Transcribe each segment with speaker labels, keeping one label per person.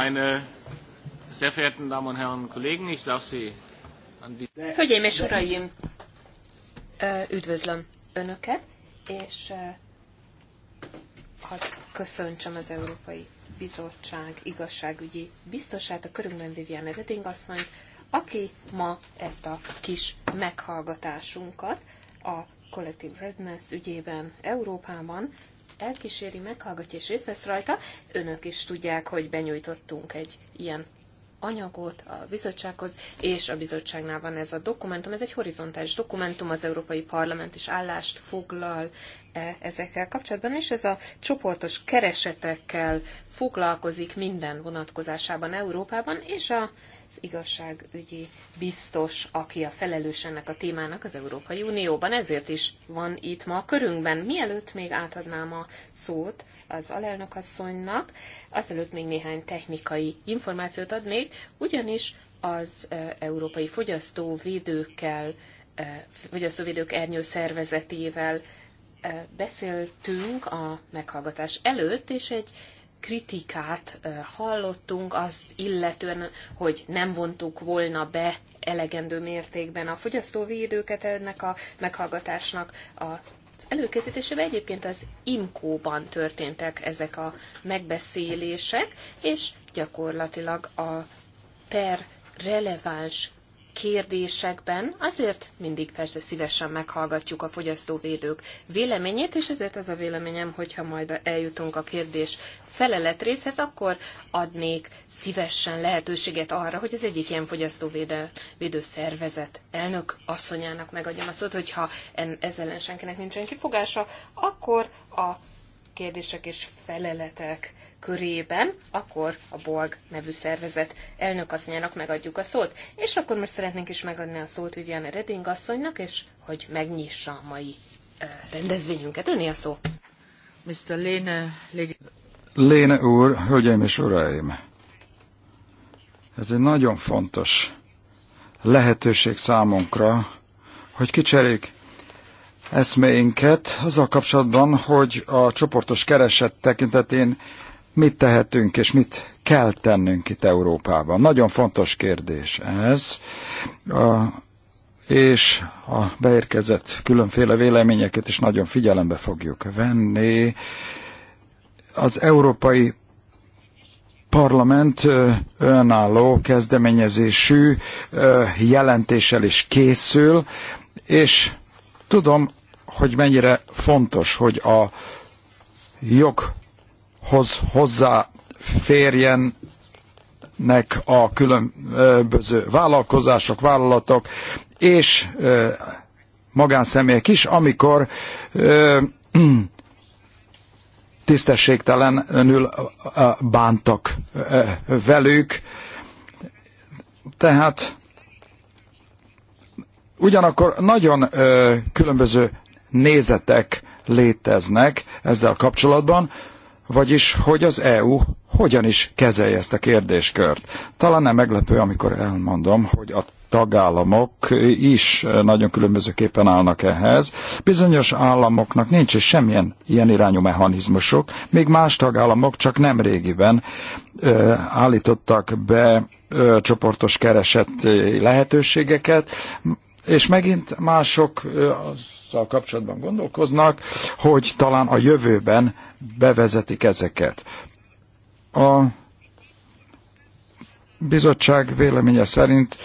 Speaker 1: Meine sehr verehrten Damen und Herren Kollegen, ich darf Sie an die... Hölgyeim és Uraim, üdvözlöm Önöket, és hadd köszöntsem az Európai Bizottság igazságügyi biztosát, a körünkben Viviane Reding asszonyt, aki ma ezt a kis meghallgatásunkat a Collective Redness ügyében Európában elkíséri, meghallgatja és részt vesz rajta. Önök is tudják, hogy benyújtottunk egy ilyen anyagot a bizottsághoz, és a bizottságnál van ez a dokumentum. Ez egy horizontális dokumentum, az Európai Parlament is állást foglal e ezekkel kapcsolatban, és ez a csoportos keresetekkel foglalkozik minden vonatkozásában Európában, és az igazságügyi biztos, aki a felelős ennek a témának az Európai Unióban. Ezért is van itt ma a körünkben. Mielőtt még átadnám a szót az alelnökasszonynak. Azelőtt még néhány technikai információt adnék, ugyanis az Európai Fogyasztóvédőkkel, Fogyasztóvédők Ernyő Szervezetével beszéltünk a meghallgatás előtt, és egy kritikát hallottunk azt illetően, hogy nem vontuk volna be elegendő mértékben a fogyasztóvédőket ennek a meghallgatásnak a előkészítésében egyébként az IMCO-ban történtek ezek a megbeszélések, és gyakorlatilag a per releváns kérdésekben, azért mindig persze szívesen meghallgatjuk a fogyasztóvédők véleményét, és ezért az a véleményem, hogyha majd eljutunk a kérdés felelet részhez, akkor adnék szívesen lehetőséget arra, hogy az egyik ilyen fogyasztóvédő szervezet elnök asszonyának megadjam a szót, hogyha ezzel ellen senkinek nincsen kifogása, akkor a kérdések és feleletek körében, akkor a BOLG nevű szervezet elnök asszonyának megadjuk a szót. És akkor most szeretnénk is megadni a szót Viviane Reding asszonynak, és hogy megnyissa a mai rendezvényünket. Öné a szó. Mr. Léne,
Speaker 2: Léne úr, hölgyeim és uraim! Ez egy nagyon fontos lehetőség számunkra, hogy kicserék eszméinket azzal kapcsolatban, hogy a csoportos kereset tekintetén mit tehetünk és mit kell tennünk itt Európában. Nagyon fontos kérdés ez, a, és a beérkezett különféle véleményeket is nagyon figyelembe fogjuk venni. Az Európai Parlament önálló kezdeményezésű jelentéssel is készül, és tudom, hogy mennyire fontos, hogy a jog hoz hozzáférjenek a különböző vállalkozások, vállalatok és magánszemélyek is, amikor tisztességtelenül bántak velük. Tehát ugyanakkor nagyon különböző nézetek léteznek ezzel kapcsolatban vagyis hogy az EU hogyan is kezelje ezt a kérdéskört. Talán nem meglepő, amikor elmondom, hogy a tagállamok is nagyon különbözőképpen állnak ehhez. Bizonyos államoknak nincs is semmilyen ilyen irányú mechanizmusok. még más tagállamok csak nem régiben ö, állítottak be ö, csoportos keresett lehetőségeket, és megint mások ö, az aspektussal kapcsolatban gondolkoznak, hogy talán a jövőben bevezetik ezeket. A bizottság véleménye szerint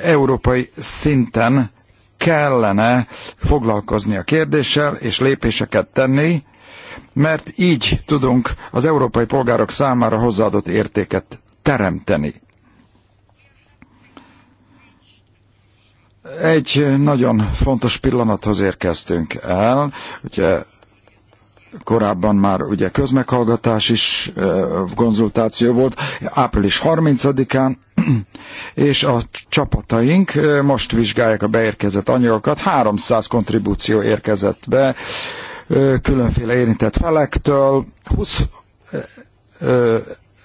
Speaker 2: európai szinten kellene foglalkozni a kérdéssel és lépéseket tenni, mert így tudunk az európai polgárok számára hozzáadott értéket teremteni. Egy nagyon fontos pillanathoz érkeztünk el, ugye korábban már ugye közmeghallgatás is, konzultáció volt, április 30-án, és a csapataink most vizsgálják a beérkezett anyagokat, 300 kontribúció érkezett be, különféle érintett felektől, 20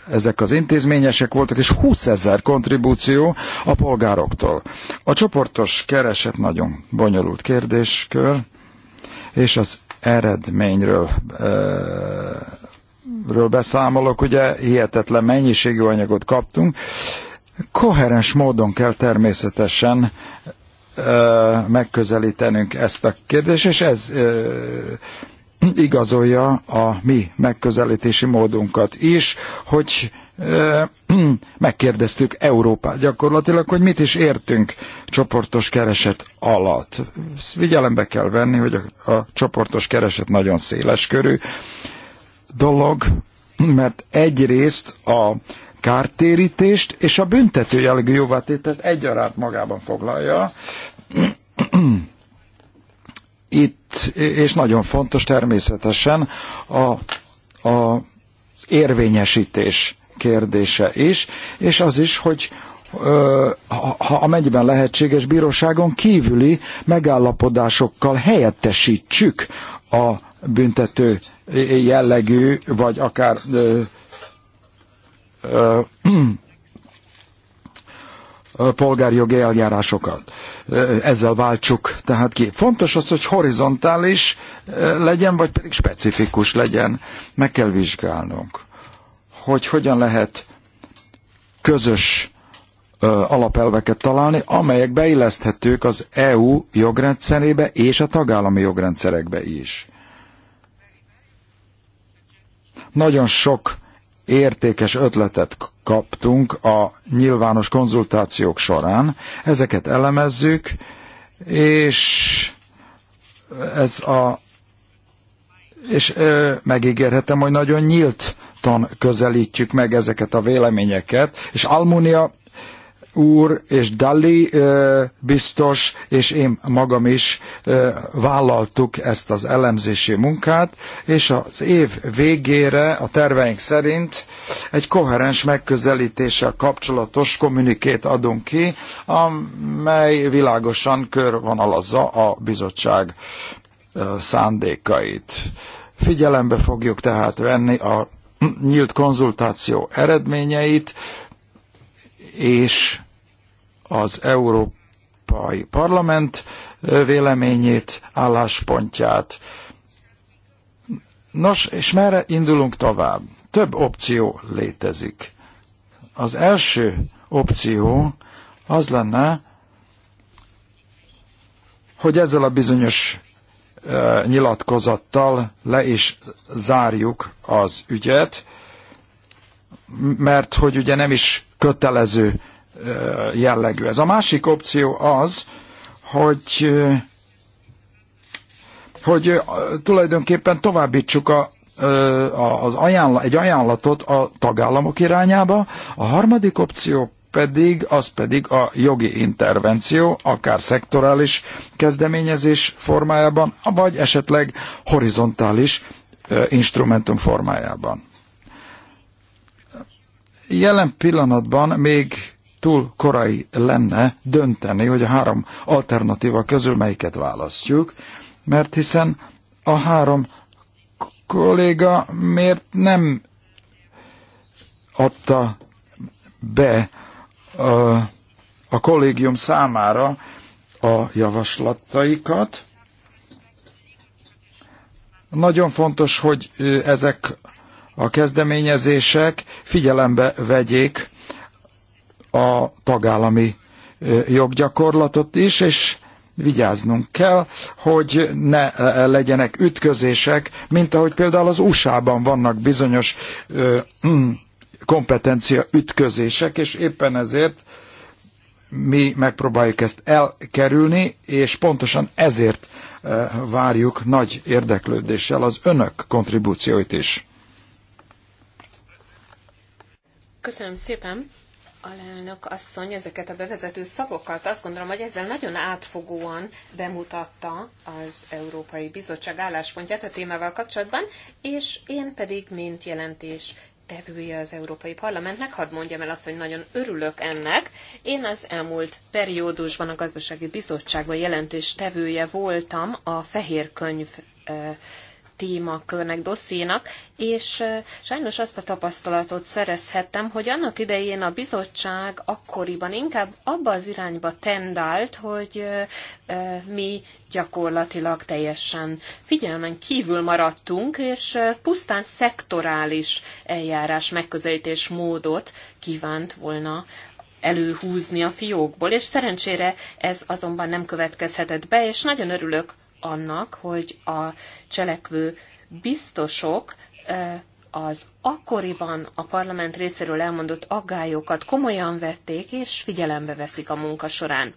Speaker 2: ezek az intézményesek voltak, és 20 ezer kontribúció a polgároktól. A csoportos kereset nagyon bonyolult kérdéskör, és az eredményről e ről beszámolok, ugye hihetetlen mennyiségű anyagot kaptunk. Koherens módon kell természetesen ö, eh, megközelítenünk ezt a kérdést, és ez ö, eh, igazolja a mi megközelítési módunkat is, hogy megkérdeztük Európát gyakorlatilag, hogy mit is értünk csoportos kereset alatt. Ezt figyelembe kell venni, hogy a, a csoportos kereset nagyon széles körű dolog, mert egyrészt a kártérítést és a büntető jellegű jóvátételt egyaránt magában foglalja. itt, és nagyon fontos természetesen a, a érvényesítés kérdése is, és az is, hogy ha amennyiben lehetséges bíróságon kívüli megállapodásokkal helyettesítsük a büntető jellegű, vagy akár ö, ö, polgárjogi eljárásokat. Ezzel váltsuk tehát ki. Fontos az, hogy horizontális legyen, vagy pedig specifikus legyen. Meg kell vizsgálnunk, hogy hogyan lehet közös alapelveket találni, amelyek beilleszthetők az EU jogrendszerébe és a tagállami jogrendszerekbe is. Nagyon sok értékes ötletet kaptunk a nyilvános konzultációk során. Ezeket elemezzük, és ez a és ö, megígérhetem, hogy nagyon nyíltan közelítjük meg ezeket a véleményeket, és Almunia úr és Dali biztos, és én magam is vállaltuk ezt az elemzési munkát, és az év végére a terveink szerint egy koherens megközelítéssel kapcsolatos kommunikét adunk ki, amely világosan körvonalazza a bizottság szándékait. Figyelembe fogjuk tehát venni a nyílt konzultáció eredményeit, és az Európai Parlament véleményét, álláspontját. Nos, és merre indulunk tovább? Több opció létezik. Az első opció az lenne, hogy ezzel a bizonyos uh, nyilatkozattal le is zárjuk az ügyet, mert hogy ugye nem is kötelező jellegű ez. A másik opció az, hogy, hogy tulajdonképpen továbbítsuk a, az ajánla, egy ajánlatot a tagállamok irányába, a harmadik opció pedig, az pedig a jogi intervenció, akár szektorális kezdeményezés formájában, vagy esetleg horizontális instrumentum formájában. Jelen pillanatban még túl korai lenne dönteni, hogy a három alternatíva közül melyiket választjuk, mert hiszen a három kolléga miért nem adta be a, a kollégium számára a javaslataikat. Nagyon fontos, hogy ezek a kezdeményezések figyelembe vegyék a tagállami joggyakorlatot is, és vigyáznunk kell, hogy ne legyenek ütközések, mint ahogy például az USA-ban vannak bizonyos hmm, kompetencia ütközések, és éppen ezért mi megpróbáljuk ezt elkerülni, és pontosan ezért várjuk nagy érdeklődéssel az önök kontribúcióit is.
Speaker 1: Köszönöm szépen! alelnök asszony ezeket a bevezető szavokat. Azt gondolom, hogy ezzel nagyon átfogóan bemutatta az Európai Bizottság álláspontját a témával kapcsolatban, és én pedig, mint jelentés tevője az Európai Parlamentnek, hadd mondjam el azt, hogy nagyon örülök ennek. Én az elmúlt periódusban a Gazdasági Bizottságban jelentés tevője voltam a Fehér Könyv témakörnek, dossziénak, és sajnos azt a tapasztalatot szerezhettem, hogy annak idején a bizottság akkoriban inkább abba az irányba tendált, hogy mi gyakorlatilag teljesen figyelmen kívül maradtunk, és pusztán szektorális eljárás megközelítés módot kívánt volna előhúzni a fiókból, és szerencsére ez azonban nem következhetett be, és nagyon örülök annak, hogy a cselekvő biztosok az akkoriban a parlament részéről elmondott aggályokat komolyan vették, és figyelembe veszik a munka során.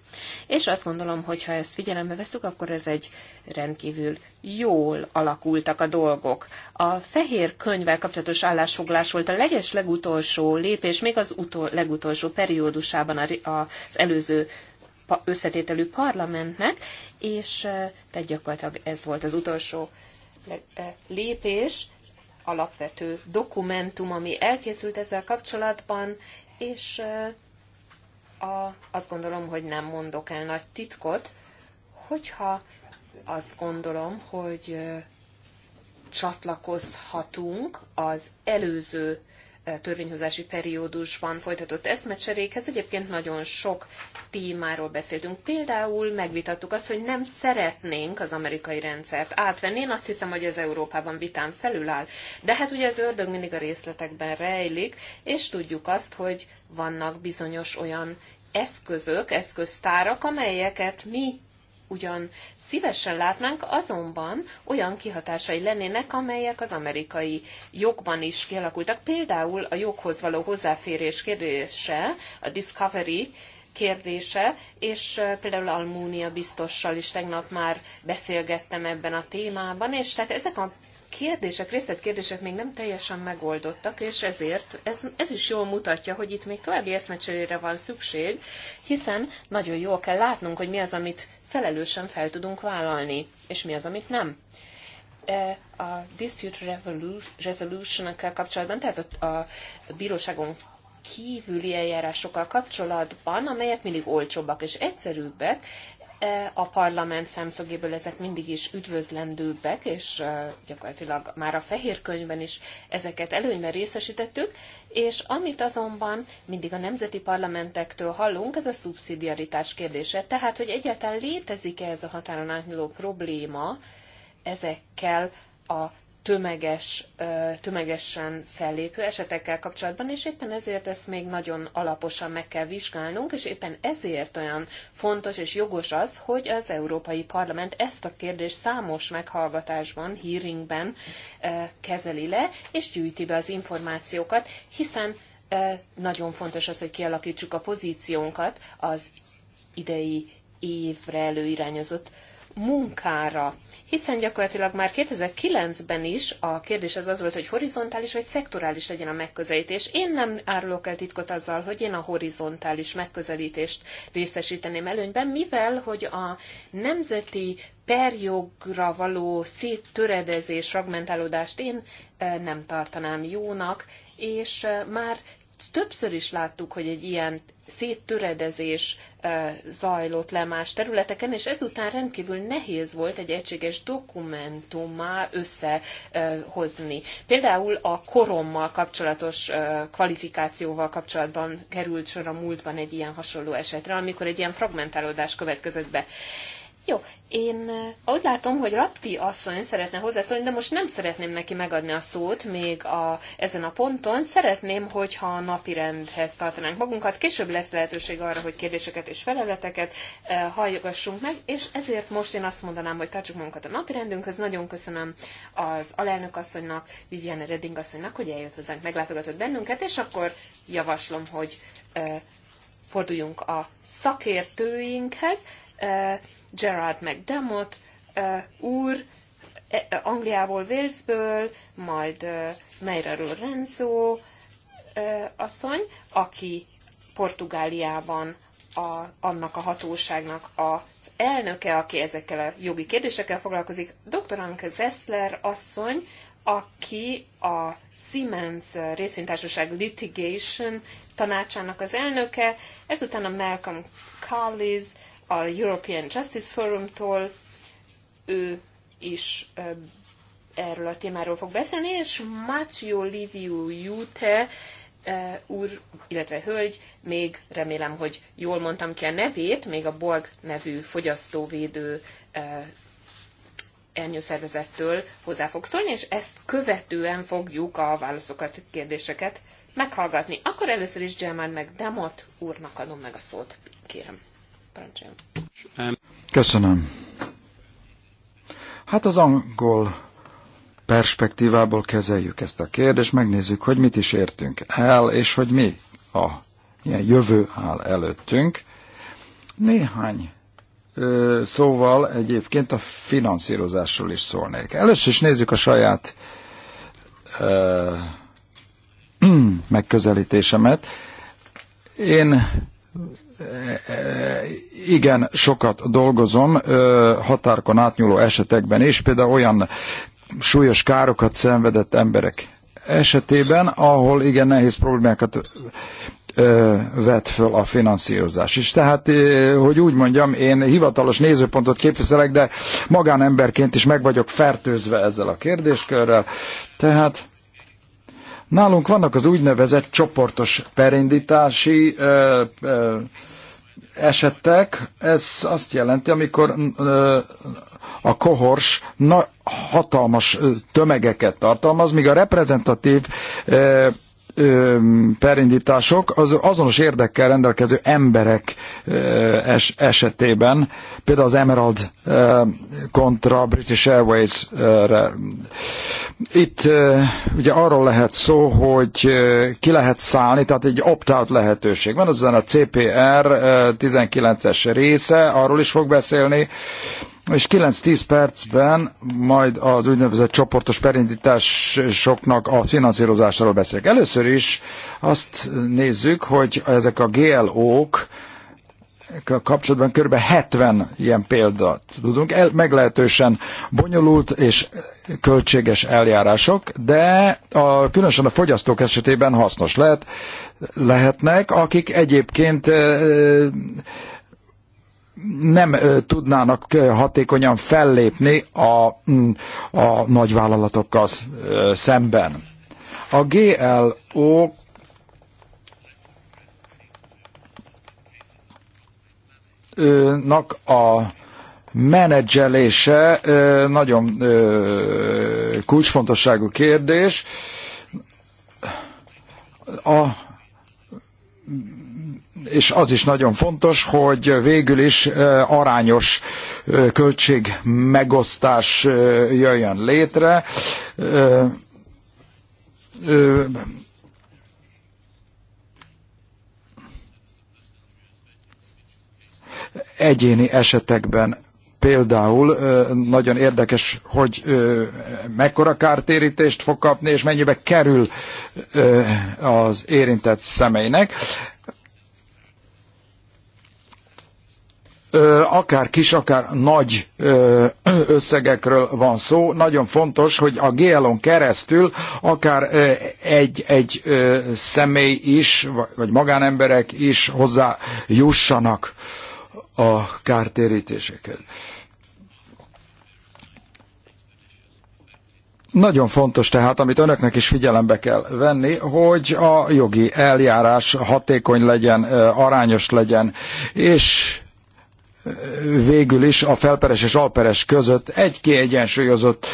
Speaker 1: És azt gondolom, hogy ha ezt figyelembe veszük, akkor ez egy rendkívül jól alakultak a dolgok. A fehér könyvvel kapcsolatos állásfoglás volt a leges legutolsó lépés, még az utol, legutolsó periódusában az előző összetételű parlamentnek, és tehát gyakorlatilag ez volt az utolsó lépés, alapvető dokumentum, ami elkészült ezzel kapcsolatban, és a, azt gondolom, hogy nem mondok el nagy titkot, hogyha azt gondolom, hogy csatlakozhatunk az előző törvényhozási periódusban folytatott eszmecserékhez. Egyébként nagyon sok témáról beszéltünk. Például megvitattuk azt, hogy nem szeretnénk az amerikai rendszert átvenni. Én azt hiszem, hogy ez Európában vitán felül áll. De hát ugye az ördög mindig a részletekben rejlik, és tudjuk azt, hogy vannak bizonyos olyan eszközök, eszköztárak, amelyeket mi ugyan szívesen látnánk, azonban olyan kihatásai lennének, amelyek az amerikai jogban is kialakultak. Például a joghoz való hozzáférés kérdése, a discovery kérdése, és például Almúnia biztossal is tegnap már beszélgettem ebben a témában, és tehát ezek a kérdések, részletkérdések még nem teljesen megoldottak, és ezért ez, ez is jól mutatja, hogy itt még további eszmecserére van szükség, hiszen nagyon jól kell látnunk, hogy mi az, amit felelősen fel tudunk vállalni, és mi az, amit nem. E, a dispute resolution nak kapcsolatban, tehát a bíróságon kívüli eljárásokkal kapcsolatban, amelyek mindig olcsóbbak és egyszerűbbek, e, a parlament szemszögéből ezek mindig is üdvözlendőbbek, és e, gyakorlatilag már a fehér könyvben is ezeket előnyben részesítettük, és amit azonban mindig a nemzeti parlamentektől hallunk, ez a szubszidiaritás kérdése. Tehát, hogy egyáltalán létezik-e ez a határon átnyúló probléma ezekkel a tömeges, tömegesen fellépő esetekkel kapcsolatban, és éppen ezért ezt még nagyon alaposan meg kell vizsgálnunk, és éppen ezért olyan fontos és jogos az, hogy az Európai Parlament ezt a kérdést számos meghallgatásban, hearingben kezeli le, és gyűjti be az információkat, hiszen nagyon fontos az, hogy kialakítsuk a pozíciónkat az idei évre előirányozott munkára. Hiszen gyakorlatilag már 2009-ben is a kérdés az az volt, hogy horizontális vagy szektorális legyen a megközelítés. Én nem árulok el titkot azzal, hogy én a horizontális megközelítést részesíteném előnyben, mivel hogy a nemzeti perjogra való széttöredezés, fragmentálódást én eh, nem tartanám jónak, és eh, már többször is láttuk, hogy egy ilyen széttöredezés zajlott le más területeken, és ezután rendkívül nehéz volt egy egységes dokumentumá összehozni. Például a korommal kapcsolatos kvalifikációval kapcsolatban került sor a múltban egy ilyen hasonló esetre, amikor egy ilyen fragmentálódás következett be. Jó, én úgy látom, hogy Rapti asszony szeretne hozzászólni, de most nem szeretném neki megadni a szót még a, ezen a ponton. Szeretném, hogyha a napi rendhez tartanánk magunkat. Később lesz lehetőség arra, hogy kérdéseket és feleleteket e, hallgassunk meg, és ezért most én azt mondanám, hogy tartsuk magunkat a napi rendünkhöz. Nagyon köszönöm az alelnök asszonynak, Viviane Redding asszonynak, hogy eljött hozzánk, meglátogatott bennünket, és akkor javaslom, hogy e, forduljunk a szakértőinkhez. E, Gerard McDermott úr, e, Angliából, Walesből, majd Meira Lorenzo asszony, aki Portugáliában a, annak a hatóságnak a elnöke, aki ezekkel a jogi kérdésekkel foglalkozik, dr. Anke Zessler asszony, aki a Siemens részvénytársaság litigation tanácsának az elnöke, ezután a Malcolm Carlis, a European Justice Forumtól, ő is erről a témáról fog beszélni, és Macio Liviu Jute úr, illetve hölgy, még remélem, hogy jól mondtam ki a nevét, még a Borg nevű fogyasztóvédő ernyőszervezettől hozzá fog szólni, és ezt követően fogjuk a válaszokat, kérdéseket meghallgatni. Akkor először is Gemán meg Demot úrnak adom meg a szót, kérem. Parancsoljon.
Speaker 2: Köszönöm. Hát az angol perspektívából kezeljük ezt a kérdést, megnézzük, hogy mit is értünk el, és hogy mi a ilyen jövő áll előttünk. Néhány ö, szóval egyébként a finanszírozásról is szólnék. Először is nézzük a saját ö, megközelítésemet. Én igen sokat dolgozom határkon átnyúló esetekben és például olyan súlyos károkat szenvedett emberek esetében, ahol igen nehéz problémákat vet föl a finanszírozás is. Tehát, hogy úgy mondjam, én hivatalos nézőpontot képviselek, de magánemberként is meg vagyok fertőzve ezzel a kérdéskörrel. Tehát Nálunk vannak az úgynevezett csoportos perindítási ö, ö, esetek. Ez azt jelenti, amikor ö, a kohors na, hatalmas tömegeket tartalmaz, míg a reprezentatív ö, perindítások az azonos érdekkel rendelkező emberek ö, es, esetében, például az Emerald ö, kontra British Airways-re. Itt ö, ugye arról lehet szó, hogy ö, ki lehet szállni, tehát egy opt-out lehetőség. Van azon a CPR ö, 19-es része, arról is fog beszélni, és 9-10 percben majd az úgynevezett csoportos perindításoknak a finanszírozásáról beszélek. Először is azt nézzük, hogy ezek a GLO-k kapcsolatban kb. 70 ilyen példát tudunk. El, meglehetősen bonyolult és költséges eljárások, de a, különösen a fogyasztók esetében hasznos lehet, lehetnek, akik egyébként e, nem tudnának hatékonyan fellépni a, mm, a nagyvállalatokkal szemben. A GLO nak a menedzselése nagyon kulcsfontosságú kérdés. A és az is nagyon fontos, hogy végül is arányos költség megosztás jöjjön létre egyéni esetekben például nagyon érdekes, hogy mekkora kártérítést fog kapni, és mennyibe kerül az érintett személynek. akár kis, akár nagy összegekről van szó. Nagyon fontos, hogy a GL-on keresztül akár egy, egy személy is, vagy magánemberek is hozzá jussanak a kártérítésekhez. Nagyon fontos tehát, amit önöknek is figyelembe kell venni, hogy a jogi eljárás hatékony legyen, arányos legyen, és végül is a felperes és alperes között egy kiegyensúlyozott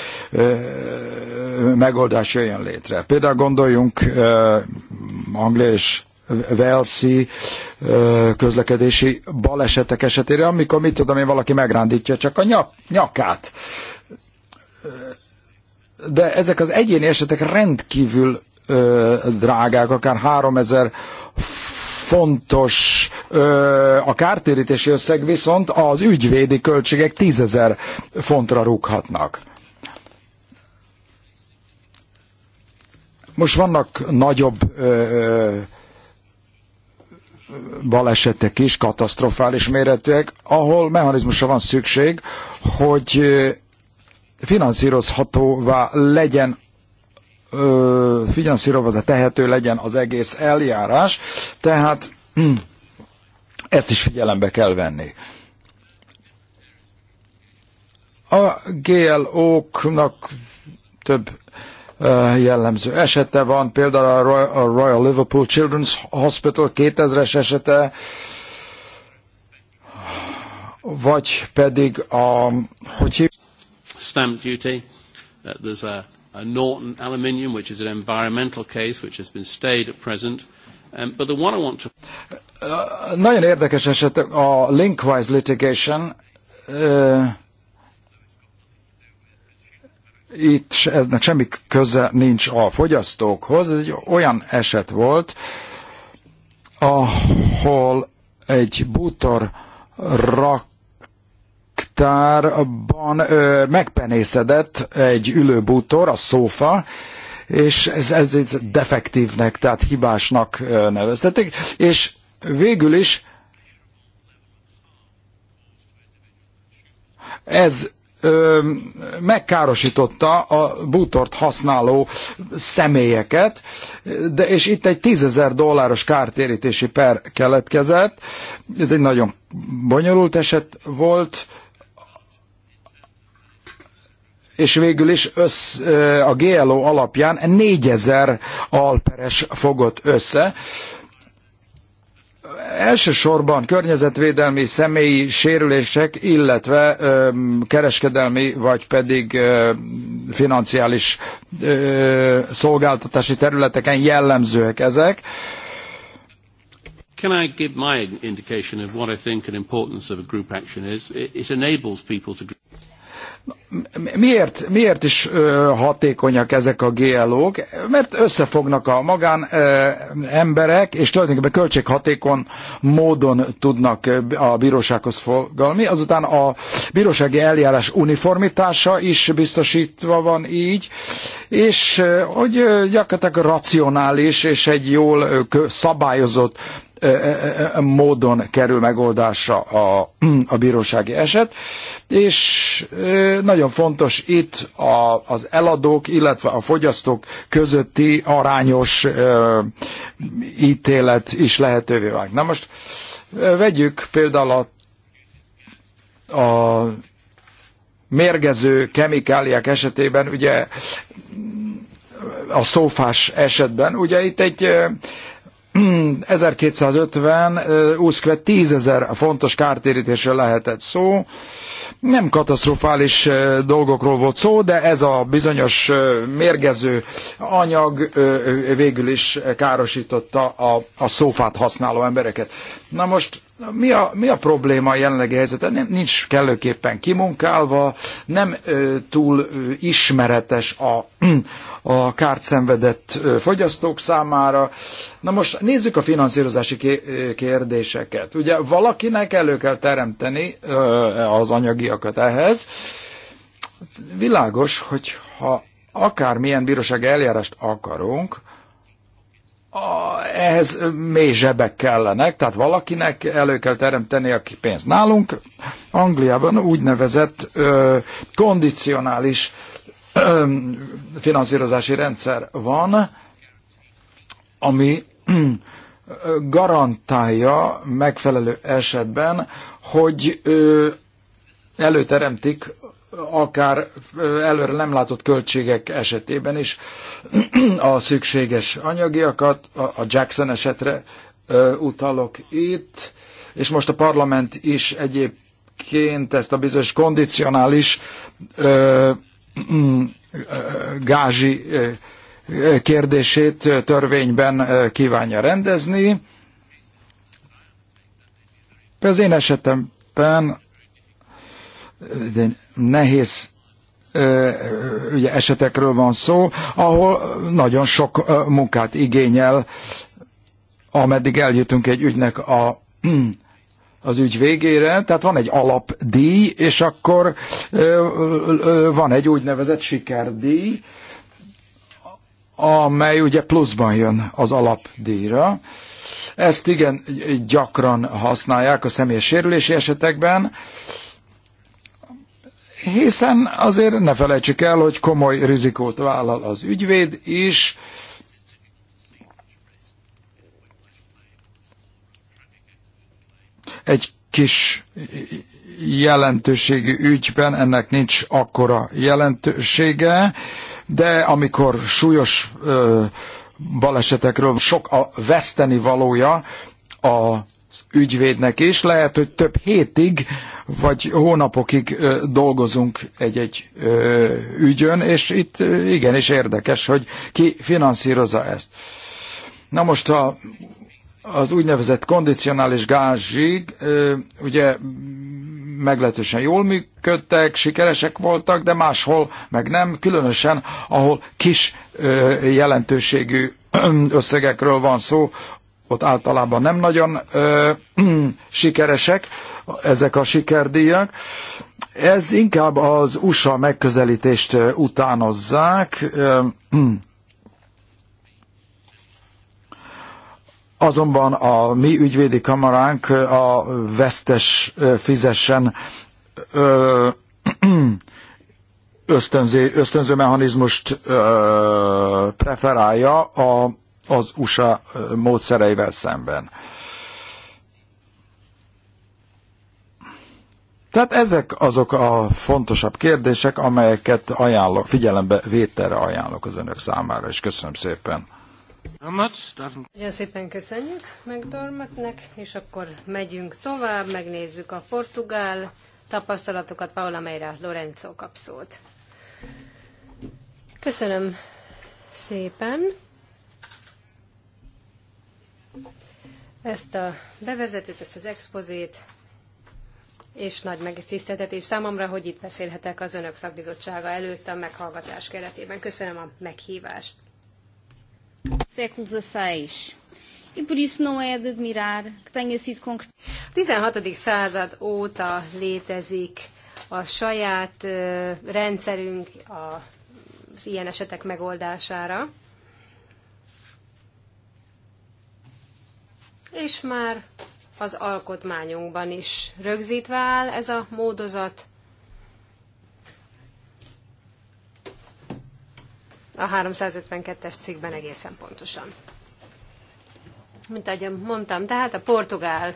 Speaker 2: megoldás jöjjön létre. Például gondoljunk Anglia és Velszi közlekedési balesetek esetére, amikor mit tudom én, valaki megrándítja csak a nyak, nyakát. De ezek az egyéni esetek rendkívül drágák, akár 3000 fontos a kártérítési összeg, viszont az ügyvédi költségek tízezer fontra rúghatnak. Most vannak nagyobb ö, balesetek is, katasztrofális méretűek, ahol mechanizmusra van szükség, hogy finanszírozhatóvá legyen ö, de tehető legyen az egész eljárás, tehát hm, ezt is figyelembe kell venni. A GLO-knak több jellemző esete van, például a Royal, Liverpool Children's Hospital 2000-es esete, vagy pedig a... Hogy
Speaker 1: Stamp duty. Uh, there's a Norton Aluminium, which is an environmental case which has been stayed at present. Um, but the one I want to...
Speaker 3: Uh,
Speaker 2: nagyon érdekes eset a Linkwise litigation. Uh, itt eznek semmi köze nincs a fogyasztókhoz. Ez egy olyan eset volt, ahol egy bútor rak raktárban ö, megpenészedett egy ülőbútor, a szófa, és ez, ez, ez defektívnek, tehát hibásnak neveztették, és végül is ez ö, megkárosította a bútort használó személyeket, de és itt egy tízezer dolláros kártérítési per keletkezett. Ez egy nagyon bonyolult eset volt, és végül is össz, a GLO alapján 4000 alperes fogott össze elsősorban környezetvédelmi személyi sérülések, illetve ö, kereskedelmi vagy pedig ö, financiális ö, szolgáltatási területeken jellemzőek ezek.
Speaker 1: Can I give my indication of what I think an importance of a group action is? It, it enables people to
Speaker 2: Miért, miért is hatékonyak ezek a GLO-k? Mert összefognak a magán emberek, és tulajdonképpen költséghatékon módon tudnak a bírósághoz fogalmi. Azután a bírósági eljárás uniformitása is biztosítva van így, és hogy gyakorlatilag racionális és egy jól szabályozott módon kerül megoldásra a, a bírósági eset, és nagyon fontos itt a, az eladók, illetve a fogyasztók közötti arányos ítélet is lehetővé válik. Na most vegyük például a, a mérgező kemikáliák esetében, ugye a szófás esetben, ugye itt egy 1250 úszkve 10 ezer fontos kártérítésre lehetett szó. Nem katasztrofális dolgokról volt szó, de ez a bizonyos mérgező anyag végül is károsította a, a szófát használó embereket. Na most mi a, mi a probléma a jelenlegi helyzeten? Nem, nincs kellőképpen kimunkálva, nem ö, túl ö, ismeretes a, a kárt szenvedett fogyasztók számára. Na most nézzük a finanszírozási kérdéseket. Ugye valakinek elő kell teremteni ö, az anyagiakat ehhez. Világos, hogy ha akármilyen bíróság eljárást akarunk, a, ehhez mély zsebek kellenek, tehát valakinek elő kell teremteni a pénzt. Nálunk Angliában úgynevezett ö, kondicionális ö, finanszírozási rendszer van, ami ö, garantálja megfelelő esetben, hogy ö, előteremtik akár előre nem látott költségek esetében is a szükséges anyagiakat, a Jackson esetre utalok itt, és most a parlament is egyébként ezt a bizonyos kondicionális gázsi kérdését törvényben kívánja rendezni. Az én esetemben de nehéz ugye esetekről van szó, ahol nagyon sok munkát igényel, ameddig eljutunk egy ügynek a, az ügy végére, tehát van egy alapdíj, és akkor van egy úgynevezett sikerdíj, amely ugye pluszban jön az alapdíjra. Ezt igen gyakran használják a személyes sérülési esetekben, hiszen azért ne felejtsük el, hogy komoly rizikót vállal az ügyvéd is, egy kis jelentőségű ügyben ennek nincs akkora jelentősége, de amikor súlyos ö, balesetekről sok a veszteni valója a ügyvédnek is. Lehet, hogy több hétig vagy hónapokig dolgozunk egy-egy ügyön, és itt igenis érdekes, hogy ki finanszírozza ezt. Na most a, az úgynevezett kondicionális gázsig, ugye meglehetősen jól működtek, sikeresek voltak, de máshol meg nem, különösen ahol kis jelentőségű összegekről van szó, ott általában nem nagyon ö, ö, sikeresek ezek a sikerdíjak. Ez inkább az USA megközelítést utánozzák. Ö, ö, Azonban a mi ügyvédi kamaránk a vesztes fizessen ösztönző, ösztönző mechanizmust ö, preferálja a az USA módszereivel szemben. Tehát ezek azok a fontosabb kérdések, amelyeket ajánlok, figyelembe vételre ajánlok az önök számára, és köszönöm szépen.
Speaker 3: Nagyon szépen köszönjük Dormatnek, és akkor megyünk tovább, megnézzük a portugál tapasztalatokat. Paula Meira Lorenzo kap szót. Köszönöm szépen. ezt a bevezetőt, ezt az expozét, és nagy megtiszteltetés számomra, hogy itt beszélhetek az Önök szakbizottsága előtt a meghallgatás keretében. Köszönöm a meghívást. Século XVI. E por isso não é de admirar que tenha sido 16. század óta létezik a saját rendszerünk az ilyen esetek megoldására. és már az alkotmányunkban is rögzítve áll ez a módozat. A 352-es cikkben egészen pontosan. Mint ahogy mondtam, tehát a portugál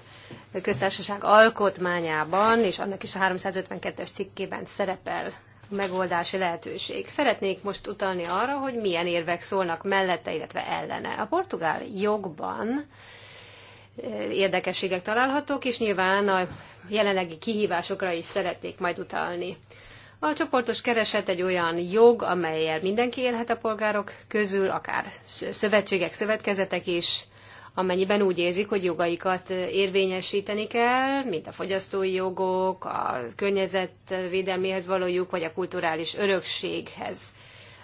Speaker 3: köztársaság alkotmányában, és annak is a 352-es cikkében szerepel a megoldási lehetőség. Szeretnék most utalni arra, hogy milyen érvek szólnak mellette, illetve ellene. A portugál jogban érdekességek találhatók, és nyilván a jelenlegi kihívásokra is szeretnék majd utalni. A csoportos kereset egy olyan jog, amelyel mindenki élhet a polgárok közül, akár szövetségek, szövetkezetek is, amennyiben úgy érzik, hogy jogaikat érvényesíteni kell, mint a fogyasztói jogok, a környezetvédelméhez való jog, vagy a kulturális örökséghez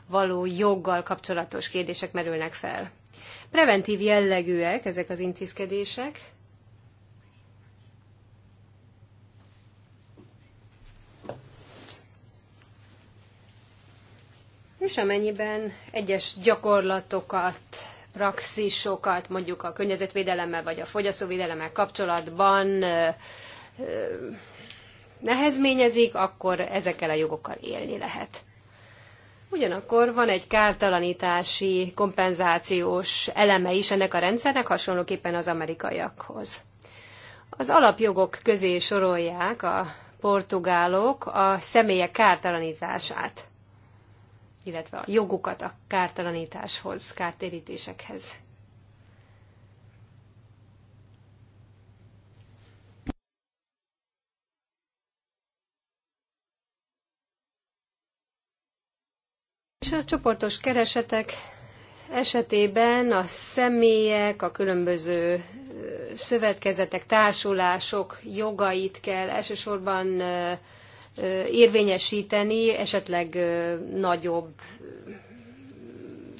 Speaker 3: való joggal kapcsolatos kérdések merülnek fel. Preventív jellegűek ezek az intézkedések. És amennyiben egyes gyakorlatokat, praxisokat, mondjuk a környezetvédelemmel vagy a fogyasztóvédelemmel kapcsolatban nehezményezik, akkor ezekkel a jogokkal élni lehet. Ugyanakkor van egy kártalanítási, kompenzációs eleme is ennek a rendszernek, hasonlóképpen az amerikaiakhoz. Az alapjogok közé sorolják a portugálok a személyek kártalanítását, illetve a jogukat a kártalanításhoz, kártérítésekhez. És a csoportos keresetek esetében a személyek, a különböző szövetkezetek, társulások jogait kell elsősorban érvényesíteni, esetleg nagyobb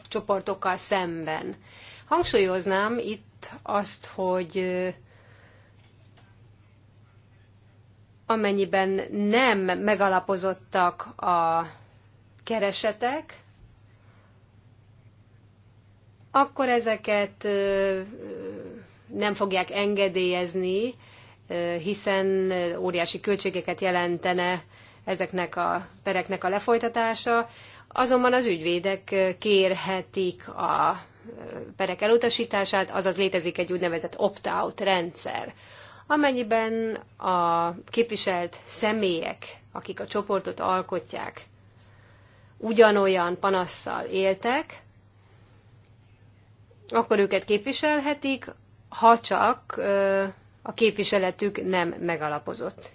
Speaker 3: csoportokkal szemben. Hangsúlyoznám itt azt, hogy amennyiben nem megalapozottak a keresetek, akkor ezeket nem fogják engedélyezni, hiszen óriási költségeket jelentene ezeknek a pereknek a lefolytatása. Azonban az ügyvédek kérhetik a perek elutasítását, azaz létezik egy úgynevezett opt-out rendszer, amennyiben a képviselt személyek, akik a csoportot alkotják, ugyanolyan panasszal éltek, akkor őket képviselhetik, ha csak a képviseletük nem megalapozott.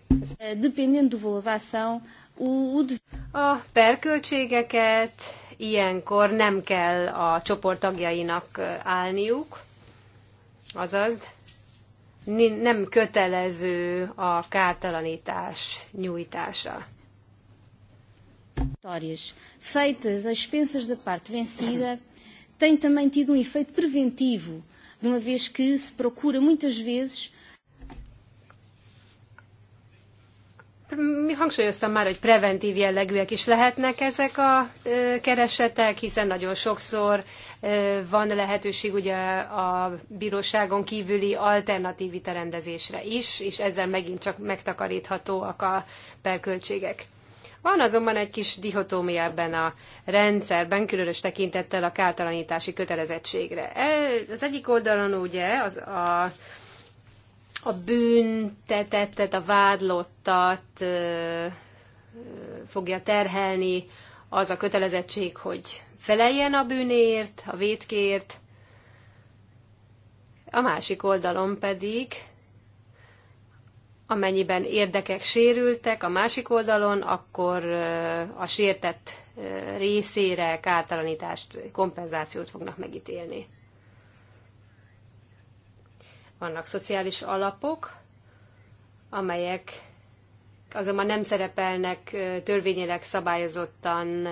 Speaker 3: A perköltségeket ilyenkor nem kell a csoport tagjainak állniuk, azaz nem kötelező a kártalanítás nyújtása
Speaker 1: vitórias feitas às expensas da parte vencida têm também tido um efeito preventivo, de uma vez que se procura muitas vezes.
Speaker 3: Mi hangsúlyoztam már, hogy preventív jellegűek is lehetnek ezek a ö, keresetek, hiszen nagyon sokszor ö, van lehetőség ugye a bíróságon kívüli alternatív vitarendezésre is, és ezzel megint csak megtakaríthatóak a perköltségek. Van azonban egy kis dihotómia ebben a rendszerben, különös tekintettel a kártalanítási kötelezettségre. E, az egyik oldalon ugye az a, a büntetettet, a vádlottat fogja terhelni az a kötelezettség, hogy feleljen a bűnért, a vétkért, a másik oldalon pedig amennyiben érdekek sérültek a másik oldalon, akkor a sértett részére kártalanítást, kompenzációt fognak megítélni. Vannak szociális alapok, amelyek azonban nem szerepelnek törvényileg szabályozottan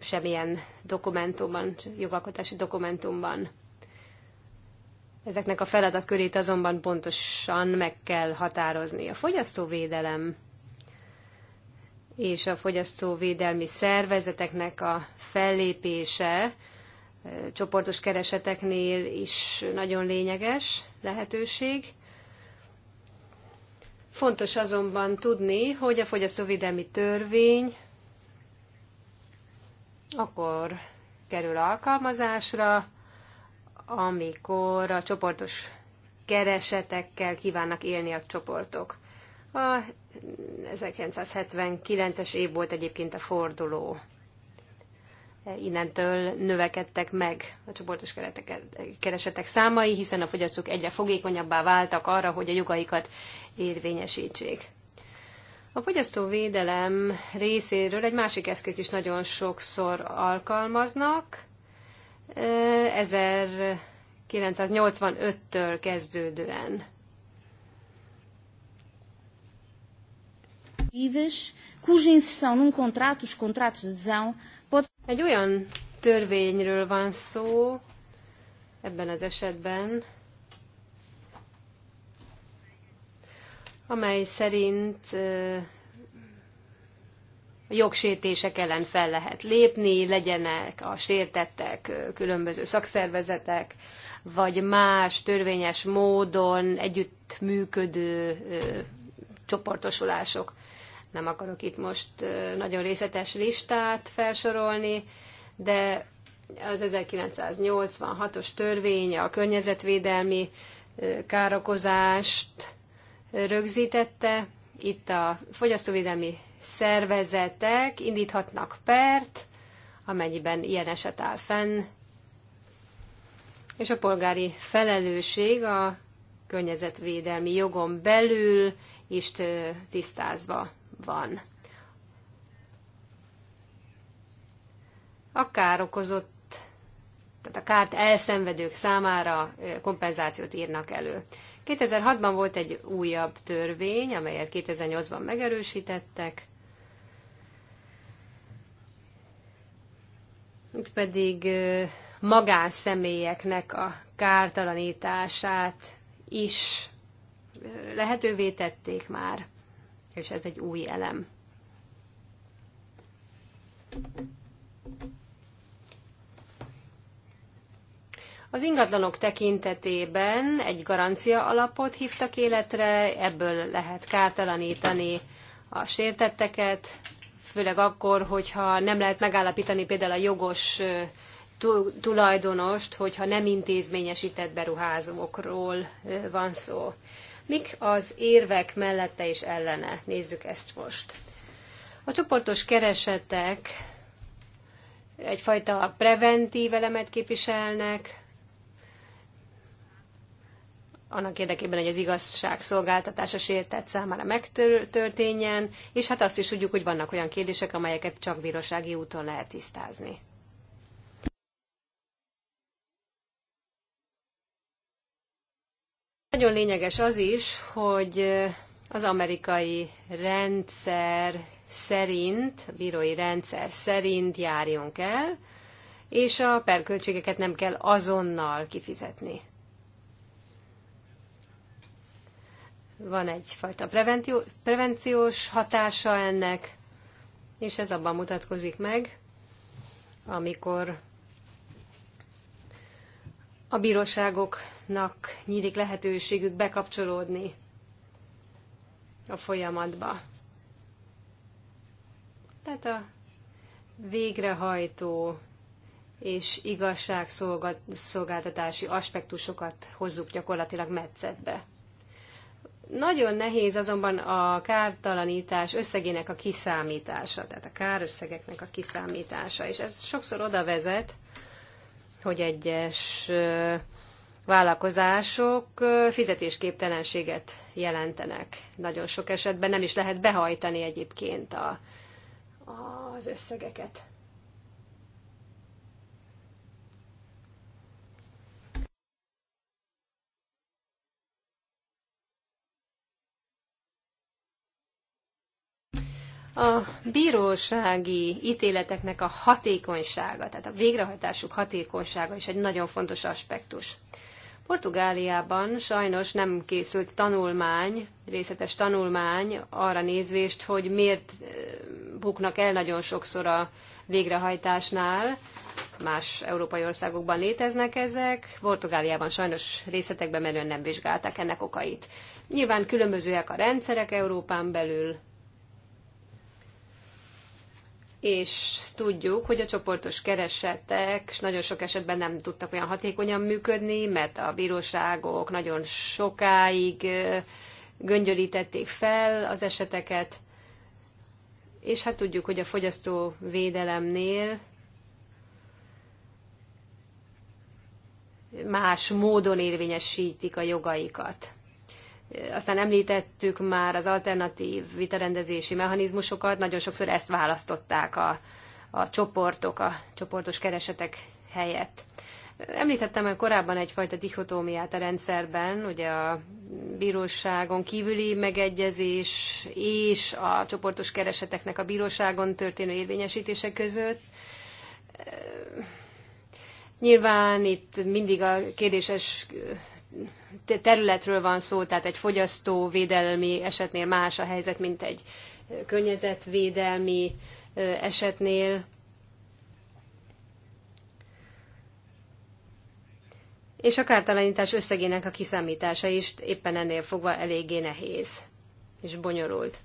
Speaker 3: semmilyen dokumentumban, jogalkotási dokumentumban. Ezeknek a feladatkörét azonban pontosan meg kell határozni. A fogyasztóvédelem és a fogyasztóvédelmi szervezeteknek a fellépése eh, csoportos kereseteknél is nagyon lényeges lehetőség. Fontos azonban tudni, hogy a fogyasztóvédelmi törvény akkor kerül alkalmazásra, amikor a csoportos keresetekkel kívánnak élni a csoportok. A 1979-es év volt egyébként a forduló. Innentől növekedtek meg a csoportos keresetek számai, hiszen a fogyasztók egyre fogékonyabbá váltak arra, hogy a jogaikat érvényesítsék. A fogyasztóvédelem részéről egy másik eszköz is nagyon sokszor alkalmaznak, 1985-től kezdődően. cuja inserção num contrato, os contratos de adesão, pode... Egy olyan törvényről van szó, ebben az esetben, amely szerint jogsértések ellen fel lehet lépni, legyenek a sértettek különböző szakszervezetek, vagy más törvényes módon együttműködő csoportosulások. Nem akarok itt most nagyon részletes listát felsorolni, de az 1986-os törvény a környezetvédelmi károkozást rögzítette. Itt a fogyasztóvédelmi szervezetek indíthatnak pert, amennyiben ilyen eset áll fenn, és a polgári felelősség a környezetvédelmi jogon belül is tisztázva van. A kár okozott, tehát a kárt elszenvedők számára kompenzációt írnak elő. 2006-ban volt egy újabb törvény, amelyet 2008-ban megerősítettek, itt pedig magánszemélyeknek a kártalanítását is lehetővé tették már, és ez egy új elem. Az ingatlanok tekintetében egy garancia alapot hívtak életre, ebből lehet kártalanítani a sértetteket, főleg akkor, hogyha nem lehet megállapítani például a jogos tulajdonost, hogyha nem intézményesített beruházókról van szó. Mik az érvek mellette és ellene? Nézzük ezt most. A csoportos keresetek egyfajta preventív elemet képviselnek, annak érdekében, hogy az igazságszolgáltatása sértett számára megtörténjen, és hát azt is tudjuk, hogy vannak olyan kérdések, amelyeket csak bírósági úton lehet tisztázni. Nagyon lényeges az is, hogy az amerikai rendszer szerint, a bírói rendszer szerint járjon kell, és a perköltségeket nem kell azonnal kifizetni. Van egyfajta prevenció, prevenciós hatása ennek, és ez abban mutatkozik meg, amikor a bíróságoknak nyílik lehetőségük bekapcsolódni a folyamatba. Tehát a végrehajtó és igazságszolgáltatási aspektusokat hozzuk gyakorlatilag metszetbe. Nagyon nehéz azonban a kártalanítás összegének a kiszámítása, tehát a kárösszegeknek a kiszámítása, és ez sokszor oda vezet, hogy egyes vállalkozások fizetésképtelenséget jelentenek. Nagyon sok esetben nem is lehet behajtani egyébként a, az összegeket. a bírósági ítéleteknek a hatékonysága, tehát a végrehajtásuk hatékonysága is egy nagyon fontos aspektus. Portugáliában sajnos nem készült tanulmány, részletes tanulmány arra nézvést, hogy miért eh, buknak el nagyon sokszor a végrehajtásnál. Más európai országokban léteznek ezek, Portugáliában sajnos részletekben menően nem vizsgálták ennek okait. Nyilván különbözőek a rendszerek Európán belül, és tudjuk, hogy a csoportos keresetek nagyon sok esetben nem tudtak olyan hatékonyan működni, mert a bíróságok nagyon sokáig göngyölítették fel az eseteket, és hát tudjuk, hogy a fogyasztó védelemnél más módon érvényesítik a jogaikat. Aztán említettük már az alternatív vitarendezési mechanizmusokat, nagyon sokszor ezt választották a, a csoportok, a csoportos keresetek helyett. Említettem már korábban egyfajta dichotómiát a rendszerben, ugye a bíróságon kívüli megegyezés és a csoportos kereseteknek a bíróságon történő érvényesítése között. Nyilván itt mindig a kérdéses területről van szó, tehát egy fogyasztóvédelmi esetnél más a helyzet, mint egy környezetvédelmi esetnél. És a kártalanítás összegének a kiszámítása is éppen ennél fogva eléggé nehéz és bonyolult.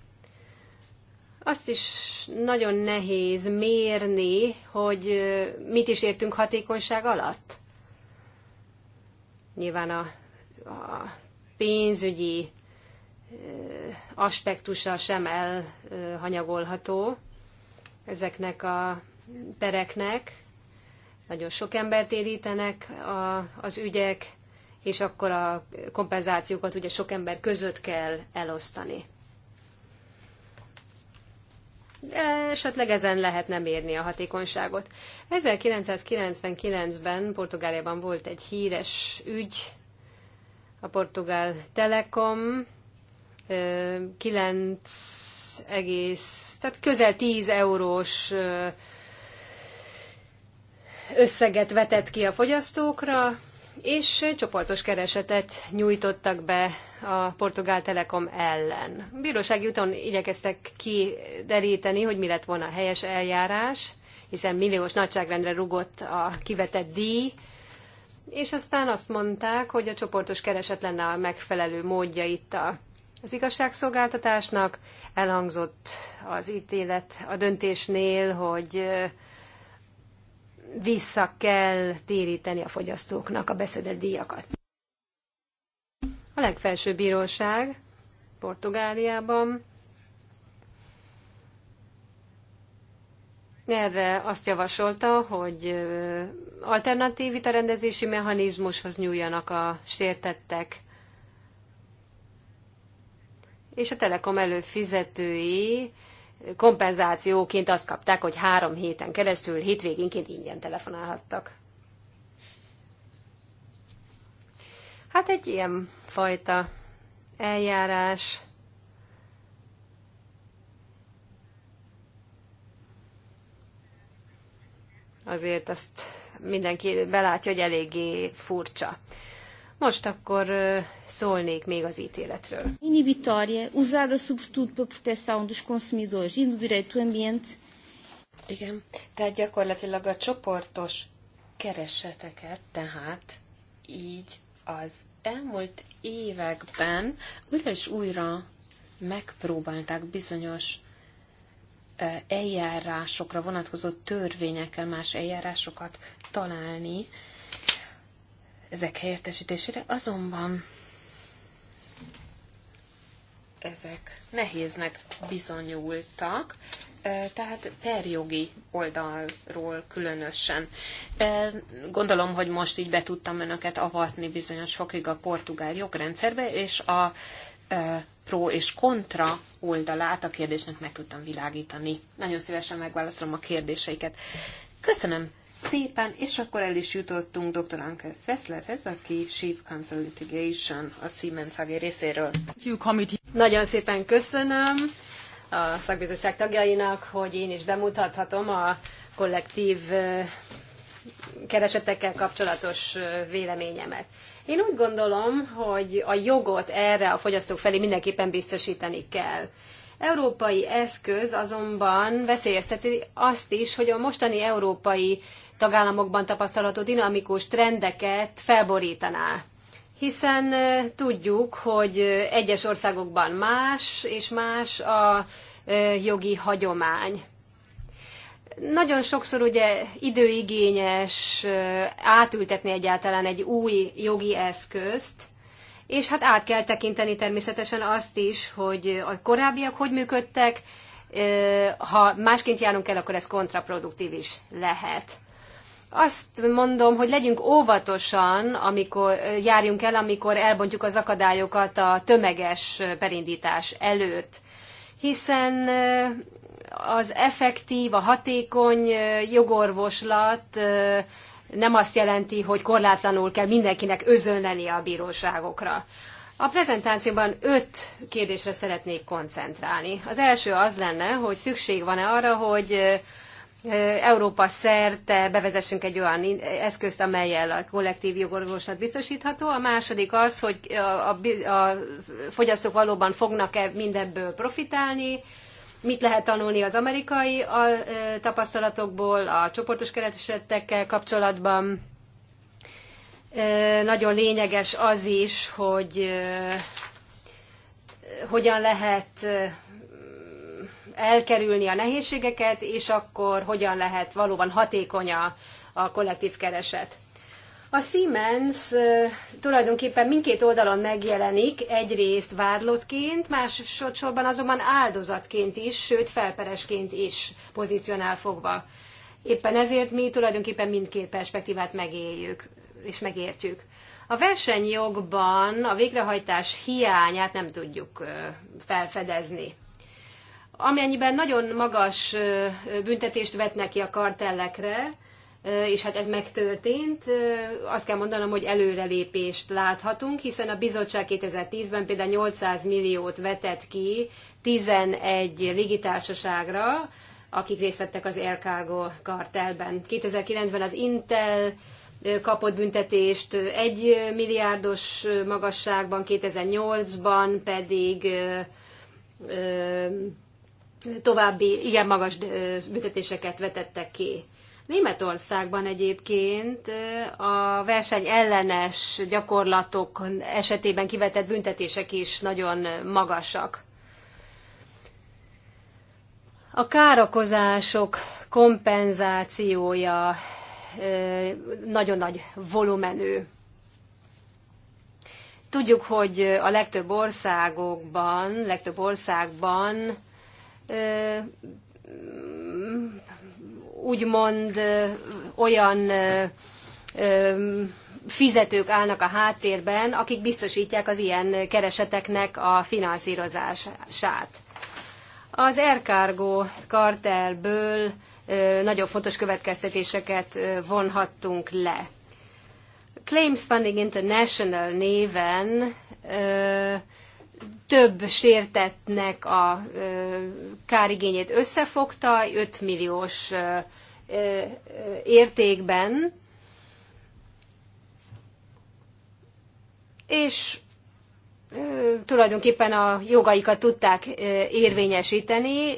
Speaker 3: Azt is nagyon nehéz mérni, hogy mit is értünk hatékonyság alatt. Nyilván a a pénzügyi aspektusa sem elhanyagolható ezeknek a pereknek. Nagyon sok embert érítenek a, az ügyek, és akkor a kompenzációkat ugye sok ember között kell elosztani. De esetleg ezen nem érni a hatékonyságot. 1999-ben Portugáliában volt egy híres ügy, a portugál Telekom 9 egész, tehát közel 10 eurós összeget vetett ki a fogyasztókra, és csoportos keresetet nyújtottak be a Portugál Telekom ellen. Bírósági úton igyekeztek kideríteni, hogy mi lett volna a helyes eljárás, hiszen milliós nagyságrendre rugott a kivetett díj, és aztán azt mondták, hogy a csoportos kereset lenne a megfelelő módja itt a, az igazságszolgáltatásnak. Elhangzott az ítélet a döntésnél, hogy vissza kell téríteni a fogyasztóknak a beszedett díjakat. A legfelsőbb bíróság Portugáliában erre azt javasolta, hogy alternatív vitarendezési mechanizmushoz nyúljanak a sértettek, és a Telekom előfizetői kompenzációként azt kapták, hogy három héten keresztül, hétvégénként ingyen telefonálhattak. Hát egy ilyen fajta eljárás azért azt mindenki belátja, hogy eléggé furcsa. Most akkor szólnék még az ítéletről.
Speaker 1: Inhibitória, usada sobretudo para proteção dos consumidores e do direito ambiente. Igen, tehát gyakorlatilag a csoportos kereseteket, tehát így az elmúlt években újra és újra megpróbálták bizonyos eljárásokra vonatkozó törvényekkel más eljárásokat találni ezek helyettesítésére, azonban ezek nehéznek bizonyultak, tehát perjogi oldalról különösen. Gondolom, hogy most így be tudtam önöket avatni bizonyos fokig a portugál jogrendszerbe, és a pro és kontra oldalát a kérdésnek meg tudtam világítani. Nagyon szívesen megválaszolom a kérdéseiket. Köszönöm szépen, és akkor el is jutottunk dr. Anke Fesslerhez, aki Chief Counsel Litigation a Siemens AG részéről.
Speaker 3: Nagyon szépen köszönöm a szakbizottság tagjainak, hogy én is bemutathatom a kollektív keresetekkel kapcsolatos véleményemet. Én úgy gondolom, hogy a jogot erre a fogyasztók felé mindenképpen biztosítani kell. Európai eszköz azonban veszélyezteti azt is, hogy a mostani európai tagállamokban tapasztalható dinamikus trendeket felborítaná. Hiszen tudjuk, hogy egyes országokban más és más a jogi hagyomány. Nagyon sokszor ugye időigényes átültetni egyáltalán egy új jogi eszközt, és hát át kell tekinteni természetesen azt is, hogy a korábbiak hogy működtek, ha másként járunk el, akkor ez kontraproduktív is lehet. Azt mondom, hogy legyünk óvatosan, amikor járjunk el, amikor elbontjuk az akadályokat a tömeges perindítás előtt, hiszen az effektív, a hatékony jogorvoslat nem azt jelenti, hogy korlátlanul kell mindenkinek özönleni a bíróságokra. A prezentációban öt kérdésre szeretnék koncentrálni. Az első az lenne, hogy szükség van-e arra, hogy Európa szerte bevezessünk egy olyan eszközt, amelyel a kollektív jogorvoslat biztosítható. A második az, hogy a, a, a fogyasztók valóban fognak-e mindebből profitálni, mit lehet tanulni az amerikai tapasztalatokból, a csoportos keresettekkel kapcsolatban. Nagyon lényeges az is, hogy hogyan lehet elkerülni a nehézségeket, és akkor hogyan lehet valóban hatékony a, a kollektív kereset. A Siemens tulajdonképpen mindkét oldalon megjelenik, egyrészt vádlottként, másodszorban azonban áldozatként is, sőt felperesként is pozícionál fogva. Éppen ezért mi tulajdonképpen mindkét perspektívát megéljük és megértjük. A versenyjogban a végrehajtás hiányát nem tudjuk felfedezni. Amennyiben nagyon magas büntetést vetnek ki a kartellekre, és hát ez megtörtént. Azt kell mondanom, hogy előrelépést láthatunk, hiszen a bizottság 2010-ben például 800 milliót vetett ki 11 légitársaságra, akik részt vettek az Air Cargo kartelben. 2009-ben az Intel kapott büntetést egy milliárdos magasságban, 2008-ban pedig további igen magas büntetéseket vetettek ki. Németországban egyébként a verseny ellenes gyakorlatok esetében kivetett büntetések is nagyon magasak. A károkozások kompenzációja nagyon nagy volumenű. Tudjuk, hogy a legtöbb országokban, legtöbb országban úgymond olyan fizetők állnak a háttérben, akik biztosítják az ilyen kereseteknek a finanszírozását. Az Aircargo kartelből nagyon fontos következtetéseket vonhattunk le. Claims Funding International néven több sértetnek a kárigényét összefogta 5 milliós értékben, és tulajdonképpen a jogaikat tudták érvényesíteni,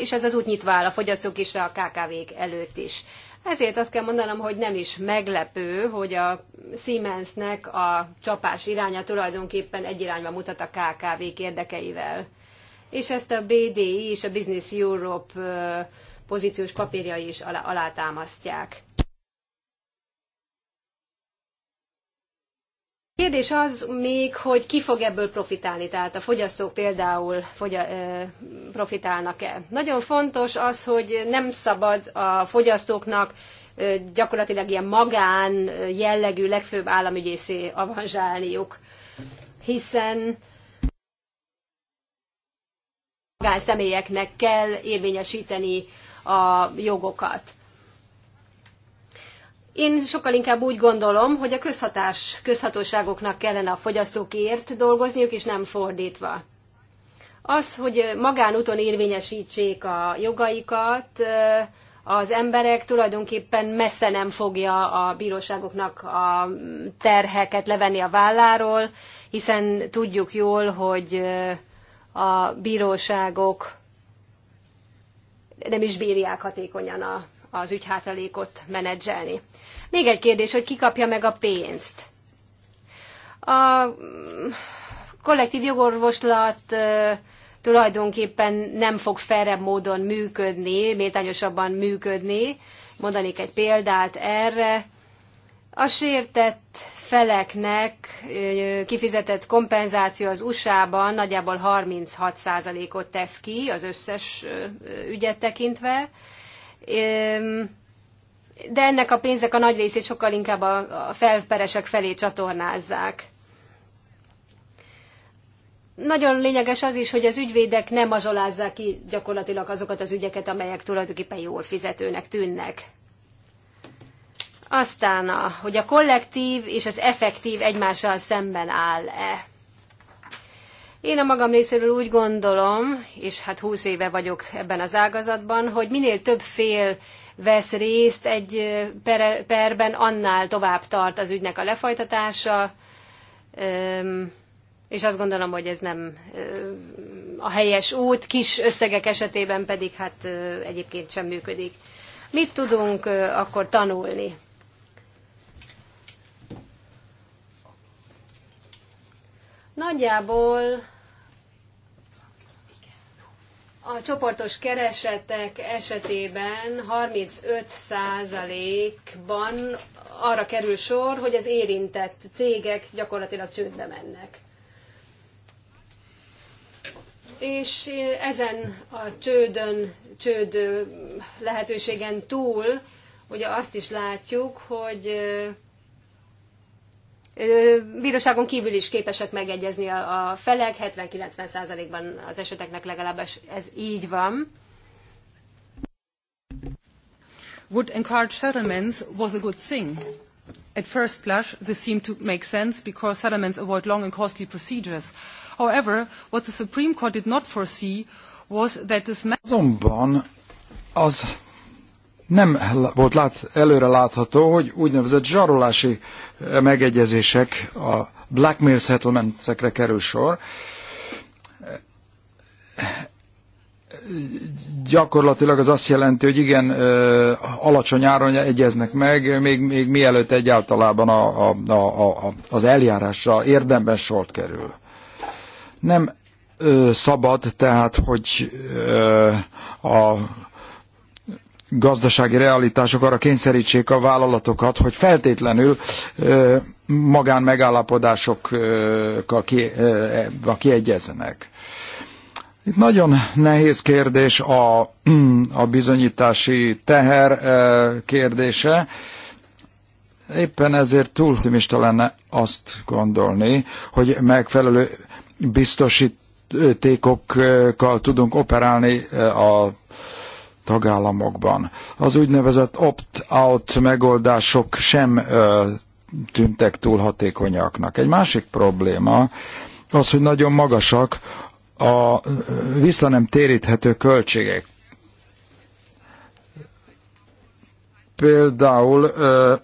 Speaker 3: és ez az út nyitva áll a fogyasztók és a KKV-k előtt is. Ezért azt kell mondanom, hogy nem is meglepő, hogy a Siemensnek a csapás iránya tulajdonképpen egy irányba mutat a KKV-k érdekeivel. És ezt a BDI és a Business Europe pozíciós papírjai is alátámasztják. Kérdés az még, hogy ki fog ebből profitálni, tehát a fogyasztók például fogya, profitálnak-e. Nagyon fontos az, hogy nem szabad a fogyasztóknak gyakorlatilag ilyen magán jellegű legfőbb államügyészé avanzsálniuk, hiszen magánszemélyeknek kell érvényesíteni a jogokat. Én sokkal inkább úgy gondolom, hogy a közhatás, közhatóságoknak kellene a fogyasztókért dolgozniuk, és nem fordítva. Az, hogy magánúton érvényesítsék a jogaikat, az emberek tulajdonképpen messze nem fogja a bíróságoknak a terheket levenni a válláról, hiszen tudjuk jól, hogy a bíróságok nem is bírják hatékonyan a, az ügyhátralékot menedzselni. Még egy kérdés, hogy ki kapja meg a pénzt. A mm, kollektív jogorvoslat tulajdonképpen nem fog felrebb módon működni, méltányosabban működni. Mondanék egy példát erre. A sértett feleknek kifizetett kompenzáció az USA-ban nagyjából 36%-ot tesz ki az összes ügyet tekintve de ennek a pénzek a nagy részét sokkal inkább a, a felperesek felé csatornázzák. Nagyon lényeges az is, hogy az ügyvédek nem mazsolázzák ki gyakorlatilag azokat az ügyeket, amelyek tulajdonképpen jól fizetőnek tűnnek. Aztán, a, hogy a kollektív és az effektív egymással szemben áll-e. Én a magam részéről úgy gondolom, és hát húsz éve vagyok ebben az ágazatban, hogy minél több fél vesz részt egy per, perben, annál tovább tart az ügynek a lefajtatása, és azt gondolom, hogy ez nem a helyes út, kis összegek esetében pedig hát egyébként sem működik. Mit tudunk akkor tanulni? Nagyjából a csoportos keresetek esetében 35%-ban arra kerül sor, hogy az érintett cégek gyakorlatilag csődbe mennek. És ezen a csődön, csőd lehetőségen túl, ugye azt is látjuk, hogy bíróságon kívül is képesek megegyezni a, a felek, 70-90 százalékban az eseteknek legalább ez így van.
Speaker 1: Would encourage settlements was a good thing. At first blush, this seemed to make sense because settlements avoid long and costly procedures. However, what the Supreme Court did not foresee was that this...
Speaker 2: Azonban az nem volt lát, előre látható, hogy úgynevezett zsarolási eh, megegyezések, a blackmail settlements-ekre kerül sor. Gyakorlatilag az azt jelenti, hogy igen, eh, alacsony áron egyeznek meg, még, még mielőtt egyáltalában a, a, a, a, az eljárásra érdemben sort kerül. Nem ö, szabad tehát, hogy ö, a gazdasági realitások arra kényszerítsék a vállalatokat, hogy feltétlenül magán megállapodásokkal ki, e-, kiegyezzenek. Itt nagyon nehéz kérdés a, a bizonyítási teher kérdése. Éppen ezért túl optimista lenne azt gondolni, hogy megfelelő biztosítékokkal tudunk operálni a tagállamokban. Az úgynevezett opt-out megoldások sem ö, tűntek túl hatékonyaknak. Egy másik probléma az, hogy nagyon magasak a vissza nem téríthető költségek. Például ö,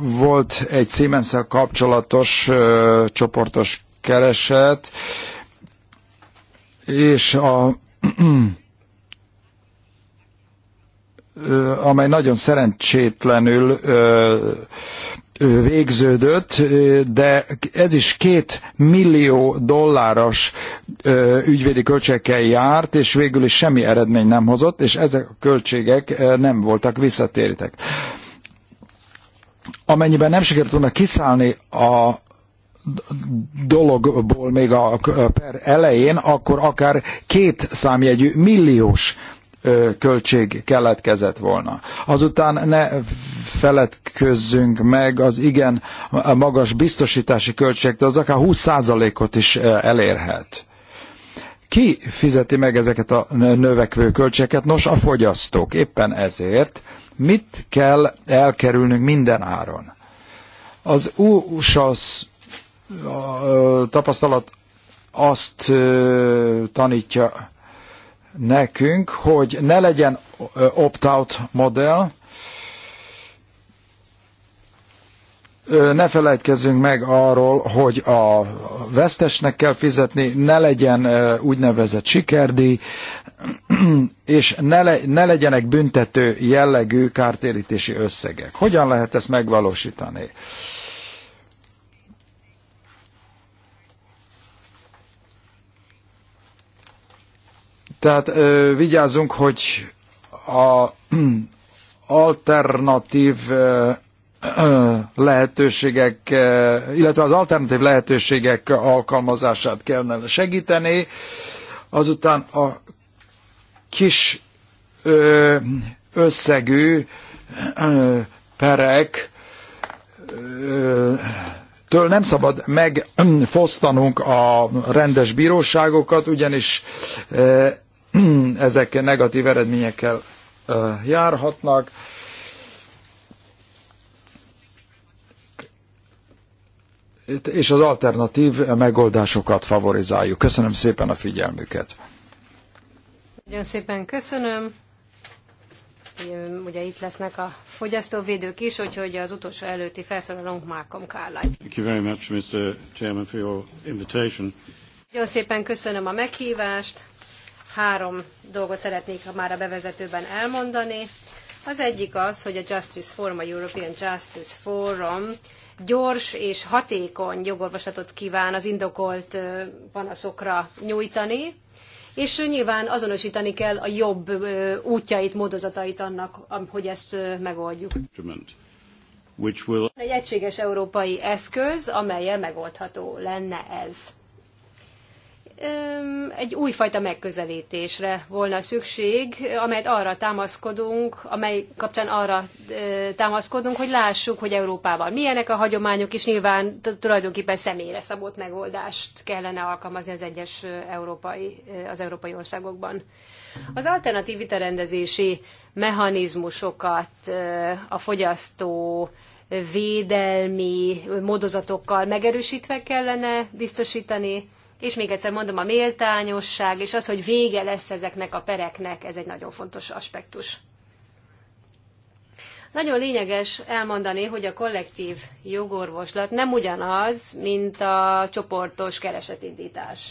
Speaker 2: volt egy siemens kapcsolatos ö, csoportos kereset, és a amely nagyon szerencsétlenül végződött, de ez is két millió dolláros ügyvédi költségekkel járt, és végül is semmi eredmény nem hozott, és ezek a költségek nem voltak visszatérítek. Amennyiben nem sikerült volna kiszállni a dologból még a per elején, akkor akár két számjegyű milliós költség keletkezett volna. Azután ne feledkezzünk meg az igen magas biztosítási de az akár 20%-ot is elérhet. Ki fizeti meg ezeket a növekvő költségeket? Nos, a fogyasztók. Éppen ezért mit kell elkerülnünk minden áron? Az USA a tapasztalat azt tanítja nekünk, hogy ne legyen opt-out modell, ne felejtkezzünk meg arról, hogy a vesztesnek kell fizetni, ne legyen úgynevezett sikerdi és ne, le, ne legyenek büntető jellegű kártérítési összegek. Hogyan lehet ezt megvalósítani? Tehát ö, vigyázzunk, hogy a alternatív ö, ö, lehetőségek, ö, illetve az alternatív lehetőségek alkalmazását kellene segíteni. Azután a kis ö, összegű ö, perek től nem szabad megfosztanunk a rendes bíróságokat, ugyanis ezek negatív eredményekkel járhatnak. és az alternatív megoldásokat favorizáljuk. Köszönöm szépen a figyelmüket.
Speaker 3: Nagyon szépen köszönöm. Ugye itt lesznek a fogyasztóvédők is, úgyhogy az utolsó előtti felszólalónk Malcolm Carlyle.
Speaker 2: Thank you very much, Mr. Chairman, for your
Speaker 3: invitation. Nagyon szépen köszönöm a meghívást. Három dolgot szeretnék már a bevezetőben elmondani. Az egyik az, hogy a Justice Forum, a European Justice Forum gyors és hatékony jogorvoslatot kíván az indokolt panaszokra nyújtani, és nyilván azonosítani kell a jobb útjait, módozatait annak, hogy ezt megoldjuk. Egy egységes európai eszköz, amelyel megoldható lenne ez egy újfajta megközelítésre volna szükség, amelyet arra támaszkodunk, amely kapcsán arra támaszkodunk, hogy lássuk, hogy Európában milyenek a hagyományok, és nyilván tulajdonképpen személyre szabott megoldást kellene alkalmazni az egyes európai, az európai országokban. Az alternatív vitarendezési mechanizmusokat a fogyasztó védelmi módozatokkal megerősítve kellene biztosítani, és még egyszer mondom, a méltányosság, és az, hogy vége lesz ezeknek a pereknek, ez egy nagyon fontos aspektus. Nagyon lényeges elmondani, hogy a kollektív jogorvoslat nem ugyanaz, mint a csoportos keresetindítás.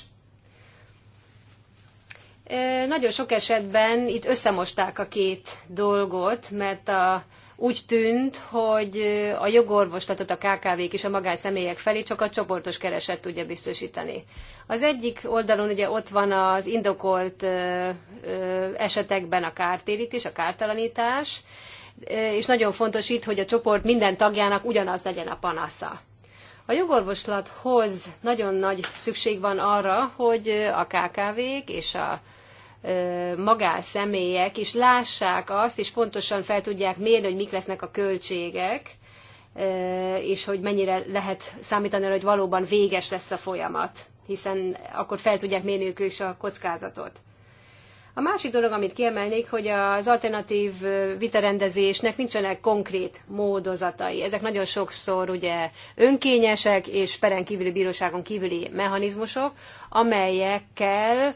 Speaker 3: Nagyon sok esetben itt összemosták a két dolgot, mert a úgy tűnt, hogy a jogorvoslatot a KKV-k és a magánszemélyek felé csak a csoportos kereset tudja biztosítani. Az egyik oldalon ugye ott van az indokolt esetekben a kártérítés, a kártalanítás, és nagyon fontos itt, hogy a csoport minden tagjának ugyanaz legyen a panasza. A jogorvoslathoz nagyon nagy szükség van arra, hogy a KKV-k és a magánszemélyek is lássák azt, és pontosan fel tudják mérni, hogy mik lesznek a költségek, és hogy mennyire lehet számítani arra, hogy valóban véges lesz a folyamat, hiszen akkor fel tudják mérni ők is a kockázatot. A másik dolog, amit kiemelnék, hogy az alternatív vitarendezésnek nincsenek konkrét módozatai. Ezek nagyon sokszor ugye önkényesek és peren kívüli bíróságon kívüli mechanizmusok, amelyekkel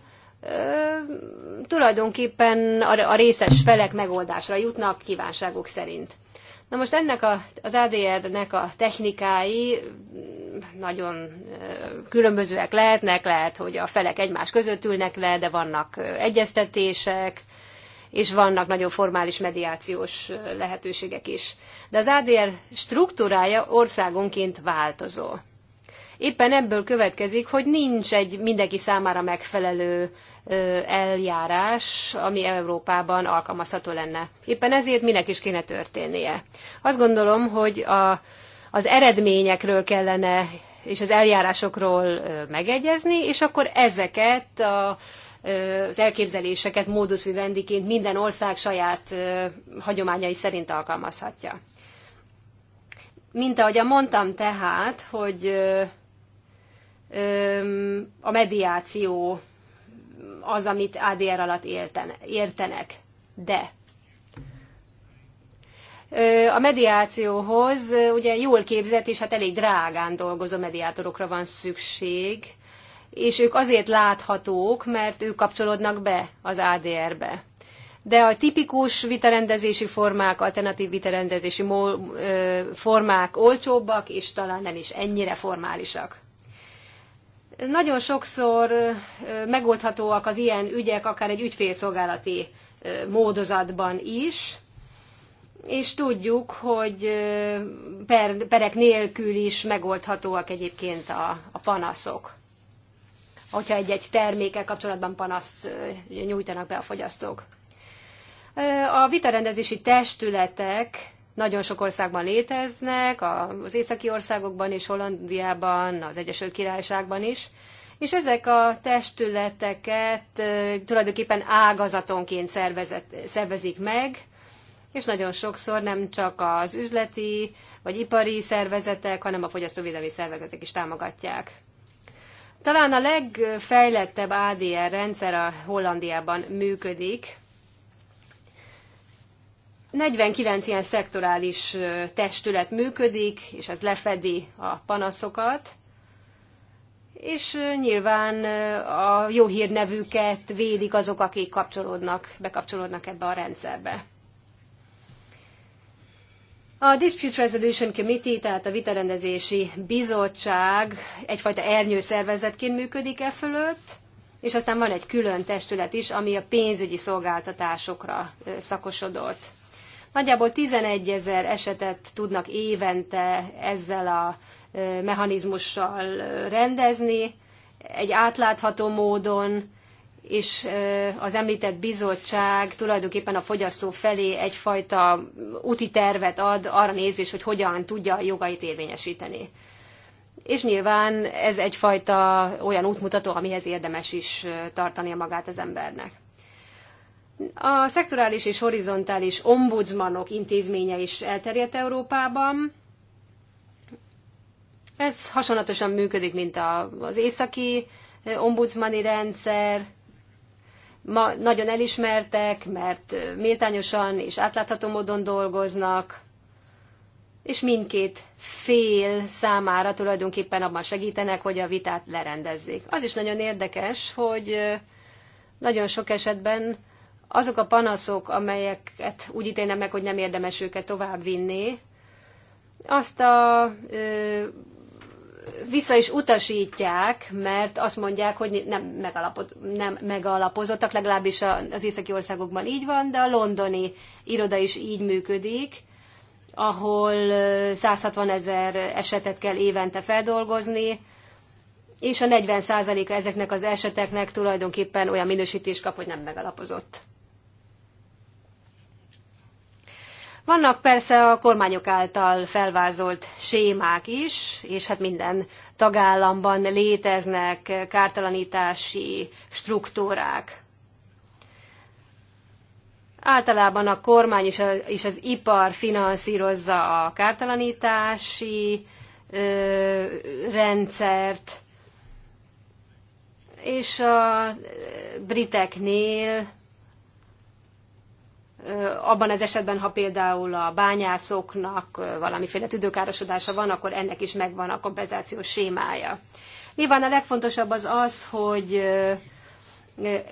Speaker 3: tulajdonképpen a részes felek megoldásra jutnak kívánságuk szerint. Na most ennek a, az ADR-nek a technikái nagyon különbözőek lehetnek, lehet, hogy a felek egymás között ülnek le, de vannak egyeztetések, és vannak nagyon formális mediációs lehetőségek is. De az ADR struktúrája országonként változó. Éppen ebből következik, hogy nincs egy mindenki számára megfelelő eljárás, ami Európában alkalmazható lenne. Éppen ezért minek is kéne történnie. Azt gondolom, hogy a, az eredményekről kellene és az eljárásokról megegyezni, és akkor ezeket a, az elképzeléseket vivendi vivendiként minden ország saját hagyományai szerint alkalmazhatja. Mint ahogyan mondtam tehát, hogy a mediáció az, amit ADR alatt értenek. De a mediációhoz ugye jól képzett és hát elég drágán dolgozó mediátorokra van szükség, és ők azért láthatók, mert ők kapcsolódnak be az ADR-be. De a tipikus vitarendezési formák, alternatív vitarendezési formák olcsóbbak, és talán nem is ennyire formálisak. Nagyon sokszor megoldhatóak az ilyen ügyek, akár egy ügyfélszolgálati módozatban is, és tudjuk, hogy per, perek nélkül is megoldhatóak egyébként a, a panaszok. Hogyha egy-egy termékkel kapcsolatban panaszt nyújtanak be a fogyasztók. A vitarendezési testületek nagyon sok országban léteznek, az északi országokban is, Hollandiában, az Egyesült Királyságban is, és ezek a testületeket tulajdonképpen ágazatonként szervezet, szervezik meg, és nagyon sokszor nem csak az üzleti vagy ipari szervezetek, hanem a fogyasztóvédelmi szervezetek is támogatják. Talán a legfejlettebb ADR rendszer a Hollandiában működik, 49 ilyen szektorális testület működik, és ez lefedi a panaszokat, és nyilván a jó hírnevüket védik azok, akik kapcsolódnak, bekapcsolódnak ebbe a rendszerbe. A Dispute Resolution Committee, tehát a vitarendezési bizottság egyfajta ernyőszervezetként működik e fölött, és aztán van egy külön testület is, ami a pénzügyi szolgáltatásokra szakosodott. Nagyjából 11 ezer esetet tudnak évente ezzel a mechanizmussal rendezni, egy átlátható módon, és az említett bizottság tulajdonképpen a fogyasztó felé egyfajta úti tervet ad arra nézve, hogy hogyan tudja jogait érvényesíteni. És nyilván ez egyfajta olyan útmutató, amihez érdemes is tartania magát az embernek. A szektorális és horizontális ombudsmanok intézménye is elterjedt Európában. Ez hasonlatosan működik, mint az északi ombudsmani rendszer. Ma nagyon elismertek, mert méltányosan és átlátható módon dolgoznak, és mindkét fél számára tulajdonképpen abban segítenek, hogy a vitát lerendezzék. Az is nagyon érdekes, hogy nagyon sok esetben azok a panaszok, amelyeket úgy ítélnek meg, hogy nem érdemes őket tovább vinni, azt a ö, vissza is utasítják, mert azt mondják, hogy nem, megalapod, nem megalapozottak, legalábbis az északi országokban így van, de a londoni iroda is így működik, ahol 160 ezer esetet kell évente feldolgozni, és a 40%-a ezeknek az eseteknek tulajdonképpen olyan minősítést kap, hogy nem megalapozott. Vannak persze a kormányok által felvázolt sémák is, és hát minden tagállamban léteznek kártalanítási struktúrák. Általában a kormány és, a, és az ipar finanszírozza a kártalanítási ö, rendszert, és a briteknél abban az esetben, ha például a bányászoknak valamiféle tüdőkárosodása van, akkor ennek is megvan a kompenzációs sémája. Nyilván a legfontosabb az az, hogy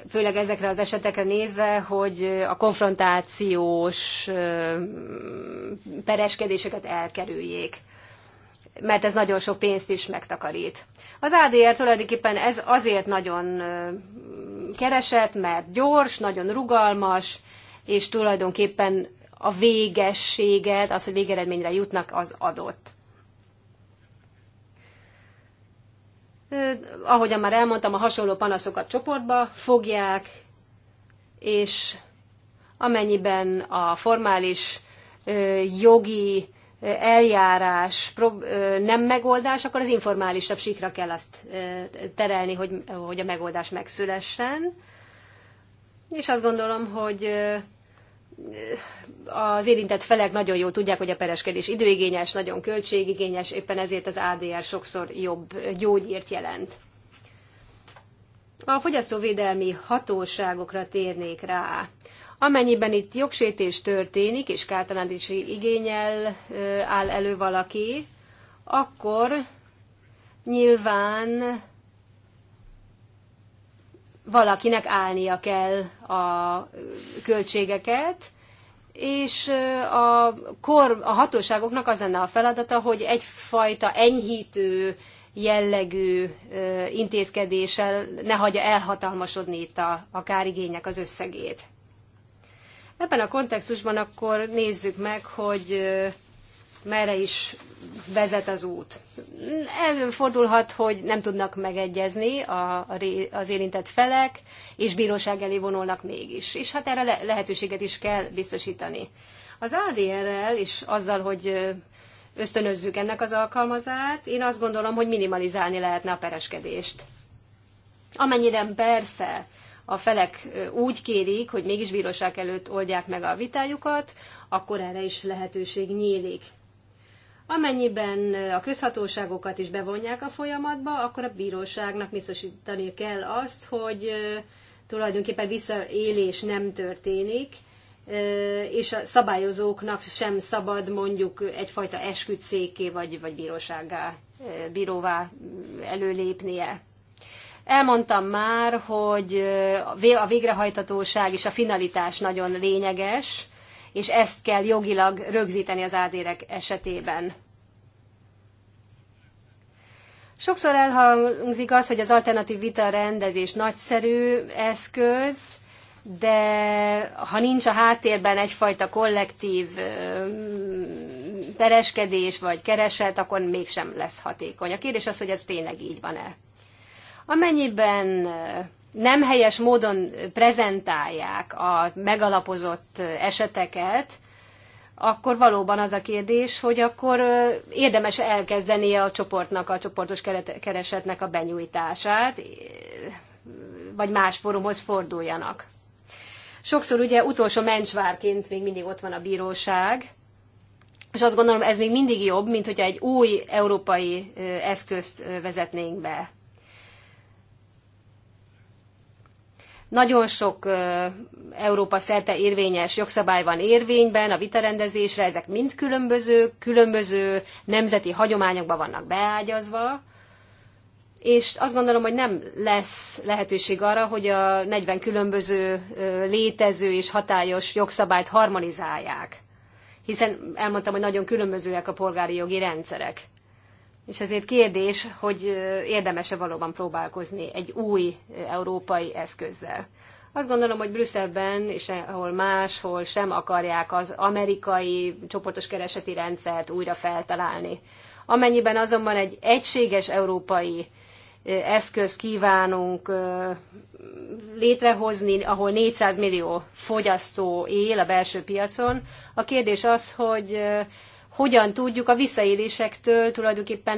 Speaker 3: főleg ezekre az esetekre nézve, hogy a konfrontációs pereskedéseket elkerüljék mert ez nagyon sok pénzt is megtakarít. Az ADR tulajdonképpen ez azért nagyon keresett, mert gyors, nagyon rugalmas, és tulajdonképpen a végességet, az, hogy végeredményre jutnak, az adott. Ahogyan már elmondtam, a hasonló panaszokat csoportba fogják, és amennyiben a formális jogi eljárás nem megoldás, akkor az informálisabb sikra kell azt terelni, hogy, hogy a megoldás megszülessen. És azt gondolom, hogy az érintett felek nagyon jól tudják, hogy a pereskedés időigényes, nagyon költségigényes, éppen ezért az ADR sokszor jobb gyógyírt jelent. A fogyasztóvédelmi hatóságokra térnék rá. Amennyiben itt jogsértés történik, és kártalanítási igényel áll elő valaki, akkor nyilván valakinek állnia kell a költségeket, és a, kor, a hatóságoknak az lenne a feladata, hogy egyfajta enyhítő jellegű intézkedéssel ne hagyja elhatalmasodni itt a, a kárigények az összegét. Ebben a kontextusban akkor nézzük meg, hogy merre is vezet az út. Előfordulhat, hogy nem tudnak megegyezni a, az érintett felek, és bíróság elé vonulnak mégis. És hát erre lehetőséget is kell biztosítani. Az ADR-rel és azzal, hogy ösztönözzük ennek az alkalmazát, én azt gondolom, hogy minimalizálni lehetne a pereskedést. Amennyiben persze a felek úgy kérik, hogy mégis bíróság előtt oldják meg a vitájukat, akkor erre is lehetőség nyílik. Amennyiben a közhatóságokat is bevonják a folyamatba, akkor a bíróságnak biztosítani kell azt, hogy tulajdonképpen visszaélés nem történik, és a szabályozóknak sem szabad mondjuk egyfajta esküdszéké vagy, vagy bíróságá, bíróvá előlépnie. Elmondtam már, hogy a végrehajtatóság és a finalitás nagyon lényeges, és ezt kell jogilag rögzíteni az ádérek esetében. Sokszor elhangzik az, hogy az alternatív vita rendezés nagyszerű eszköz, de ha nincs a háttérben egyfajta kollektív pereskedés vagy kereset, akkor mégsem lesz hatékony. A kérdés az, hogy ez tényleg így van-e. Amennyiben nem helyes módon prezentálják a megalapozott eseteket, akkor valóban az a kérdés, hogy akkor érdemes elkezdeni a csoportnak, a csoportos keresetnek a benyújtását, vagy más fórumhoz forduljanak. Sokszor ugye utolsó mencsvárként még mindig ott van a bíróság, és azt gondolom, ez még mindig jobb, mint hogyha egy új európai eszközt vezetnénk be. Nagyon sok Európa szerte érvényes jogszabály van érvényben a vitarendezésre, ezek mind különböző, különböző nemzeti hagyományokban vannak beágyazva, és azt gondolom, hogy nem lesz lehetőség arra, hogy a 40 különböző létező és hatályos jogszabályt harmonizálják. Hiszen elmondtam, hogy nagyon különbözőek a polgári jogi rendszerek és ezért kérdés, hogy érdemese valóban próbálkozni egy új európai eszközzel. Azt gondolom, hogy Brüsszelben és ahol máshol sem akarják az amerikai csoportos kereseti rendszert újra feltalálni. Amennyiben azonban egy egységes európai eszköz kívánunk létrehozni, ahol 400 millió fogyasztó él a belső piacon. A kérdés az, hogy hogyan tudjuk a visszaélésektől tulajdonképpen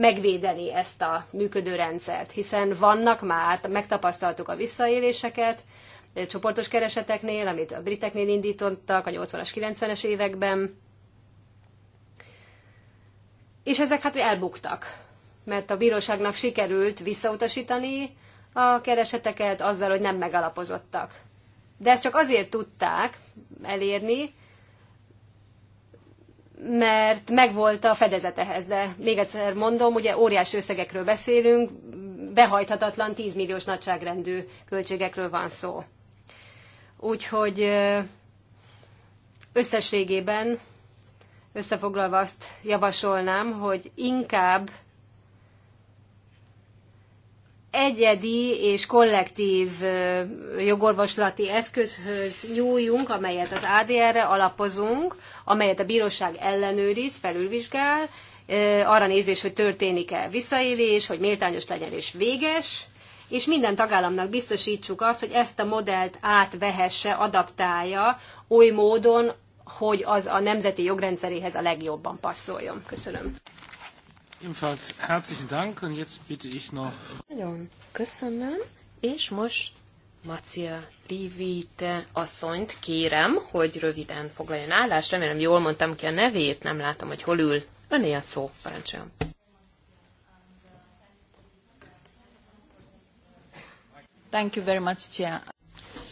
Speaker 3: megvédeni ezt a működő rendszert, hiszen vannak már, megtapasztaltuk a visszaéléseket, csoportos kereseteknél, amit a briteknél indítottak a 80-as, 90-es években. És ezek hát elbuktak, mert a bíróságnak sikerült visszautasítani a kereseteket azzal, hogy nem megalapozottak. De ezt csak azért tudták elérni, mert megvolt a fedezet ehhez, de még egyszer mondom, ugye óriási összegekről beszélünk, behajthatatlan 10 milliós nagyságrendű költségekről van szó. Úgyhogy összességében összefoglalva azt javasolnám, hogy inkább egyedi és kollektív jogorvoslati eszközhöz nyúljunk, amelyet az ADR-re alapozunk, amelyet a bíróság ellenőriz, felülvizsgál, arra nézés, hogy történik-e visszaélés, hogy méltányos legyen és véges, és minden tagállamnak biztosítsuk azt, hogy ezt a modellt átvehesse, adaptálja oly módon, hogy az a nemzeti jogrendszeréhez a legjobban passzoljon. Köszönöm.
Speaker 2: Ebenfalls herzlichen Dank, und jetzt bitte ich noch...
Speaker 1: Nagyon köszönöm, és most Macia Rivite asszonyt kérem, hogy röviden foglaljon állást. Remélem jól mondtam ki a nevét, nem látom, hogy hol ül. Öné a szó, parancsoljon. Thank you very much, Chia.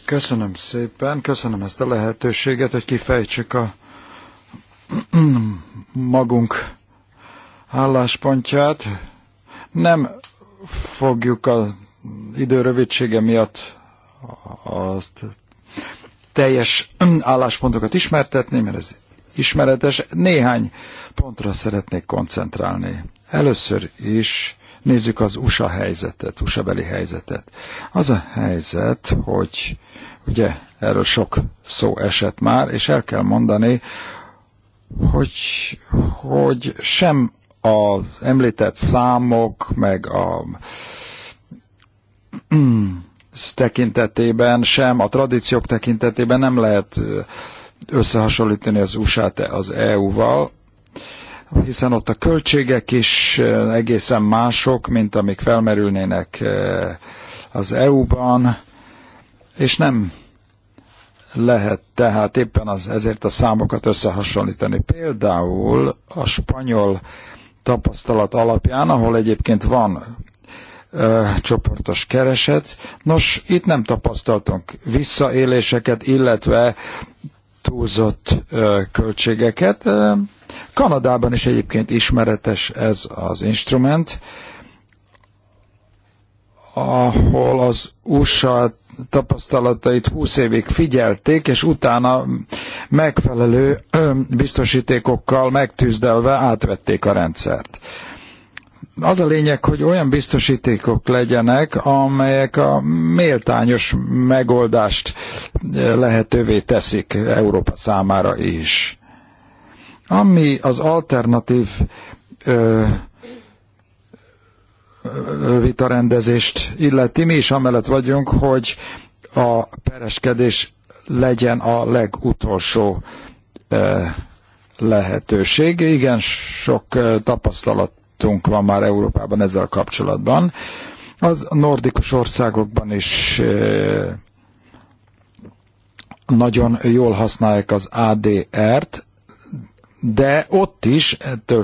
Speaker 2: Köszönöm szépen, köszönöm ezt a lehetőséget, hogy kifejtsük a magunk álláspontját. Nem fogjuk az idő rövidsége miatt azt teljes álláspontokat ismertetni, mert ez ismeretes. Néhány pontra szeretnék koncentrálni. Először is nézzük az USA helyzetet, USA beli helyzetet. Az a helyzet, hogy ugye erről sok szó esett már, és el kell mondani, hogy, hogy sem az említett számok, meg a tekintetében sem, a tradíciók tekintetében nem lehet összehasonlítani az usa az EU-val, hiszen ott a költségek is egészen mások, mint amik felmerülnének az EU-ban, és nem lehet tehát éppen az, ezért a számokat összehasonlítani. Például a spanyol tapasztalat alapján, ahol egyébként van ö, csoportos kereset. Nos, itt nem tapasztaltunk visszaéléseket, illetve túlzott ö, költségeket. Kanadában is egyébként ismeretes ez az instrument. Ö, ahol az USA tapasztalatait 20 évig figyelték, és utána megfelelő biztosítékokkal megtűzdelve átvették a rendszert. Az a lényeg, hogy olyan biztosítékok legyenek, amelyek a méltányos megoldást lehetővé teszik Európa számára is. Ami az alternatív ö, vitarendezést illeti. Mi is amellett vagyunk, hogy a pereskedés legyen a legutolsó lehetőség. Igen, sok tapasztalatunk van már Európában ezzel kapcsolatban. Az nordikus országokban is nagyon jól használják az ADR-t, de ott is ettől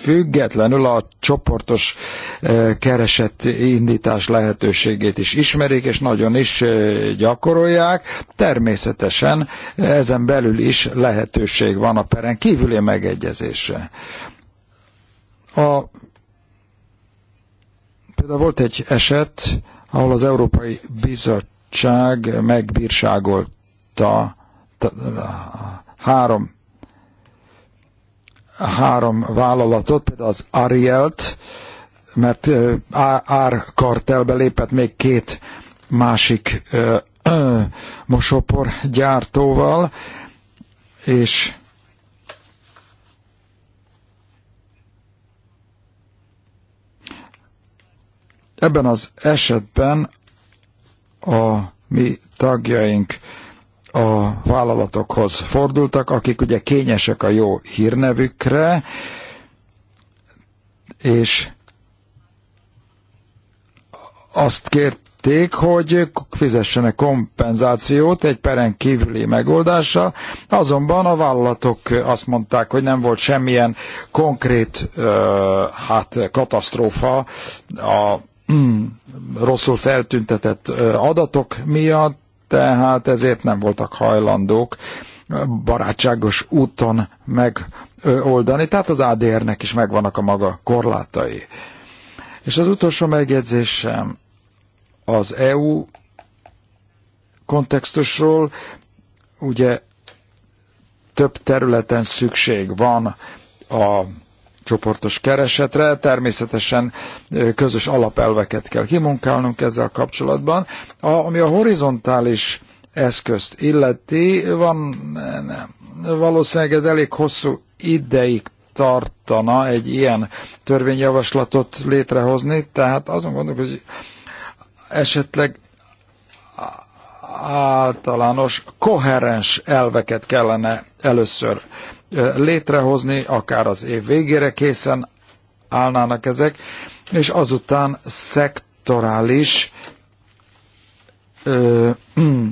Speaker 2: függetlenül a csoportos eh, keresett indítás lehetőségét is ismerik, és nagyon is eh, gyakorolják. Természetesen eh, ezen belül is lehetőség van a peren kívüli megegyezésre. A, például volt egy eset, ahol az Európai Bizottság megbírságolta három három vállalatot, például az Arielt, mert árkartelbe lépett még két másik mosopor gyártóval, és ebben az esetben a mi tagjaink a vállalatokhoz fordultak, akik ugye kényesek a jó hírnevükre, és azt kérték, hogy fizessenek kompenzációt egy peren kívüli megoldással, azonban a vállalatok azt mondták, hogy nem volt semmilyen konkrét hát, katasztrófa a mm, rosszul feltüntetett adatok miatt, tehát ezért nem voltak hajlandók barátságos úton megoldani, tehát az ADR-nek is megvannak a maga korlátai. És az utolsó megjegyzésem az EU kontextusról, ugye több területen szükség van a csoportos keresetre. Természetesen közös alapelveket kell kimunkálnunk ezzel kapcsolatban. A, ami a horizontális eszközt illeti, van, ne, valószínűleg ez elég hosszú ideig tartana egy ilyen törvényjavaslatot létrehozni, tehát azon gondolok, hogy esetleg általános, koherens elveket kellene először létrehozni, akár az év végére készen állnának ezek, és azután szektorális ö, mm,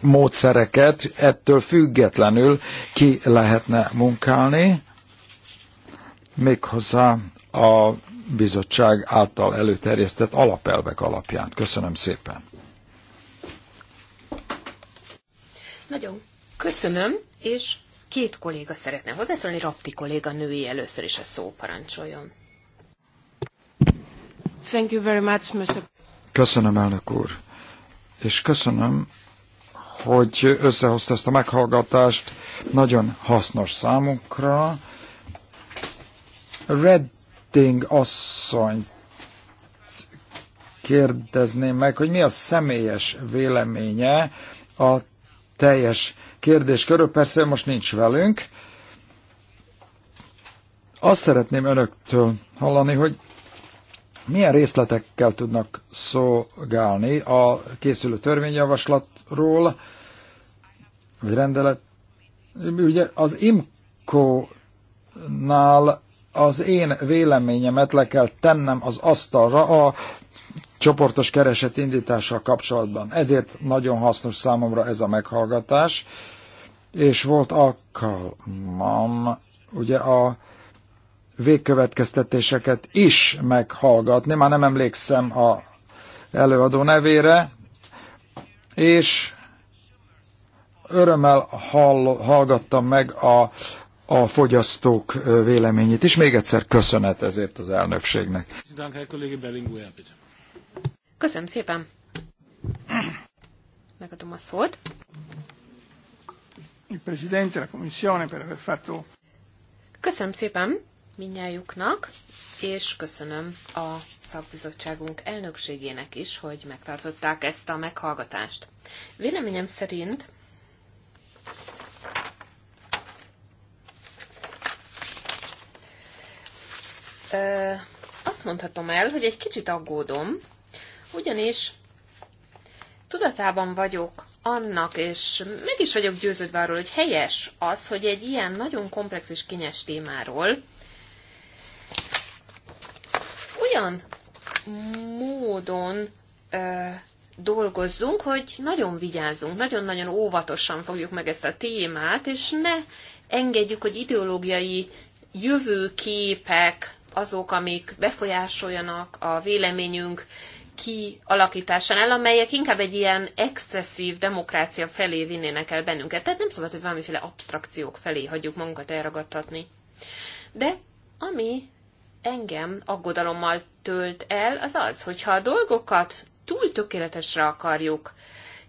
Speaker 2: módszereket ettől függetlenül ki lehetne munkálni, méghozzá a bizottság által előterjesztett alapelvek alapján. Köszönöm szépen.
Speaker 1: Nagyon köszönöm, és Két kolléga szeretne hozzászólni, Rapti kolléga női először is a szó parancsoljon. Thank you very much, Mr.
Speaker 2: Köszönöm, elnök úr. És köszönöm, hogy összehozta ezt a meghallgatást. Nagyon hasznos számunkra. Redding asszony kérdezném meg, hogy mi a személyes véleménye a teljes kérdéskörök, persze most nincs velünk. Azt szeretném önöktől hallani, hogy milyen részletekkel tudnak szolgálni a készülő törvényjavaslatról, vagy rendelet. Ugye az IMCO-nál az én véleményemet le kell tennem az asztalra a csoportos kereset indítással kapcsolatban. Ezért nagyon hasznos számomra ez a meghallgatás, és volt alkalmam ugye a végkövetkeztetéseket is meghallgatni, már nem emlékszem a előadó nevére, és örömmel hall, hallgattam meg a, a fogyasztók véleményét is. Még egyszer köszönet ezért az elnökségnek.
Speaker 3: Köszönöm,
Speaker 1: Köszönöm szépen! Megadom a szót.
Speaker 2: Il Presidente, la Commissione per aver fatto...
Speaker 1: Köszönöm szépen minnyájuknak, és köszönöm a szakbizottságunk elnökségének is, hogy megtartották ezt a meghallgatást. Véleményem szerint azt mondhatom el, hogy egy kicsit aggódom, ugyanis tudatában vagyok annak, és meg is vagyok győződve arról, hogy helyes az, hogy egy ilyen nagyon komplex és kényes témáról olyan módon ö, dolgozzunk, hogy nagyon vigyázzunk, nagyon-nagyon óvatosan fogjuk meg ezt a témát, és ne engedjük, hogy ideológiai jövőképek azok, amik befolyásoljanak a véleményünk kialakításánál, amelyek inkább egy ilyen excesszív demokrácia felé vinnének el bennünket. Tehát nem szabad, hogy valamiféle abstrakciók felé hagyjuk magunkat elragadtatni. De ami engem aggodalommal tölt el, az az, hogyha a dolgokat túl tökéletesre akarjuk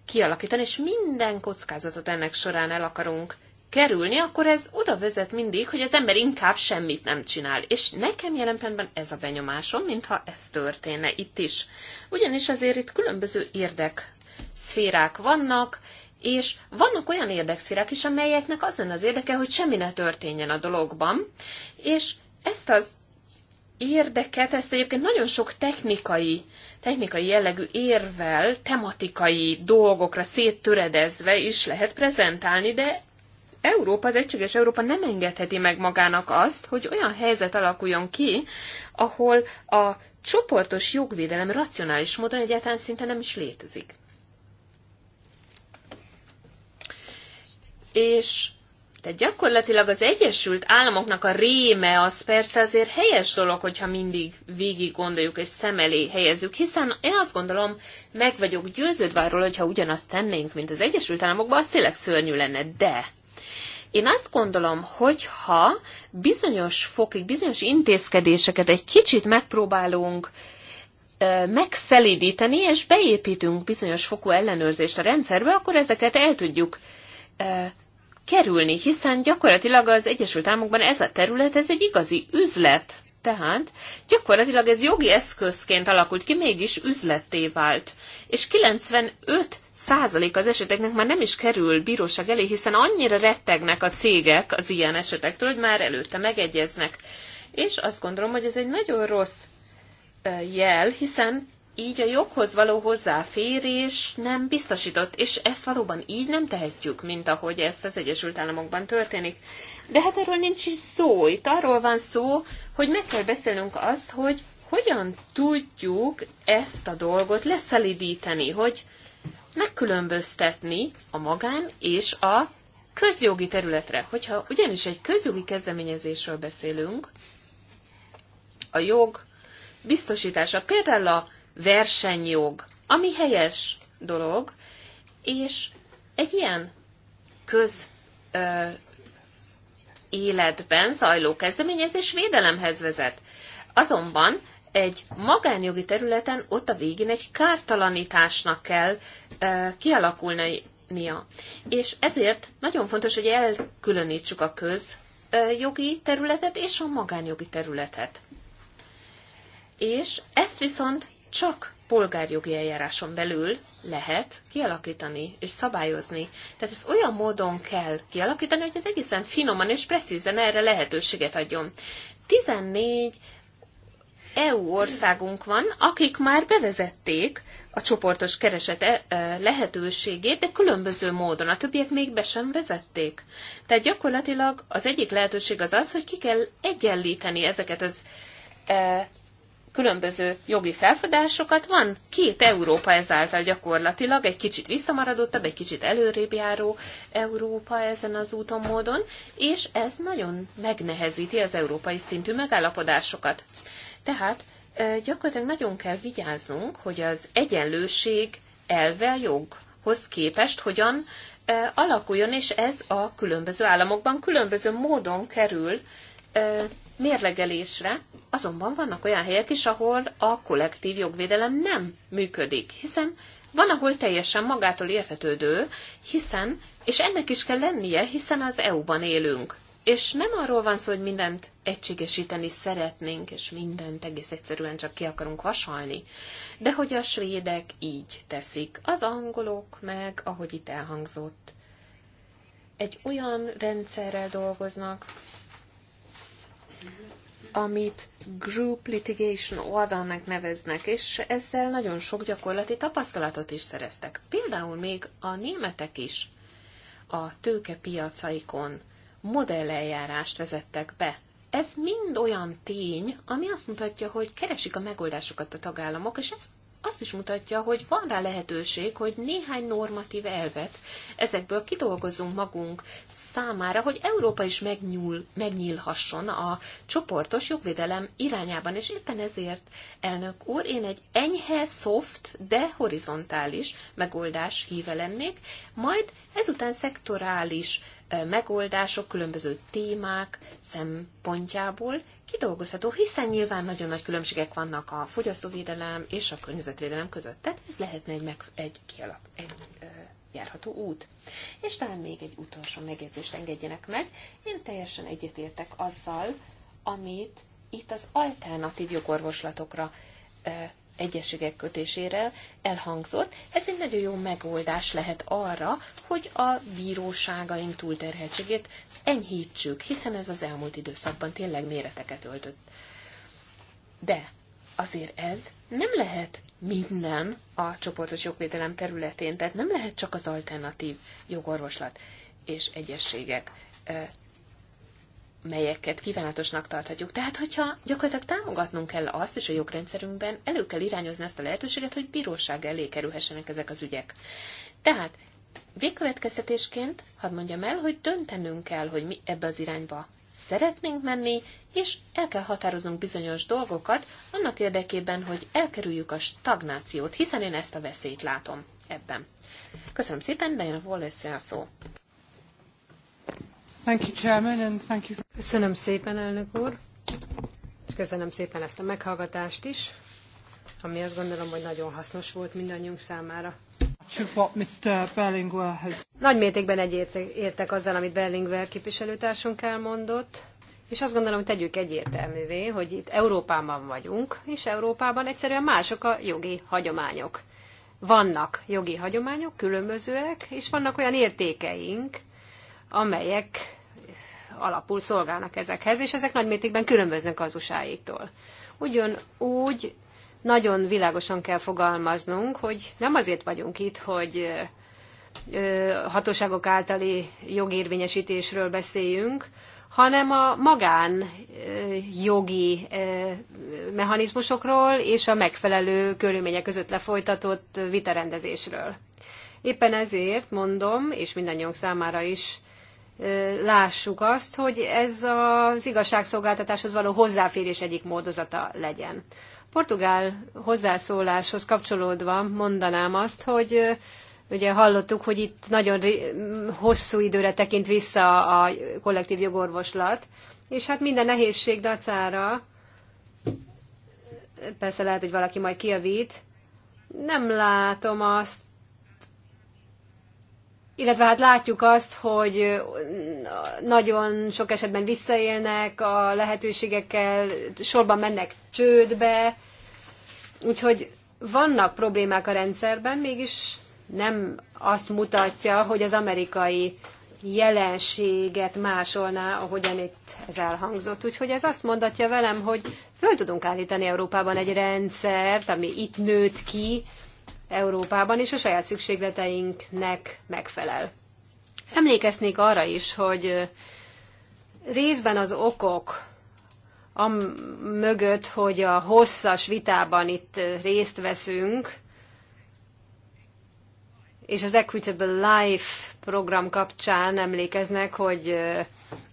Speaker 1: kialakítani, és minden kockázatot ennek során el akarunk kerülni, akkor ez oda vezet mindig, hogy az ember inkább semmit nem csinál. És nekem jelen pillanatban ez a benyomásom, mintha ez történne itt is. Ugyanis azért itt különböző érdek szférák vannak, és vannak olyan érdekszírek is, amelyeknek az lenne az érdeke, hogy semmi ne történjen a dologban, és ezt az érdeket, ezt egyébként nagyon sok technikai, technikai jellegű érvel, tematikai dolgokra széttöredezve is lehet prezentálni, de Európa, az egységes Európa nem engedheti meg magának azt, hogy olyan helyzet alakuljon ki, ahol a csoportos jogvédelem racionális módon egyáltalán szinte nem is létezik. És tehát gyakorlatilag az Egyesült Államoknak a réme az persze azért helyes dolog, hogyha mindig végig gondoljuk és szem elé helyezzük, hiszen én azt gondolom, meg vagyok győződve arról, hogyha ugyanazt tennénk, mint az Egyesült Államokban, az tényleg szörnyű lenne, de én azt gondolom, hogy ha bizonyos fokig, bizonyos intézkedéseket egy kicsit megpróbálunk megszelidíteni, és beépítünk bizonyos fokú ellenőrzést a rendszerbe, akkor ezeket el tudjuk kerülni, hiszen gyakorlatilag az Egyesült Államokban ez a terület, ez egy igazi üzlet. Tehát gyakorlatilag ez jogi eszközként alakult ki, mégis üzletté vált. És 95 százalék az eseteknek már nem is kerül bíróság elé, hiszen annyira rettegnek a cégek az ilyen esetektől, hogy már előtte megegyeznek. És azt gondolom, hogy ez egy nagyon rossz jel, hiszen így a joghoz való hozzáférés nem biztosított, és ezt valóban így nem tehetjük, mint ahogy ezt az Egyesült Államokban történik. De hát erről nincs is szó. Itt arról van szó, hogy meg kell beszélnünk azt, hogy hogyan tudjuk ezt a dolgot leszelidíteni, hogy megkülönböztetni a magán és a közjogi területre. Hogyha ugyanis egy közjogi kezdeményezésről beszélünk, a jog biztosítása, például a versenyjog, ami helyes dolog, és egy ilyen köz ö, életben zajló kezdeményezés védelemhez vezet. Azonban egy magánjogi területen ott a végén egy kártalanításnak kell kialakulnia. És ezért nagyon fontos, hogy elkülönítsük a közjogi területet és a magánjogi területet. És ezt viszont csak polgárjogi eljáráson belül lehet kialakítani és szabályozni. Tehát ezt olyan módon kell kialakítani, hogy ez egészen finoman és precízen erre lehetőséget adjon. 14 EU országunk van, akik már bevezették a csoportos kereset eh, eh, lehetőségét, de különböző módon. A többiek még be sem vezették. Tehát gyakorlatilag az egyik lehetőség az az, hogy ki kell egyenlíteni ezeket az eh, különböző jogi felfedásokat. Van két Európa ezáltal gyakorlatilag, egy kicsit visszamaradottabb, egy kicsit előrébb járó Európa ezen az úton módon, és ez nagyon megnehezíti az európai szintű megállapodásokat. Tehát gyakorlatilag nagyon kell vigyáznunk, hogy az egyenlőség elve joghoz képest hogyan alakuljon, és ez a különböző államokban különböző módon kerül mérlegelésre, azonban vannak olyan helyek is, ahol a kollektív jogvédelem nem működik, hiszen van, ahol teljesen magától értetődő, hiszen, és ennek is kell lennie, hiszen az EU-ban élünk. És nem arról van szó, hogy mindent egységesíteni szeretnénk, és mindent egész egyszerűen csak ki akarunk vasalni. De hogy a svédek így teszik, az angolok meg, ahogy itt elhangzott, egy olyan rendszerrel dolgoznak, amit group litigation oldalnak neveznek, és ezzel nagyon sok gyakorlati tapasztalatot is szereztek. Például még a németek is a tőkepiacaikon modelleljárást vezettek be. Ez mind olyan tény, ami azt mutatja, hogy keresik a megoldásokat a tagállamok, és ez azt is mutatja, hogy van rá lehetőség, hogy néhány normatív elvet ezekből kidolgozunk magunk számára, hogy Európa is megnyúl, megnyílhasson a csoportos jogvédelem irányában, és éppen ezért, elnök úr, én egy enyhe, soft, de horizontális megoldás híve lennék, majd ezután szektorális megoldások, különböző témák szempontjából kidolgozható, hiszen nyilván nagyon nagy különbségek vannak a fogyasztóvédelem és a környezetvédelem között. Tehát ez lehetne egy, meg, egy, kialak, egy ö, járható út. És talán még egy utolsó megjegyzést engedjenek meg. Én teljesen egyetértek azzal, amit itt az alternatív jogorvoslatokra ö, egyességek kötésére elhangzott. Ez egy nagyon jó megoldás lehet arra, hogy a bíróságaink túlterheltségét enyhítsük, hiszen ez az elmúlt időszakban tényleg méreteket öltött. De azért ez nem lehet minden a csoportos jogvédelem területén, tehát nem lehet csak az alternatív jogorvoslat és egyességek melyeket kívánatosnak tarthatjuk. Tehát, hogyha gyakorlatilag támogatnunk kell azt, és a jogrendszerünkben elő kell irányozni ezt a lehetőséget, hogy bíróság elé kerülhessenek ezek az ügyek. Tehát végkövetkeztetésként, hadd mondjam el, hogy döntenünk kell, hogy mi ebbe az irányba szeretnénk menni, és el kell határoznunk bizonyos dolgokat annak érdekében, hogy elkerüljük a stagnációt, hiszen én ezt a veszélyt látom ebben. Köszönöm szépen, a Wallace a szó.
Speaker 3: Köszönöm szépen, elnök úr, és köszönöm szépen ezt a meghallgatást is, ami azt gondolom, hogy nagyon hasznos volt mindannyiunk számára. Nagy mértékben egyértek azzal, amit Berlinguer képviselőtársunk elmondott, és azt gondolom, hogy tegyük egyértelművé, hogy itt Európában vagyunk, és Európában egyszerűen mások a jogi hagyományok. Vannak jogi hagyományok, különbözőek, és vannak olyan értékeink, amelyek alapul szolgálnak ezekhez, és ezek mértékben különböznek az usáéktól. Ugyanúgy nagyon világosan kell fogalmaznunk, hogy nem azért vagyunk itt, hogy hatóságok általi jogérvényesítésről beszéljünk, hanem a magán jogi mechanizmusokról és a megfelelő körülmények között lefolytatott vitarendezésről. Éppen ezért mondom, és mindannyiunk számára is lássuk azt, hogy ez az igazságszolgáltatáshoz való hozzáférés egyik módozata legyen. Portugál hozzászóláshoz kapcsolódva mondanám azt, hogy ugye hallottuk, hogy itt nagyon hosszú időre tekint vissza a kollektív jogorvoslat, és hát minden nehézség dacára, persze lehet, hogy valaki majd kiavít, nem látom azt, illetve hát látjuk azt, hogy nagyon sok esetben visszaélnek a lehetőségekkel, sorban mennek csődbe, úgyhogy vannak problémák a rendszerben, mégis nem azt mutatja, hogy az amerikai jelenséget másolná, ahogyan itt ez elhangzott. Úgyhogy ez azt mondatja velem, hogy föl tudunk állítani Európában egy rendszert, ami itt nőtt ki, Európában, és a saját szükségleteinknek megfelel. Emlékeznék arra is, hogy részben az okok a mögött, hogy a hosszas vitában itt részt veszünk, és az Equitable Life program kapcsán emlékeznek, hogy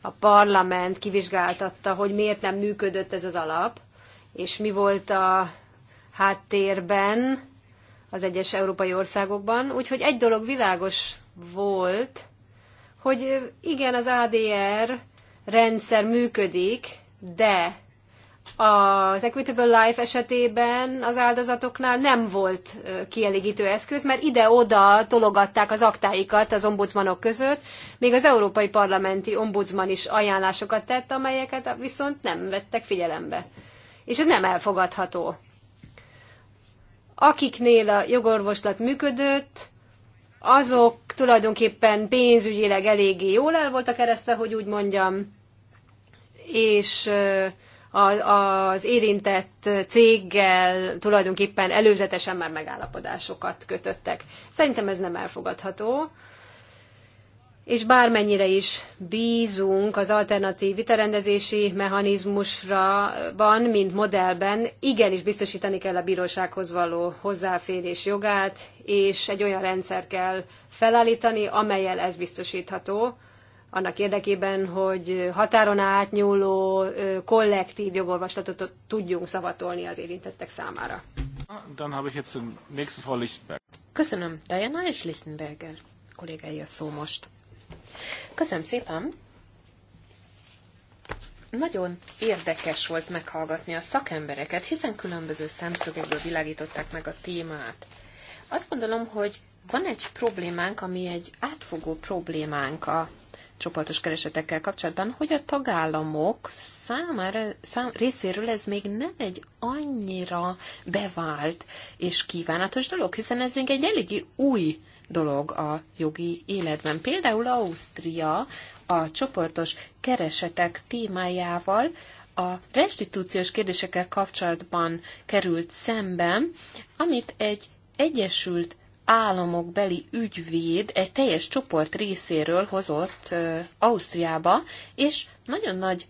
Speaker 3: a parlament kivizsgáltatta, hogy miért nem működött ez az alap, és mi volt a háttérben, az egyes európai országokban. Úgyhogy egy dolog világos volt, hogy igen, az ADR rendszer működik, de az Equitable Life esetében az áldozatoknál nem volt kielégítő eszköz, mert ide-oda tologatták az aktáikat az ombudsmanok között, még az Európai Parlamenti Ombudsman is ajánlásokat tett, amelyeket viszont nem vettek figyelembe. És ez nem elfogadható akiknél a jogorvoslat működött, azok tulajdonképpen pénzügyileg eléggé jól el voltak keresztve, hogy úgy mondjam, és az érintett céggel tulajdonképpen előzetesen már megállapodásokat kötöttek. Szerintem ez nem elfogadható és bármennyire is bízunk az alternatív vitarendezési mechanizmusra van, mint modellben, igenis biztosítani kell a bírósághoz való hozzáférés jogát, és egy olyan rendszer kell felállítani, amelyel ez biztosítható, annak érdekében, hogy határon átnyúló kollektív jogorvoslatot tudjunk szavatolni az érintettek számára. Köszönöm,
Speaker 1: Diana és Lichtenberger kollégái szó most. Köszönöm szépen! Nagyon érdekes volt meghallgatni a szakembereket, hiszen különböző szemszögekből világították meg a témát. Azt gondolom, hogy van egy problémánk, ami egy átfogó problémánk a csoportos keresetekkel kapcsolatban, hogy a tagállamok számára, szám, részéről ez még nem egy annyira bevált és kívánatos dolog, hiszen ez még egy eléggé új dolog a jogi életben. Például Ausztria a csoportos keresetek témájával a restitúciós kérdésekkel kapcsolatban került szemben, amit egy Egyesült államok beli ügyvéd egy teljes csoport részéről hozott Ausztriába, és nagyon nagy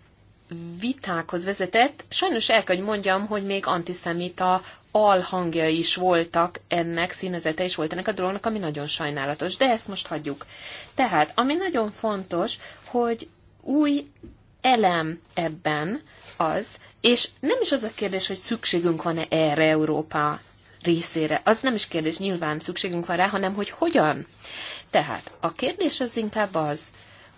Speaker 1: vitákhoz vezetett. Sajnos el kell, hogy mondjam, hogy még antiszemita alhangja is voltak ennek, színezete is volt ennek a dolognak, ami nagyon sajnálatos, de ezt most hagyjuk. Tehát, ami nagyon fontos, hogy új elem ebben az, és nem is az a kérdés, hogy szükségünk van-e erre Európa részére. Az nem is kérdés, nyilván szükségünk van rá, hanem hogy hogyan. Tehát a kérdés az inkább az,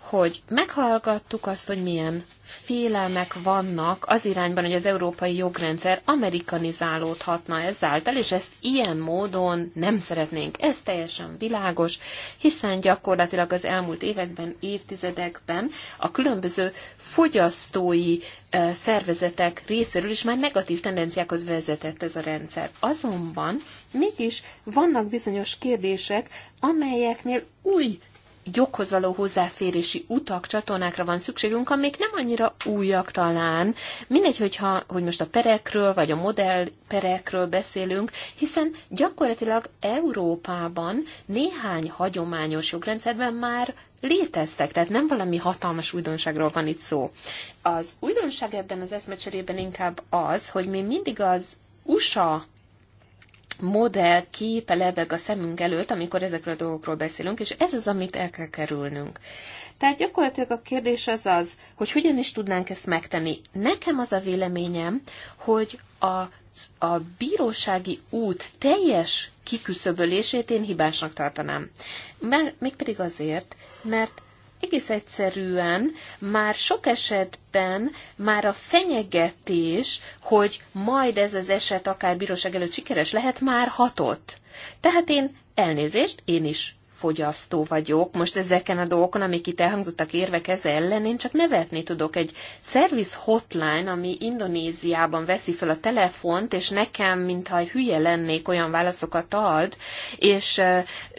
Speaker 1: hogy meghallgattuk azt, hogy milyen félelmek vannak az irányban, hogy az európai jogrendszer amerikanizálódhatna ezáltal, és ezt ilyen módon nem szeretnénk. Ez teljesen világos, hiszen gyakorlatilag az elmúlt években, évtizedekben a különböző fogyasztói szervezetek részéről is már negatív tendenciákhoz vezetett ez a rendszer. Azonban mégis vannak bizonyos kérdések, amelyeknél új joghoz való hozzáférési utak, csatornákra van szükségünk, amik nem annyira újak talán. Mindegy, hogyha, hogy most a perekről, vagy a modell perekről beszélünk, hiszen gyakorlatilag Európában néhány hagyományos jogrendszerben már léteztek, tehát nem valami hatalmas újdonságról van itt szó. Az újdonság ebben az eszmecserében inkább az, hogy mi mindig az USA modell képe lebeg a szemünk előtt, amikor ezekről a dolgokról beszélünk, és ez az, amit el kell kerülnünk. Tehát gyakorlatilag a kérdés az az, hogy hogyan is tudnánk ezt megtenni. Nekem az a véleményem, hogy a a bírósági út teljes kiküszöbölését én hibásnak tartanám. mert Mégpedig azért, mert egész egyszerűen már sok esetben már a fenyegetés, hogy majd ez az eset akár bíróság előtt sikeres lehet, már hatott. Tehát én elnézést, én is fogyasztó vagyok. Most ezeken a dolgokon, amik itt elhangzottak érvek ez ellen, én csak nevetni tudok. Egy service hotline, ami Indonéziában veszi fel a telefont, és nekem, mintha hülye lennék, olyan válaszokat ad, és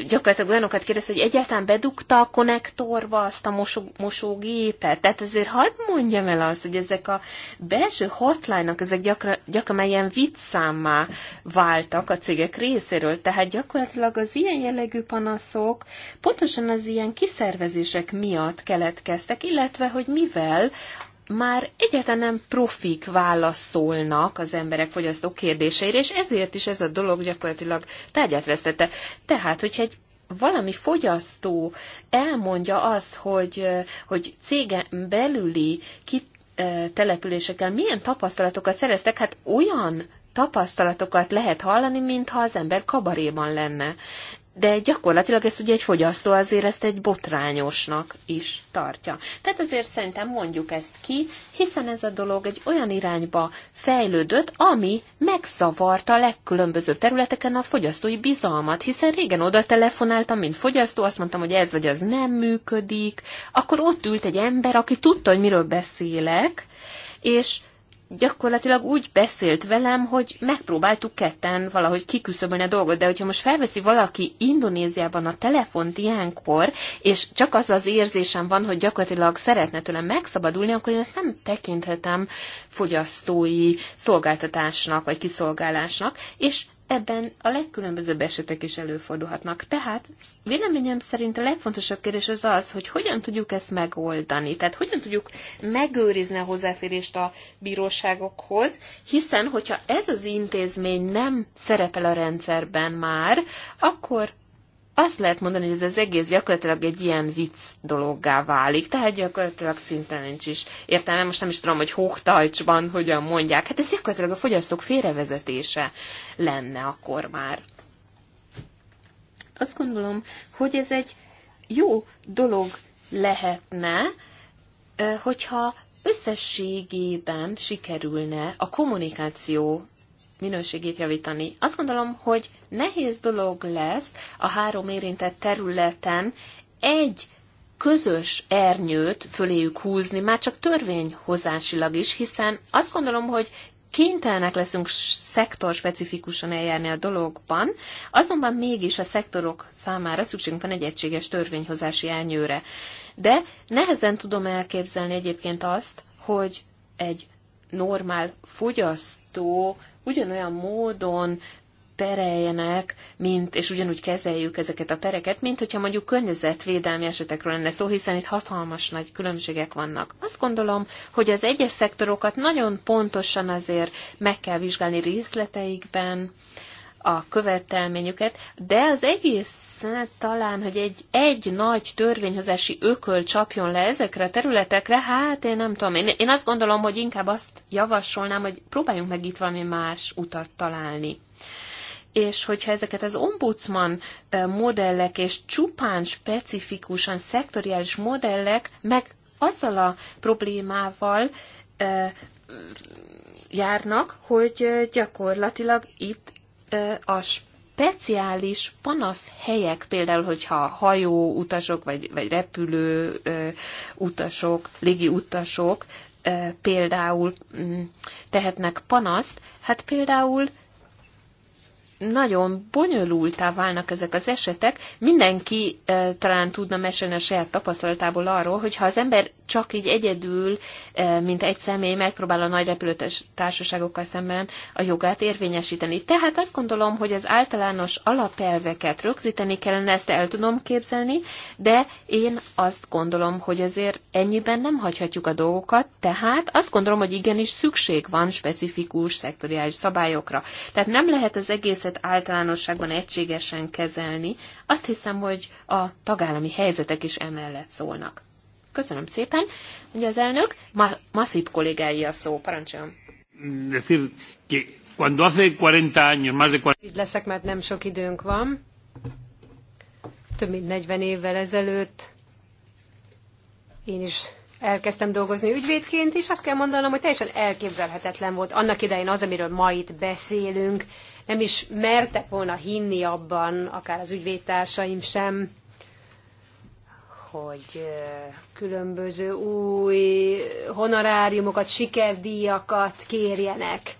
Speaker 1: gyakorlatilag olyanokat kérdez, hogy egyáltalán bedugta a konnektorba azt a mosó, mosógépet. Tehát azért hadd mondjam el azt, hogy ezek a belső hotline-ok, ezek gyakran, gyakran ilyen viccszámmá váltak a cégek részéről. Tehát gyakorlatilag az ilyen jellegű panaszok, dolgok pontosan az ilyen kiszervezések miatt keletkeztek, illetve hogy mivel már egyáltalán nem profik válaszolnak az emberek fogyasztó kérdéseire, és ezért is ez a dolog gyakorlatilag tárgyát vesztette. Tehát, hogyha egy valami fogyasztó elmondja azt, hogy, hogy cégen belüli kitelepülésekkel e, milyen tapasztalatokat szereztek, hát olyan tapasztalatokat lehet hallani, mintha az ember kabaréban lenne de gyakorlatilag ezt ugye egy fogyasztó azért ezt egy botrányosnak is tartja. Tehát azért szerintem mondjuk ezt ki, hiszen ez a dolog egy olyan irányba fejlődött, ami megszavarta a legkülönbözőbb területeken a fogyasztói bizalmat, hiszen régen oda telefonáltam, mint fogyasztó, azt mondtam, hogy ez vagy az nem működik, akkor ott ült egy ember, aki tudta, hogy miről beszélek, és gyakorlatilag úgy beszélt velem, hogy megpróbáltuk ketten valahogy kiküszöbölni a dolgot, de hogyha most felveszi valaki Indonéziában a telefont ilyenkor, és csak az az érzésem van, hogy gyakorlatilag szeretne tőlem megszabadulni, akkor én ezt nem tekinthetem fogyasztói szolgáltatásnak vagy kiszolgálásnak, és ebben a legkülönbözőbb esetek is előfordulhatnak. Tehát véleményem szerint a legfontosabb kérdés az az, hogy hogyan tudjuk ezt megoldani, tehát hogyan tudjuk megőrizni a hozzáférést a bíróságokhoz, hiszen hogyha ez az intézmény nem szerepel a rendszerben már, akkor azt lehet mondani, hogy ez az egész gyakorlatilag egy ilyen vicc dologgá válik, tehát gyakorlatilag szinte nincs is értelme, most nem is tudom, hogy hógtajcsban hogyan mondják, hát ez gyakorlatilag a fogyasztók félrevezetése lenne akkor már. Azt gondolom, hogy ez egy jó dolog lehetne, hogyha összességében sikerülne a kommunikáció minőségét javítani. Azt gondolom, hogy nehéz dolog lesz a három érintett területen egy közös ernyőt föléjük húzni, már csak törvényhozásilag is, hiszen azt gondolom, hogy kénytelenek leszünk szektor specifikusan eljárni a dologban, azonban mégis a szektorok számára szükségünk van egy egységes törvényhozási elnyőre. De nehezen tudom elképzelni egyébként azt, hogy egy normál fogyasztó ugyanolyan módon pereljenek, mint, és ugyanúgy kezeljük ezeket a pereket, mint hogyha mondjuk környezetvédelmi esetekről lenne szó, hiszen itt hatalmas nagy különbségek vannak. Azt gondolom, hogy az egyes szektorokat nagyon pontosan azért meg kell vizsgálni részleteikben, a követelményüket, de az egész talán, hogy egy, egy nagy törvényhozási ököl csapjon le ezekre a területekre, hát én nem tudom. Én, én azt gondolom, hogy inkább azt javasolnám, hogy próbáljunk meg itt valami más utat találni és hogyha ezeket az ombudsman modellek és csupán specifikusan szektoriális modellek meg azzal a problémával járnak, hogy gyakorlatilag itt a speciális panasz helyek, például, hogyha hajó utasok, vagy, vagy repülő utasok, légi utasok például mm, tehetnek panaszt, hát például nagyon bonyolultá válnak ezek az esetek. Mindenki e, talán tudna mesélni a saját tapasztalatából arról, hogy ha az ember csak így egyedül, e, mint egy személy megpróbál a nagy társaságokkal szemben a jogát érvényesíteni. Tehát azt gondolom, hogy az általános alapelveket rögzíteni kellene, ezt el tudom képzelni, de én azt gondolom, hogy azért ennyiben nem hagyhatjuk a dolgokat, tehát azt gondolom, hogy igenis szükség van specifikus szektoriális szabályokra. Tehát nem lehet az egészet helyzetet általánosságban egységesen kezelni. Azt hiszem, hogy a tagállami helyzetek is emellett szólnak. Köszönöm szépen, hogy az elnök. Ma- Masszív kollégái a szó, parancsoljon.
Speaker 2: Mm, decir 40
Speaker 1: Így
Speaker 3: leszek, mert nem sok időnk van. Több mint 40 évvel ezelőtt én is elkezdtem dolgozni ügyvédként, és azt kell mondanom, hogy teljesen elképzelhetetlen volt annak idején az, amiről ma itt beszélünk, nem is mertek volna hinni abban, akár az ügyvédtársaim sem, hogy különböző új honoráriumokat, sikerdíjakat kérjenek.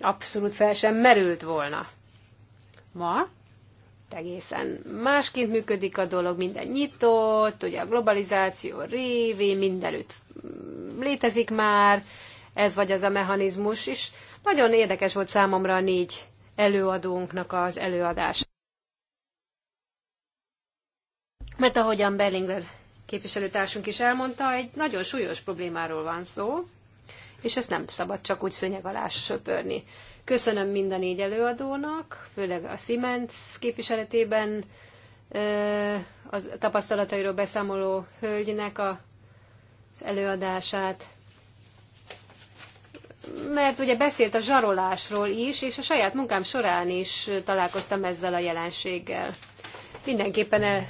Speaker 3: Abszolút fel sem merült volna. Ma egészen másként működik a dolog, minden nyitott, ugye a globalizáció révén mindenütt mm, létezik már, ez vagy az a mechanizmus is. Nagyon érdekes volt számomra a négy előadónknak az előadás. Mert ahogyan Berlinger képviselőtársunk is elmondta, egy nagyon súlyos problémáról van szó, és ezt nem szabad csak úgy szőnyeg alá söpörni. Köszönöm mind a négy előadónak, főleg a Siemens képviseletében az tapasztalatairól beszámoló hölgynek a, az előadását mert ugye beszélt a zsarolásról is, és a saját munkám során is találkoztam ezzel a jelenséggel. Mindenképpen eh,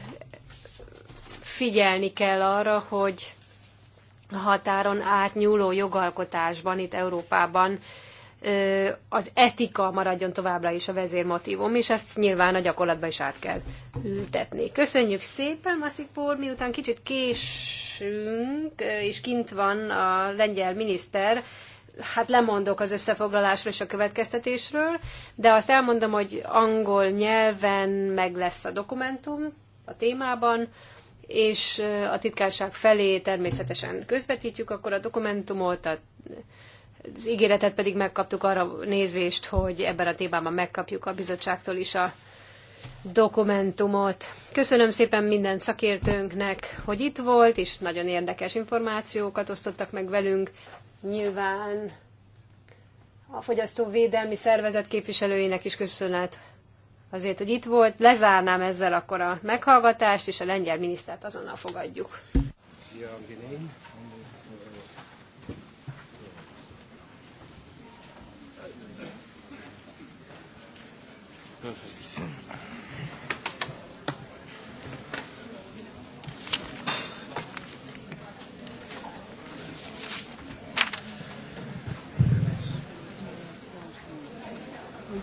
Speaker 3: figyelni kell arra, hogy a határon átnyúló jogalkotásban itt Európában eh, az etika maradjon továbbra is a vezérmotívum, és ezt nyilván a gyakorlatban is át kell ültetni. Köszönjük szépen, Maszik Pór, miután kicsit késünk, eh, és kint van a lengyel miniszter, hát lemondok az összefoglalásról és a következtetésről, de azt elmondom, hogy angol nyelven meg lesz a dokumentum a témában, és a titkárság felé természetesen közvetítjük akkor a dokumentumot, a, az ígéretet pedig megkaptuk arra nézvést, hogy ebben a témában megkapjuk a bizottságtól is a dokumentumot. Köszönöm szépen minden szakértőnknek, hogy itt volt, és nagyon érdekes információkat osztottak meg velünk. Nyilván a fogyasztóvédelmi szervezet képviselőinek is köszönet azért, hogy itt volt. Lezárnám ezzel akkor a meghallgatást, és a lengyel minisztert azonnal fogadjuk. Szia, Perfect.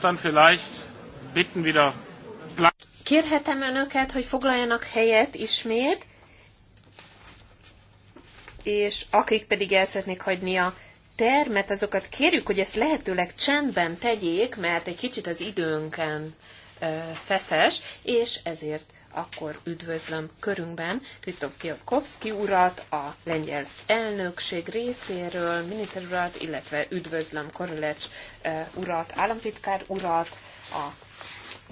Speaker 2: dann vielleicht bitten wieder
Speaker 1: Kérhetem önöket, hogy foglaljanak helyet ismét, és akik pedig el szeretnék hagyni a termet, azokat kérjük, hogy ezt lehetőleg csendben tegyék, mert egy kicsit az időnken feszes, és ezért akkor üdvözlöm körünkben Krisztof Kiavkovszki urat, a lengyel elnökség részéről, miniszter urat, illetve üdvözlöm Korolecs eh, urat, államtitkár urat, a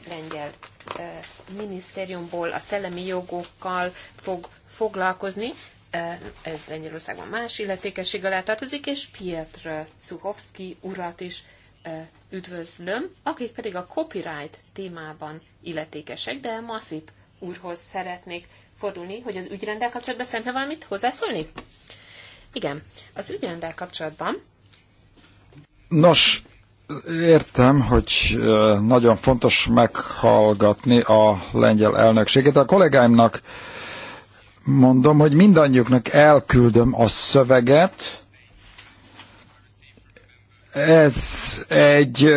Speaker 1: lengyel eh, minisztériumból a szellemi jogokkal fog foglalkozni, eh, ez Lengyelországban más illetékesség alá tartozik, és Piotr Szuhovszki urat is üdvözlöm, akik pedig a copyright témában illetékesek, de masszív úrhoz szeretnék fordulni, hogy az ügyrendel kapcsolatban szeretne valamit hozzászólni? Igen, az ügyrendel kapcsolatban.
Speaker 2: Nos, értem, hogy nagyon fontos meghallgatni a lengyel elnökséget. A kollégáimnak mondom, hogy mindannyiuknak elküldöm a szöveget. Ez egy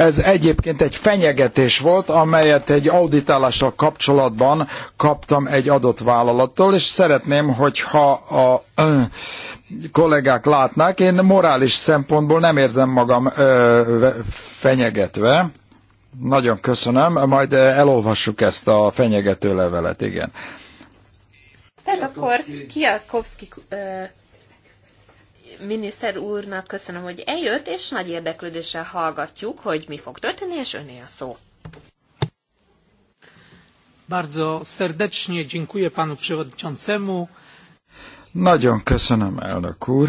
Speaker 2: Ez egyébként egy fenyegetés volt, amelyet egy auditálással kapcsolatban kaptam egy adott vállalattól, és szeretném, hogyha a ö, kollégák látnák, én morális szempontból nem érzem magam ö, fenyegetve. Nagyon köszönöm, majd elolvassuk ezt a fenyegető levelet, igen.
Speaker 1: Tehát akkor Kiakovszki miniszter úrnak köszönöm, hogy eljött, és nagy érdeklődéssel hallgatjuk, hogy mi fog történni, és öné a szó.
Speaker 2: Bardzo serdecznie dziękuję panu przewodniczącemu. Nagyon köszönöm, elnök úr.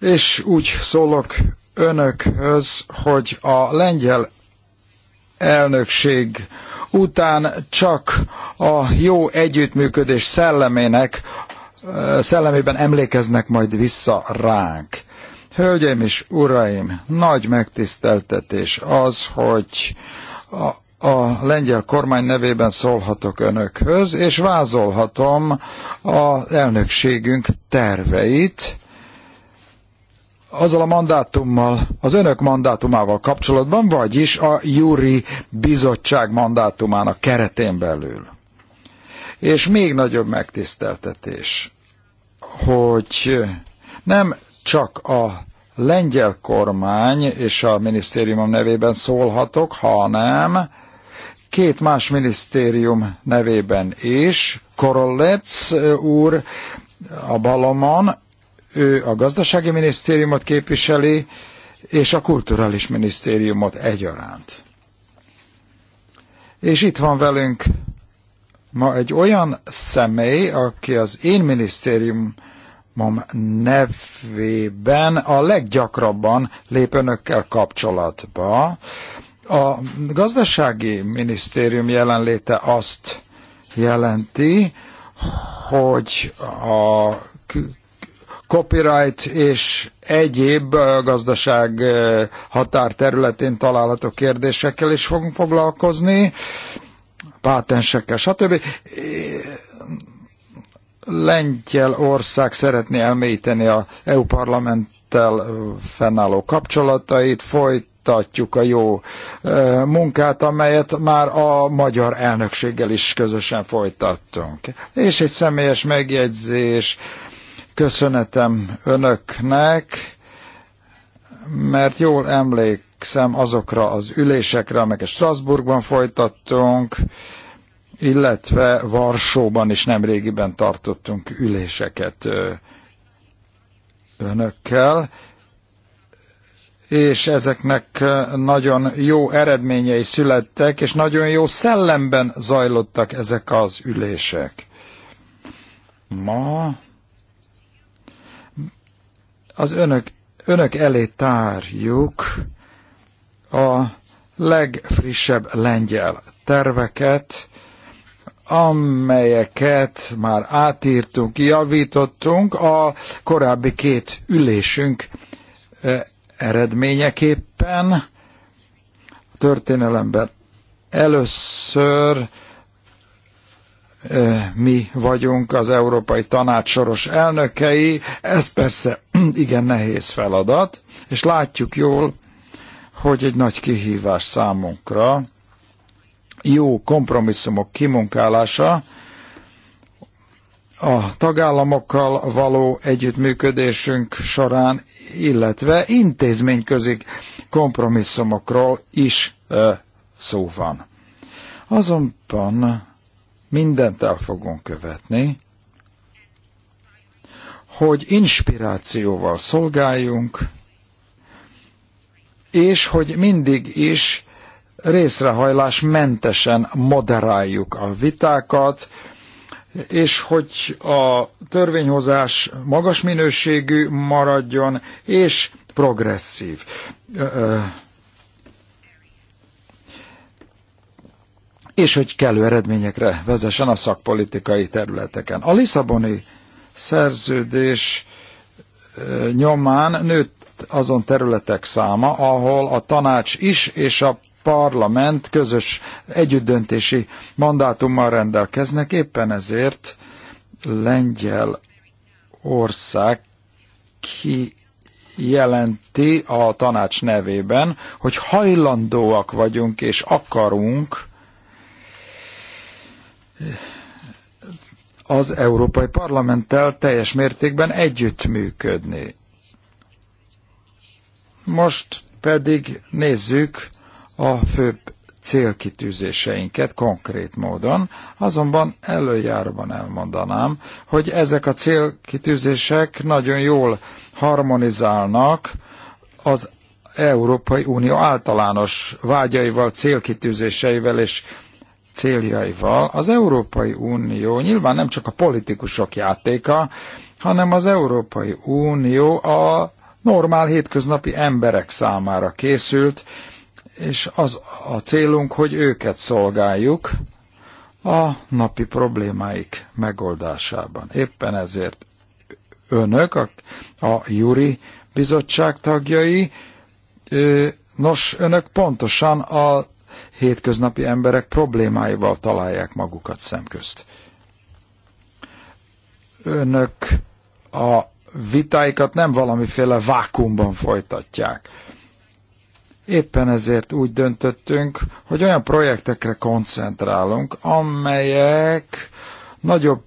Speaker 2: És úgy szólok önökhöz, hogy a lengyel elnökség után csak a jó együttműködés szellemének, szellemében emlékeznek majd vissza ránk. Hölgyeim és uraim, nagy megtiszteltetés az, hogy a, a lengyel kormány nevében szólhatok önökhöz, és vázolhatom az elnökségünk terveit azzal a mandátummal, az önök mandátumával kapcsolatban, vagyis a Júri Bizottság mandátumának keretén belül. És még nagyobb megtiszteltetés, hogy nem csak a lengyel kormány és a minisztériumom nevében szólhatok, hanem két más minisztérium nevében is, Korolec úr a Balomon ő a gazdasági minisztériumot képviseli, és a kulturális minisztériumot egyaránt. És itt van velünk ma egy olyan személy, aki az én minisztériumom nevében a leggyakrabban lép önökkel kapcsolatba. A gazdasági minisztérium jelenléte azt jelenti, hogy a copyright és egyéb gazdaság határterületén található kérdésekkel is fogunk foglalkozni, pátensekkel, stb. ország szeretné elmélyíteni a EU parlamenttel fennálló kapcsolatait, folyt folytatjuk a jó munkát, amelyet már a magyar elnökséggel is közösen folytattunk. És egy személyes megjegyzés, köszönetem önöknek, mert jól emlékszem azokra az ülésekre, amelyeket Strasbourgban folytattunk, illetve Varsóban is nemrégiben tartottunk üléseket önökkel, és ezeknek nagyon jó eredményei születtek, és nagyon jó szellemben zajlottak ezek az ülések. Ma az önök, önök elé tárjuk a legfrissebb lengyel terveket, amelyeket már átírtunk, javítottunk a korábbi két ülésünk eredményeképpen. A történelemben először mi vagyunk az Európai Tanács soros elnökei. Ez persze igen nehéz feladat, és látjuk jól, hogy egy nagy kihívás számunkra jó kompromisszumok kimunkálása, a tagállamokkal való együttműködésünk során, illetve intézményközi kompromisszumokról is e, szó van. Azonban mindent el fogunk követni, hogy inspirációval szolgáljunk, és hogy mindig is részrehajlás mentesen moderáljuk a vitákat, és hogy a törvényhozás magas minőségű maradjon, és progresszív. és hogy kellő eredményekre vezessen a szakpolitikai területeken. A Lisszaboni szerződés nyomán nőtt azon területek száma, ahol a tanács is és a parlament közös együttdöntési mandátummal rendelkeznek, éppen ezért Lengyel ország ki jelenti a tanács nevében, hogy hajlandóak vagyunk és akarunk az Európai Parlamenttel teljes mértékben együttműködni. Most pedig nézzük a főbb célkitűzéseinket konkrét módon, azonban előjárban elmondanám, hogy ezek a célkitűzések nagyon jól harmonizálnak az Európai Unió általános vágyaival, célkitűzéseivel és céljaival, az Európai Unió nyilván nem csak a politikusok játéka, hanem az Európai Unió a normál hétköznapi emberek számára készült, és az a célunk, hogy őket szolgáljuk a napi problémáik megoldásában. Éppen ezért önök, a, a Juri bizottság tagjai, nos, önök pontosan a hétköznapi emberek problémáival találják magukat szemközt. Önök a vitáikat nem valamiféle vákumban folytatják. Éppen ezért úgy döntöttünk, hogy olyan projektekre koncentrálunk, amelyek nagyobb,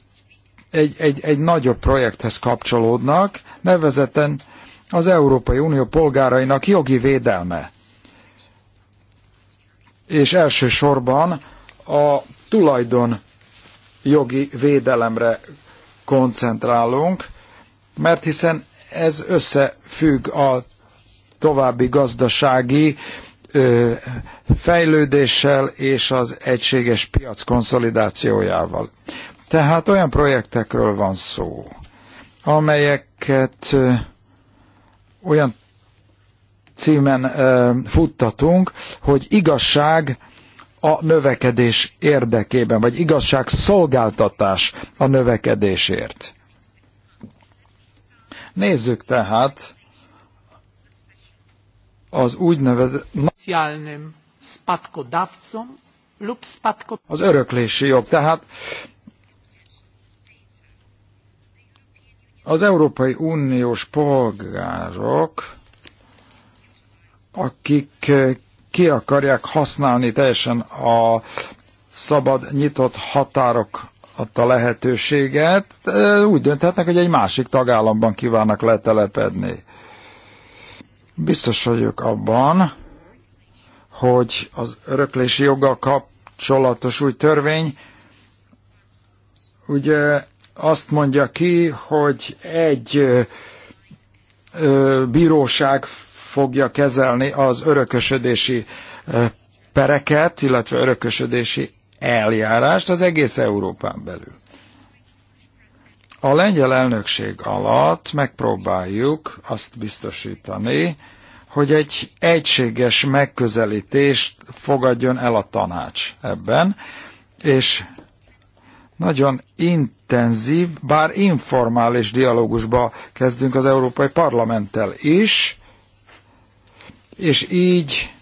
Speaker 2: egy, egy, egy nagyobb projekthez kapcsolódnak, nevezeten az Európai Unió polgárainak jogi védelme és elsősorban a tulajdon jogi védelemre koncentrálunk, mert hiszen ez összefügg a további gazdasági ö, fejlődéssel és az egységes piac konszolidációjával. Tehát olyan projektekről van szó, amelyeket ö, olyan címen futtatunk, hogy igazság a növekedés érdekében, vagy igazság szolgáltatás a növekedésért. Nézzük tehát az úgynevezett az öröklési jog. Tehát az Európai Uniós polgárok akik eh, ki akarják használni teljesen a szabad, nyitott határok adta lehetőséget, eh, úgy dönthetnek, hogy egy másik tagállamban kívánnak letelepedni. Biztos vagyok abban, hogy az öröklési joggal kapcsolatos új törvény ugye azt mondja ki, hogy egy ö, eh, bíróság fogja kezelni az örökösödési pereket, illetve örökösödési eljárást az egész Európán belül. A lengyel elnökség alatt megpróbáljuk azt biztosítani, hogy egy egységes megközelítést fogadjon el a tanács ebben, és nagyon intenzív, bár informális dialógusba kezdünk az Európai Parlamenttel is, és így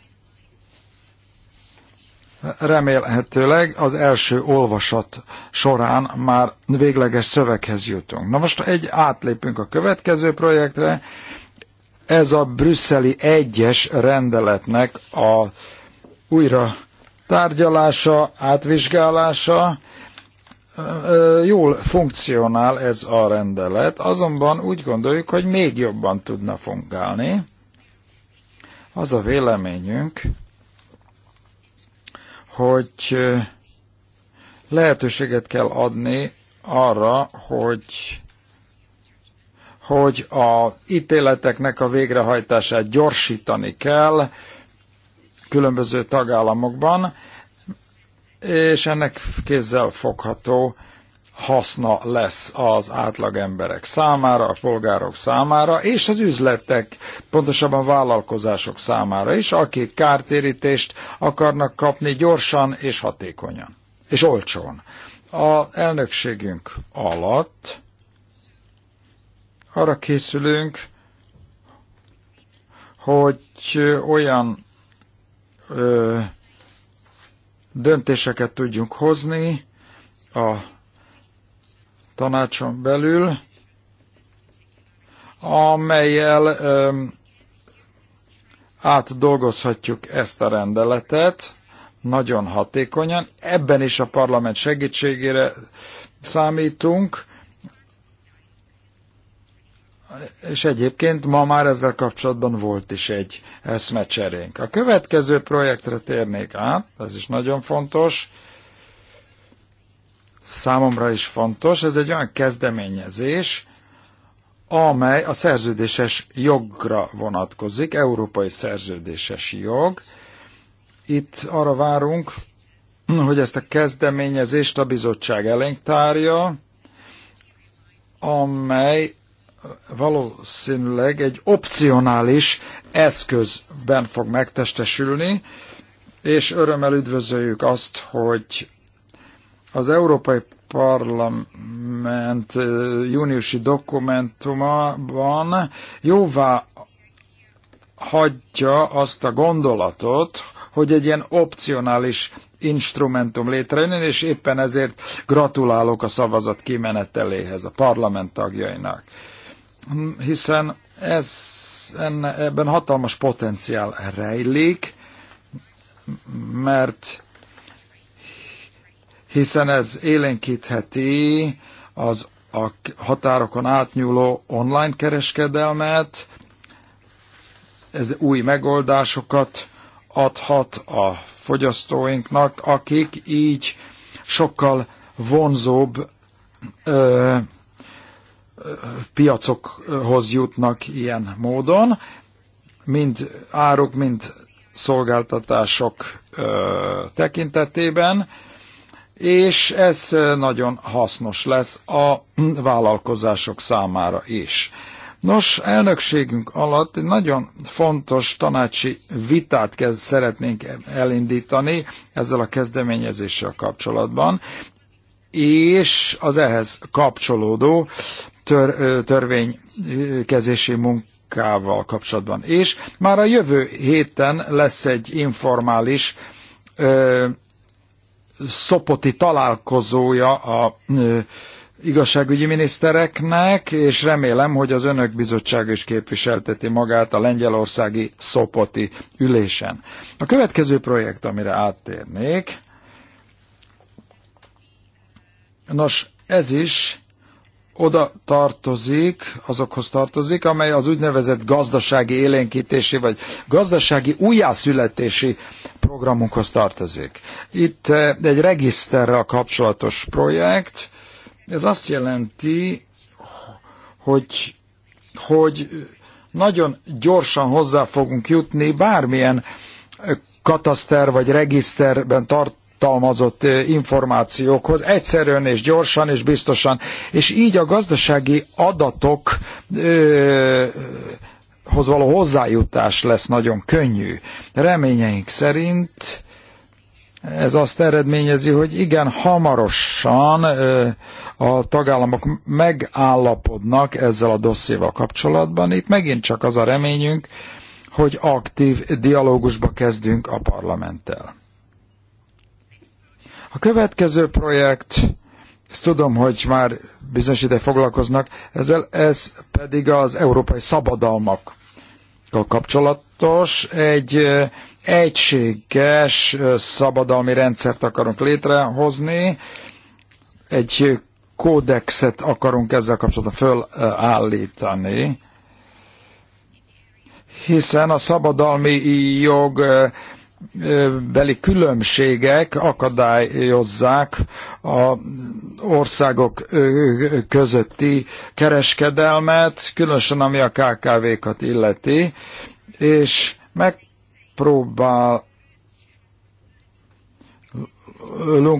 Speaker 2: remélhetőleg az első olvasat során már végleges szöveghez jutunk. Na most egy átlépünk a következő projektre, ez a brüsszeli egyes rendeletnek a újra tárgyalása, átvizsgálása, jól funkcionál ez a rendelet, azonban úgy gondoljuk, hogy még jobban tudna fungálni. Az a véleményünk, hogy lehetőséget kell adni arra, hogy hogy a ítéleteknek a végrehajtását gyorsítani kell különböző tagállamokban, és ennek kézzel fogható haszna lesz az átlag emberek számára, a polgárok számára, és az üzletek, pontosabban vállalkozások számára is, akik kártérítést akarnak kapni gyorsan és hatékonyan, és olcsón. A elnökségünk alatt arra készülünk, hogy olyan ö, döntéseket tudjunk hozni a tanácson belül, amelyel átdolgozhatjuk ezt a rendeletet nagyon hatékonyan. Ebben is a parlament segítségére számítunk, és egyébként ma már ezzel kapcsolatban volt is egy eszmecserénk. A következő projektre térnék át, ez is nagyon fontos, számomra is fontos, ez egy olyan kezdeményezés, amely a szerződéses jogra vonatkozik, európai szerződéses jog. Itt arra várunk, hogy ezt a kezdeményezést a bizottság elénk tárja, amely valószínűleg egy opcionális eszközben fog megtestesülni, és örömmel üdvözöljük azt, hogy az Európai Parlament júniusi dokumentumában jóvá hagyja azt a gondolatot, hogy egy ilyen opcionális instrumentum létrejön, és éppen ezért gratulálok a szavazat kimeneteléhez a parlament tagjainak. Hiszen ez, enne, ebben hatalmas potenciál rejlik, mert hiszen ez élénkítheti az a határokon átnyúló online kereskedelmet, ez új megoldásokat adhat a fogyasztóinknak, akik így sokkal vonzóbb ö, ö, piacokhoz jutnak ilyen módon, mind áruk, mind szolgáltatások ö, tekintetében és ez nagyon hasznos lesz a hm, vállalkozások számára is. Nos, elnökségünk alatt egy nagyon fontos tanácsi vitát kell, szeretnénk elindítani ezzel a kezdeményezéssel kapcsolatban, és az ehhez kapcsolódó tör, törvénykezési munkával kapcsolatban. És már a jövő héten lesz egy informális ö, szopoti találkozója a igazságügyi minisztereknek, és remélem, hogy az önök bizottság is képviselteti magát a lengyelországi szopoti ülésen. A következő projekt, amire áttérnék, nos, ez is oda tartozik, azokhoz tartozik, amely az úgynevezett gazdasági élénkítési vagy gazdasági újjászületési programunkhoz tartozik. Itt eh, egy regiszterrel kapcsolatos projekt, ez azt jelenti, hogy, hogy nagyon gyorsan hozzá fogunk jutni bármilyen eh, kataszter vagy regiszterben tart, tartalmazott információkhoz egyszerűen és gyorsan és biztosan. És így a gazdasági adatok hoz való hozzájutás lesz nagyon könnyű. Reményeink szerint ez azt eredményezi, hogy igen, hamarosan a tagállamok megállapodnak ezzel a dosszéval kapcsolatban. Itt megint csak az a reményünk, hogy aktív dialógusba kezdünk a parlamenttel. A következő projekt, ezt tudom, hogy már bizonyos ide foglalkoznak, ezzel ez pedig az európai szabadalmakkal kapcsolatos. Egy egységes szabadalmi rendszert akarunk létrehozni, egy kódexet akarunk ezzel kapcsolatban fölállítani, hiszen a szabadalmi jog beli különbségek akadályozzák a országok közötti kereskedelmet, különösen ami a KKV-kat illeti, és megpróbál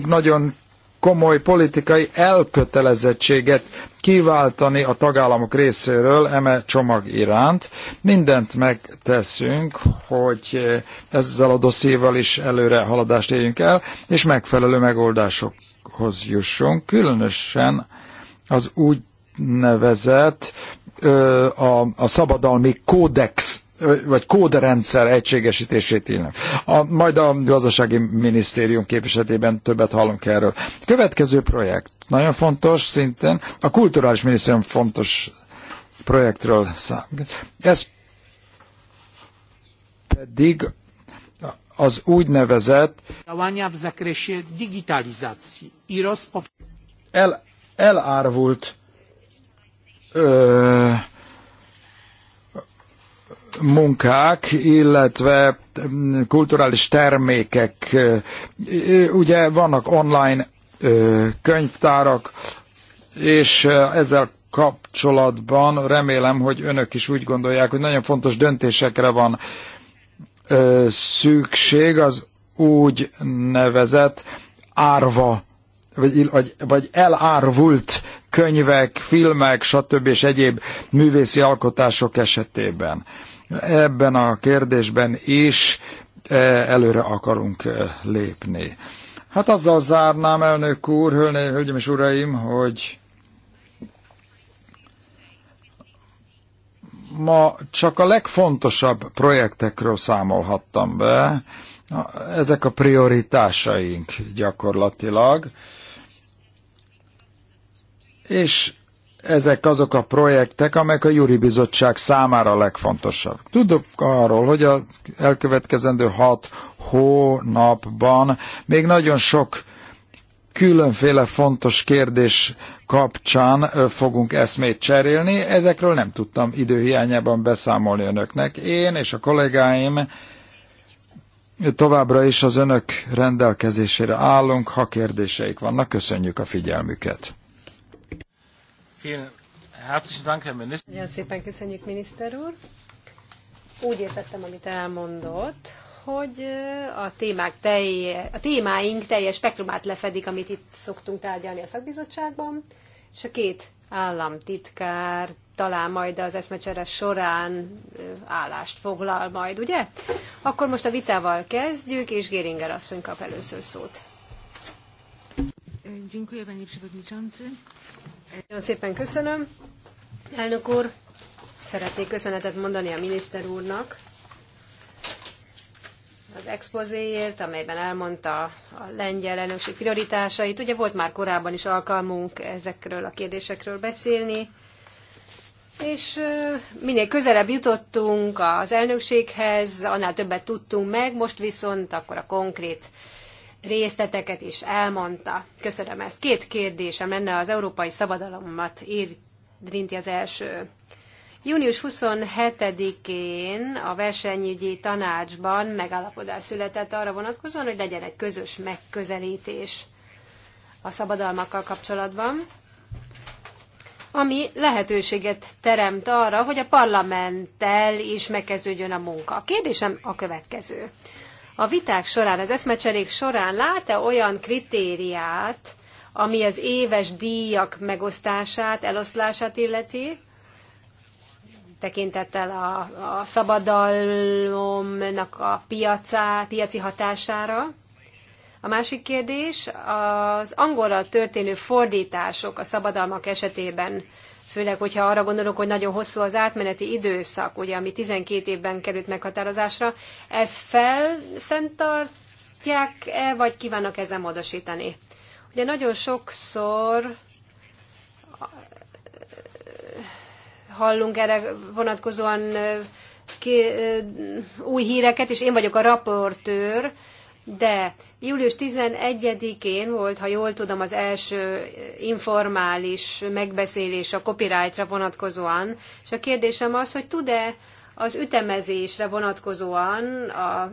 Speaker 2: nagyon komoly politikai elkötelezettséget kiváltani a tagállamok részéről eme csomag iránt. Mindent megteszünk, hogy ezzel a dosszéval is előre haladást éljünk el, és megfelelő megoldásokhoz jussunk, különösen az úgynevezett a, a szabadalmi kódex vagy kóderendszer egységesítését illem. A, majd a gazdasági minisztérium képviseletében többet hallunk erről. Következő projekt, nagyon fontos szinten, a kulturális minisztérium fontos projektről szám. Ez pedig az úgynevezett el, elárvult ö, munkák, illetve mm, kulturális termékek. Ugye vannak online könyvtárak, és ezzel kapcsolatban remélem, hogy önök is úgy gondolják, hogy nagyon fontos döntésekre van szükség az úgy nevezett árva, vagy, vagy, vagy elárvult könyvek, filmek, stb. és egyéb művészi alkotások esetében ebben a kérdésben is eh, előre akarunk eh, lépni. Hát azzal zárnám, elnök úr, hölgyeim és uraim, hogy ma csak a legfontosabb projektekről számolhattam be. Ezek a prioritásaink gyakorlatilag. És ezek azok a projektek, amelyek a Júri Bizottság számára a legfontosabb. Tudok arról, hogy a elkövetkezendő hat hónapban még nagyon sok különféle fontos kérdés kapcsán fogunk eszmét cserélni. Ezekről nem tudtam időhiányában beszámolni önöknek. Én és a kollégáim továbbra is az önök rendelkezésére állunk, ha kérdéseik vannak. Köszönjük a figyelmüket!
Speaker 3: Nagyon szépen köszönjük, miniszter úr. Úgy értettem, amit elmondott, hogy a, témák telje, a témáink teljes spektrumát lefedik, amit itt szoktunk tárgyalni a szakbizottságban, és a két államtitkár talán majd az eszmecsere során állást foglal majd, ugye? Akkor most a vitával kezdjük, és Géringer asszony kap először szót. Dziękuję, panie przewodniczący. Nagyon szépen köszönöm. Elnök úr, szeretnék köszönetet mondani a miniszter úrnak az expozéért, amelyben elmondta a lengyel elnökség prioritásait. Ugye volt már korábban is alkalmunk ezekről a kérdésekről beszélni, és minél közelebb jutottunk az elnökséghez, annál többet tudtunk meg, most viszont akkor a konkrét részleteket is elmondta. Köszönöm ezt. Két kérdésem lenne az európai szabadalomat ír Drinti az első. Június 27-én a versenyügyi tanácsban megállapodás született arra vonatkozóan, hogy legyen egy közös megközelítés a szabadalmakkal kapcsolatban, ami lehetőséget teremt arra, hogy a parlamenttel is megkezdődjön a munka. A kérdésem a következő a viták során, az eszmecserék során lát-e olyan kritériát, ami az éves díjak megosztását, eloszlását illeti, tekintettel a, a szabadalomnak a piacá, piaci hatására. A másik kérdés az angolra történő fordítások a szabadalmak esetében főleg, hogyha arra gondolok, hogy nagyon hosszú az átmeneti időszak, ugye, ami 12 évben került meghatározásra, ez fel, fenntartják-e, vagy kívánnak ezzel módosítani? Ugye nagyon sokszor eh, hallunk erre vonatkozóan eh, ki, eh, új híreket, és én vagyok a raportőr, de július 11-én volt, ha jól tudom, az első informális megbeszélés a copyrightra vonatkozóan, és a kérdésem az, hogy tud-e az ütemezésre vonatkozóan, a,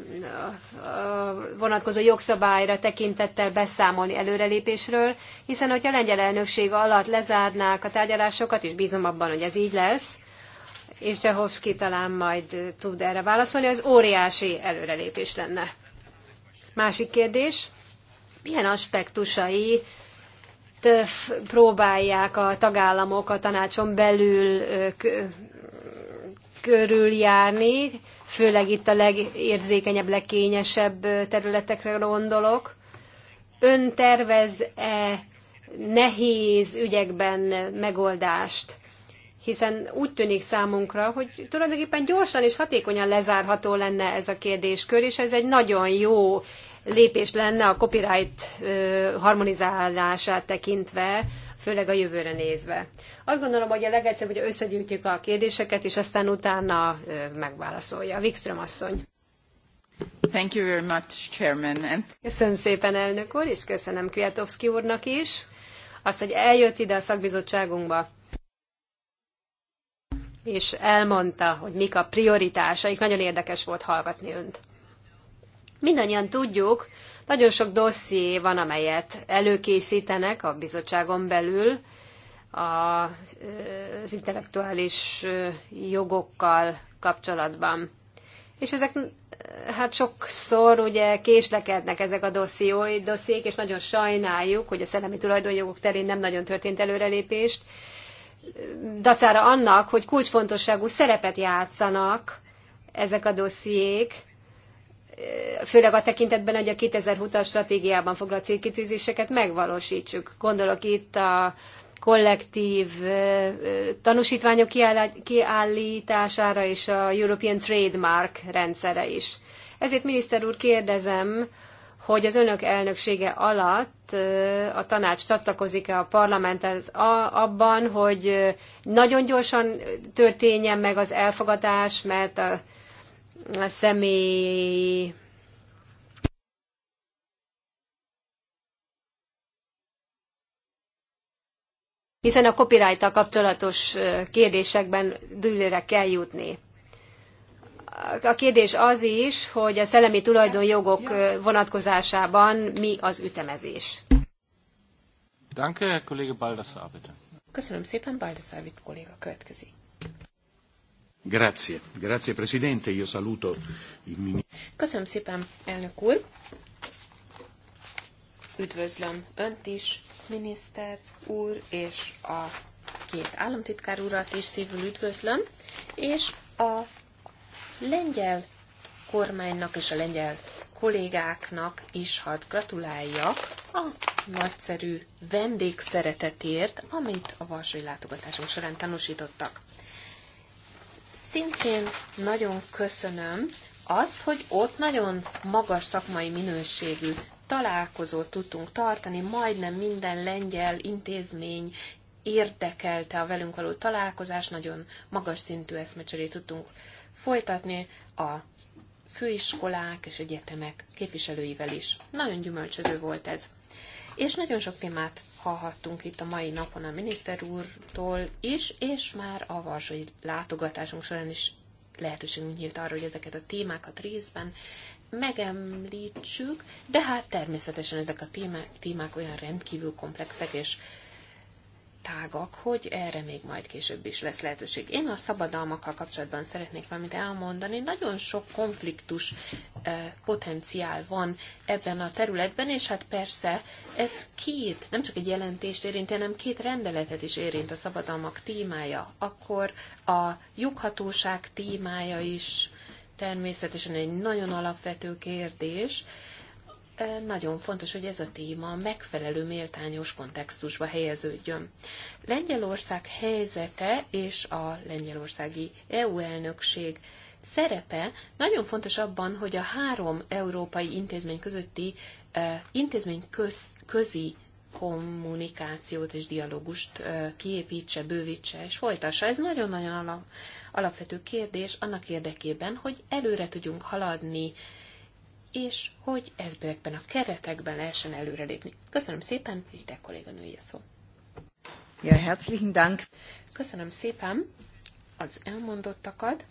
Speaker 3: a, a vonatkozó jogszabályra tekintettel beszámolni előrelépésről, hiszen hogyha a lengyel elnökség alatt lezárnák a tárgyalásokat, és bízom abban, hogy ez így lesz, és Csehovszki talán majd tud erre válaszolni, az óriási előrelépés lenne. Másik kérdés, milyen aspektusai próbálják a tagállamok a tanácson belül körüljárni, főleg itt a legérzékenyebb, legkényesebb területekre gondolok. Ön tervez-e nehéz ügyekben megoldást? hiszen úgy tűnik számunkra, hogy tulajdonképpen gyorsan és hatékonyan lezárható lenne ez a kérdéskör, és ez egy nagyon jó lépés lenne a copyright harmonizálását tekintve, főleg a jövőre nézve. Azt gondolom, hogy a legegyszerűbb, hogy összegyűjtjük a kérdéseket, és aztán utána megválaszolja. Wikström asszony. Thank you very much, Chairman. And... Köszönöm szépen, elnök úr, és köszönöm Kwiatowski úrnak is, azt, hogy eljött ide a szakbizottságunkba és elmondta, hogy mik a prioritásaik. Nagyon érdekes volt hallgatni önt. Mindannyian tudjuk, nagyon sok dosszié van, amelyet előkészítenek a bizottságon belül az intellektuális jogokkal kapcsolatban. És ezek hát sokszor ugye késlekednek ezek a dossziói, dossziék, és nagyon sajnáljuk, hogy a szellemi tulajdonjogok terén nem nagyon történt előrelépést, dacára annak, hogy kulcsfontosságú szerepet játszanak ezek a dossziék, főleg a tekintetben, hogy a 2020-as stratégiában foglalt célkitűzéseket megvalósítsuk. Gondolok itt a kollektív tanúsítványok kiállítására és a European Trademark rendszere is. Ezért miniszter úr kérdezem, hogy az önök elnöksége alatt a tanács csatlakozik-e a parlamenthez abban, hogy nagyon gyorsan történjen meg az elfogadás, mert a, a személy hiszen a copyright kapcsolatos kérdésekben dűlőre kell jutni a kérdés az is, hogy a szellemi tulajdonjogok vonatkozásában mi az ütemezés.
Speaker 1: Danke, kolléga Baldassar, bitte.
Speaker 3: Köszönöm szépen,
Speaker 1: Baldassar kolléga következik. Grazie. Grazie, Presidente. Io
Speaker 3: saluto il ministro.
Speaker 1: Köszönöm szépen, elnök úr. Üdvözlöm önt is, miniszter úr, és a két államtitkár urat is szívül üdvözlöm, és a lengyel kormánynak és a lengyel kollégáknak is hadd gratuláljak a nagyszerű vendégszeretetért, amit a Varsói látogatásunk során tanúsítottak. Szintén nagyon köszönöm azt, hogy ott nagyon magas szakmai minőségű találkozót tudtunk tartani, majdnem minden lengyel intézmény érdekelte a velünk való találkozás, nagyon magas szintű eszmecserét tudtunk folytatni a főiskolák és egyetemek képviselőivel is. Nagyon gyümölcsöző volt ez. És nagyon sok témát hallhattunk itt a mai napon a miniszter úrtól is, és már a varsói látogatásunk során is lehetőségünk nyílt arra, hogy ezeket a témákat részben megemlítsük, de hát természetesen ezek a témák, témák olyan rendkívül komplexek és tágak, hogy erre még majd később is lesz lehetőség. Én a szabadalmakkal kapcsolatban szeretnék valamit elmondani. Nagyon sok konfliktus eh, potenciál van ebben a területben, és hát persze ez két, nem csak egy jelentést érint, hanem két rendeletet is érint a szabadalmak témája. Akkor a joghatóság témája is természetesen egy nagyon alapvető kérdés, nagyon fontos, hogy ez a téma megfelelő méltányos kontextusba helyeződjön. Lengyelország helyzete és a lengyelországi EU elnökség szerepe nagyon fontos abban, hogy a három európai intézmény közötti intézmény köz, közi kommunikációt és dialógust kiépítse, bővítse és folytassa. Ez nagyon-nagyon alapvető kérdés annak érdekében, hogy előre tudjunk haladni és hogy ezekben a keretekben lehessen előrelépni. Köszönöm szépen, kolléganői a szó.
Speaker 3: Ja, herzlichen Dank.
Speaker 1: Köszönöm szépen az elmondottakat,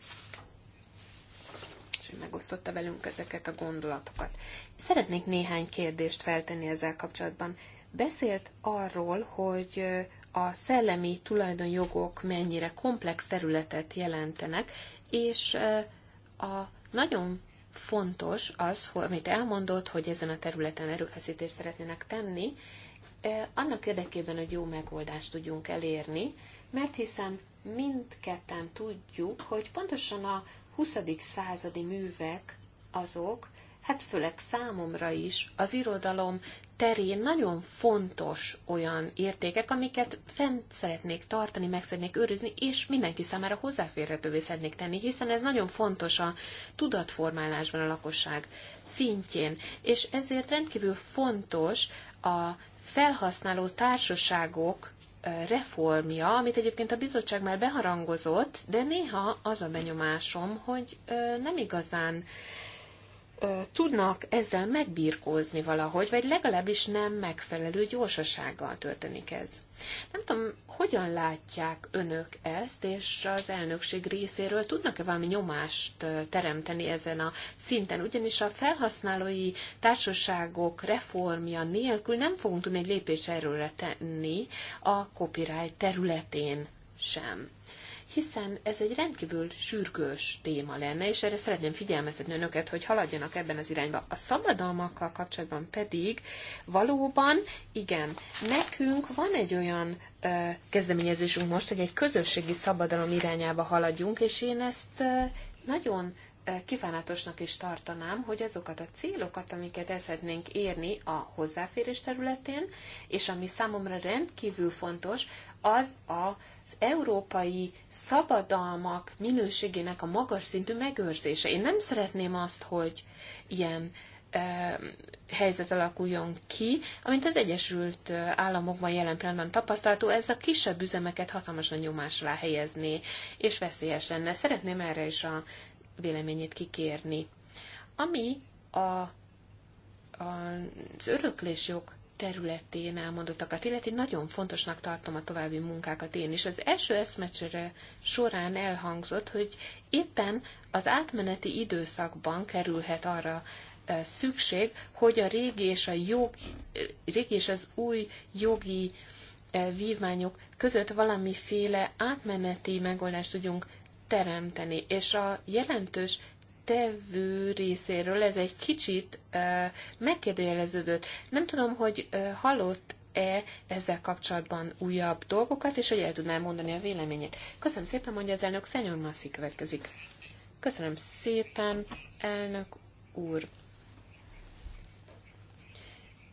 Speaker 1: és hogy megosztotta velünk ezeket a gondolatokat. Szeretnék néhány kérdést feltenni ezzel kapcsolatban. Beszélt arról, hogy a szellemi tulajdonjogok mennyire komplex területet jelentenek, és a nagyon fontos az, hogy, amit elmondott, hogy ezen a területen erőfeszítést szeretnének tenni, annak érdekében, hogy jó megoldást tudjunk elérni, mert hiszen mindketten tudjuk, hogy pontosan a 20. századi művek azok, hát főleg számomra is az irodalom terén nagyon fontos olyan értékek, amiket fent szeretnék tartani, meg szeretnék őrizni, és mindenki számára hozzáférhetővé szeretnék tenni, hiszen ez nagyon fontos a tudatformálásban a lakosság szintjén, és ezért rendkívül fontos a felhasználó társaságok reformja, amit egyébként a bizottság már beharangozott, de néha az a benyomásom, hogy nem igazán tudnak ezzel megbírkózni valahogy, vagy legalábbis nem megfelelő gyorsasággal történik ez. Nem tudom, hogyan látják önök ezt, és az elnökség részéről tudnak-e valami nyomást teremteni ezen a szinten, ugyanis a felhasználói társaságok reformja nélkül nem fogunk tudni egy lépés erőre tenni a copyright területén sem hiszen ez egy rendkívül sürgős téma lenne, és erre szeretném figyelmeztetni önöket, hogy haladjanak ebben az irányba. A szabadalmakkal kapcsolatban pedig valóban, igen, nekünk van egy olyan ö, kezdeményezésünk most, hogy egy közösségi szabadalom irányába haladjunk, és én ezt ö, nagyon kívánatosnak is tartanám, hogy azokat a célokat, amiket el szeretnénk érni a hozzáférés területén, és ami számomra rendkívül fontos, az a az európai szabadalmak minőségének a magas szintű megőrzése. Én nem szeretném azt, hogy ilyen helyzet alakuljon ki, amint az Egyesült Államokban jelen pillanatban tapasztalható, ez a kisebb üzemeket hatalmasan nyomás alá helyezné, és veszélyes lenne. Szeretném erre is a véleményét kikérni. Ami a, a, az öröklésjog területén elmondottakat illetve nagyon fontosnak tartom a további munkákat én is. Az első eszmecsere során elhangzott, hogy éppen az átmeneti időszakban kerülhet arra e, szükség, hogy a régi és, a jogi, e, régi és az új jogi e, vívmányok között valamiféle átmeneti megoldást tudjunk teremteni, és a jelentős tevő részéről ez egy kicsit megkérdőjeleződött. Nem tudom, hogy hallott e ezzel kapcsolatban újabb dolgokat, és hogy el tudnám mondani a véleményét. Köszönöm szépen, mondja az elnök, Szenyor Masszi következik. Köszönöm szépen, elnök úr.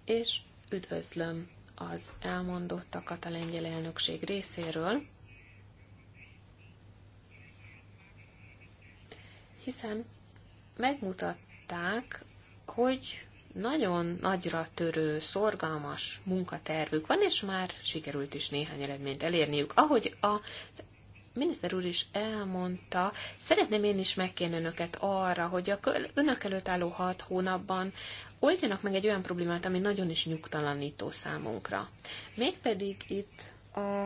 Speaker 1: És üdvözlöm az elmondottakat a lengyel elnökség részéről, hiszen megmutatták, hogy nagyon nagyra törő, szorgalmas munkatervük van, és már sikerült is néhány eredményt elérniük. Ahogy a miniszter úr is elmondta, szeretném én is megkérni önöket arra, hogy a önök előtt álló hat hónapban oldjanak meg egy olyan problémát, ami nagyon is nyugtalanító számunkra. Mégpedig itt a,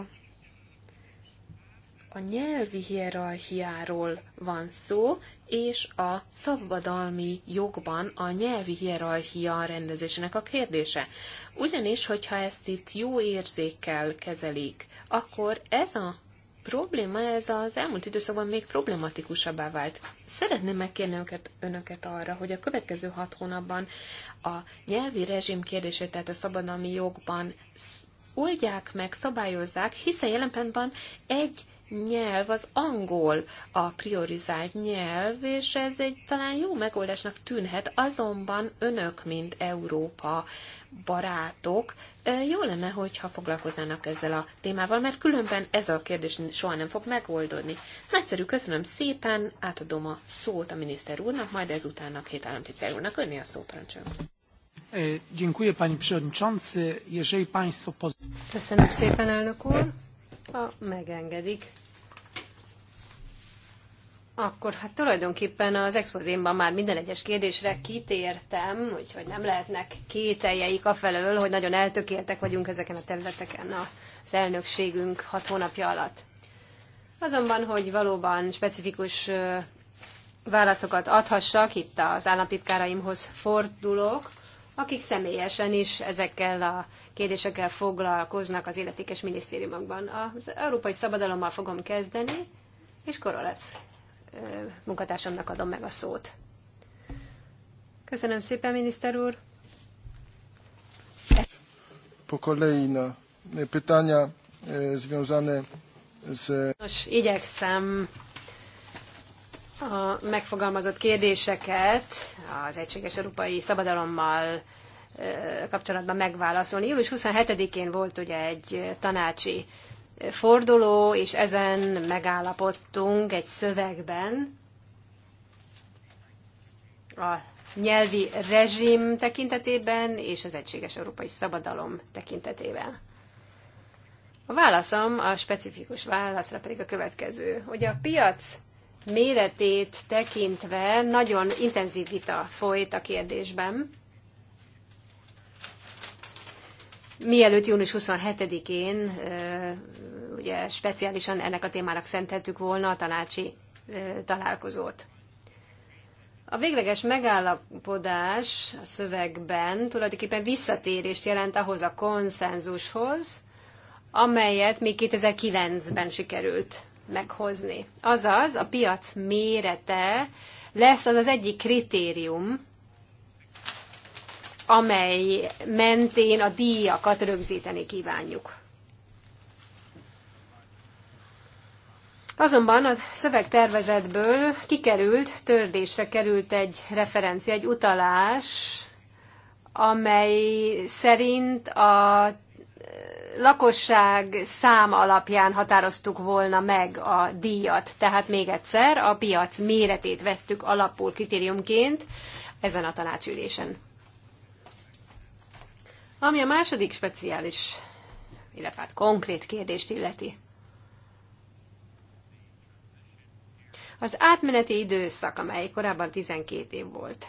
Speaker 1: a nyelvi hierarchiáról van szó, és a szabadalmi jogban a nyelvi hierarchia rendezésének a kérdése. Ugyanis, hogyha ezt itt jó érzékkel kezelik, akkor ez a probléma, ez az elmúlt időszakban még problematikusabbá vált. Szeretném megkérni önöket, önöket arra, hogy a következő hat hónapban a nyelvi rezsim kérdését, tehát a szabadalmi jogban oldják meg, szabályozzák, hiszen jelen pillanatban egy nyelv az angol a priorizált nyelv, és ez egy talán jó megoldásnak tűnhet, azonban önök, mint Európa barátok, jó lenne, hogyha foglalkoznának ezzel a témával, mert különben ez a kérdés soha nem fog megoldódni. Nagyszerű, köszönöm szépen, átadom a szót a miniszter úrnak, majd ezután a két államtitkár úrnak Önni a szó,
Speaker 2: e, Dziękuję, panie przewodniczący. Jeżeli państwo Köszönöm szépen, elnök úr
Speaker 3: ha megengedik. Akkor hát tulajdonképpen az expozémban már minden egyes kérdésre kitértem, úgyhogy nem lehetnek kételjeik afelől, hogy nagyon eltökéltek vagyunk ezeken a területeken az elnökségünk hat hónapja alatt. Azonban, hogy valóban specifikus válaszokat adhassak, itt az államtitkáraimhoz fordulok, akik személyesen is ezekkel a kérdésekkel foglalkoznak az életékes minisztériumokban. Az európai szabadalommal fogom kezdeni, és Korolec munkatársamnak adom meg a szót. Köszönöm szépen, miniszter úr!
Speaker 2: Pokolejna, kolei e, pytania e, związane z...
Speaker 3: Nos, igyekszem a megfogalmazott kérdéseket az Egységes Európai Szabadalommal kapcsolatban megválaszolni. Július 27-én volt ugye egy tanácsi forduló, és ezen megállapodtunk egy szövegben a nyelvi rezsim tekintetében és az egységes európai szabadalom tekintetében. A válaszom, a specifikus válaszra pedig a következő, hogy a piac méretét tekintve nagyon intenzív vita folyt a kérdésben, Mielőtt június 27-én ugye speciálisan ennek a témának szenteltük volna a tanácsi találkozót. A végleges megállapodás a szövegben tulajdonképpen visszatérést jelent ahhoz a konszenzushoz, amelyet még 2009-ben sikerült meghozni. Azaz a piac mérete lesz az az egyik kritérium, amely mentén a díjakat rögzíteni kívánjuk. Azonban a szövegtervezetből kikerült, tördésre került egy referencia, egy utalás, amely szerint a lakosság száma alapján határoztuk volna meg a díjat. Tehát még egyszer a piac méretét vettük alapul kritériumként ezen a tanácsülésen. Ami a második speciális, illetve hát konkrét kérdést illeti. Az átmeneti időszak, amely korábban 12 év volt.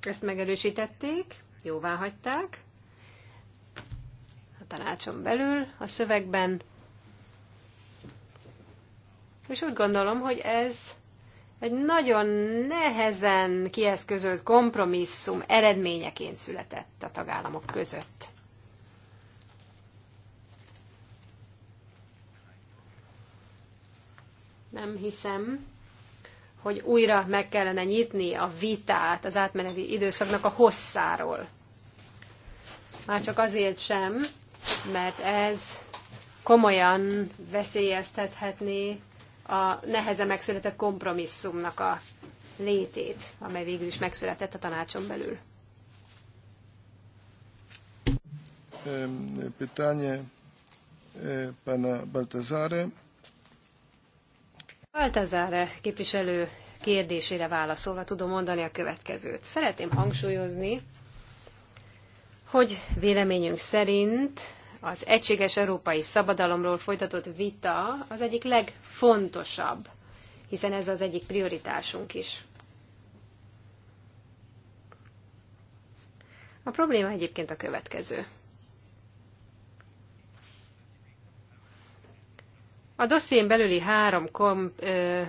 Speaker 3: Ezt megerősítették, jóvá hagyták a tanácson belül, a szövegben. És úgy gondolom, hogy ez egy nagyon nehezen kieszközölt kompromisszum eredményeként született a tagállamok között. Nem hiszem, hogy újra meg kellene nyitni a vitát az átmeneti időszaknak a hosszáról. Már csak azért sem, mert ez komolyan veszélyeztethetné a nehezen megszületett kompromisszumnak a létét, amely végül is megszületett a tanácson belül.
Speaker 2: Pytanie e, pana Baltazare.
Speaker 3: Baltazare képviselő kérdésére válaszolva tudom mondani a következőt. Szeretném hangsúlyozni, hogy véleményünk szerint az egységes európai szabadalomról folytatott vita az egyik legfontosabb, hiszen ez az egyik prioritásunk is. A probléma egyébként a következő. A dosszén belüli három komp, ö,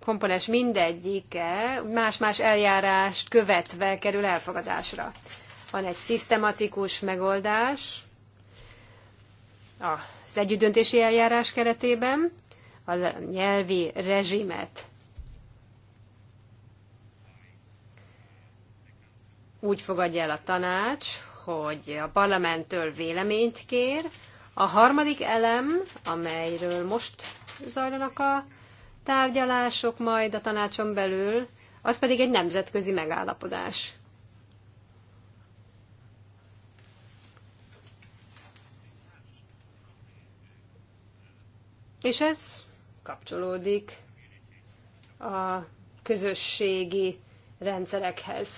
Speaker 3: komponens mindegyike más-más eljárást követve kerül elfogadásra. Van egy szisztematikus megoldás, az együttdöntési eljárás keretében a nyelvi rezsimet úgy fogadja el a tanács, hogy a parlamenttől véleményt kér. A harmadik elem, amelyről most zajlanak a tárgyalások majd a tanácson belül, az pedig egy nemzetközi megállapodás. És ez kapcsolódik a közösségi rendszerekhez.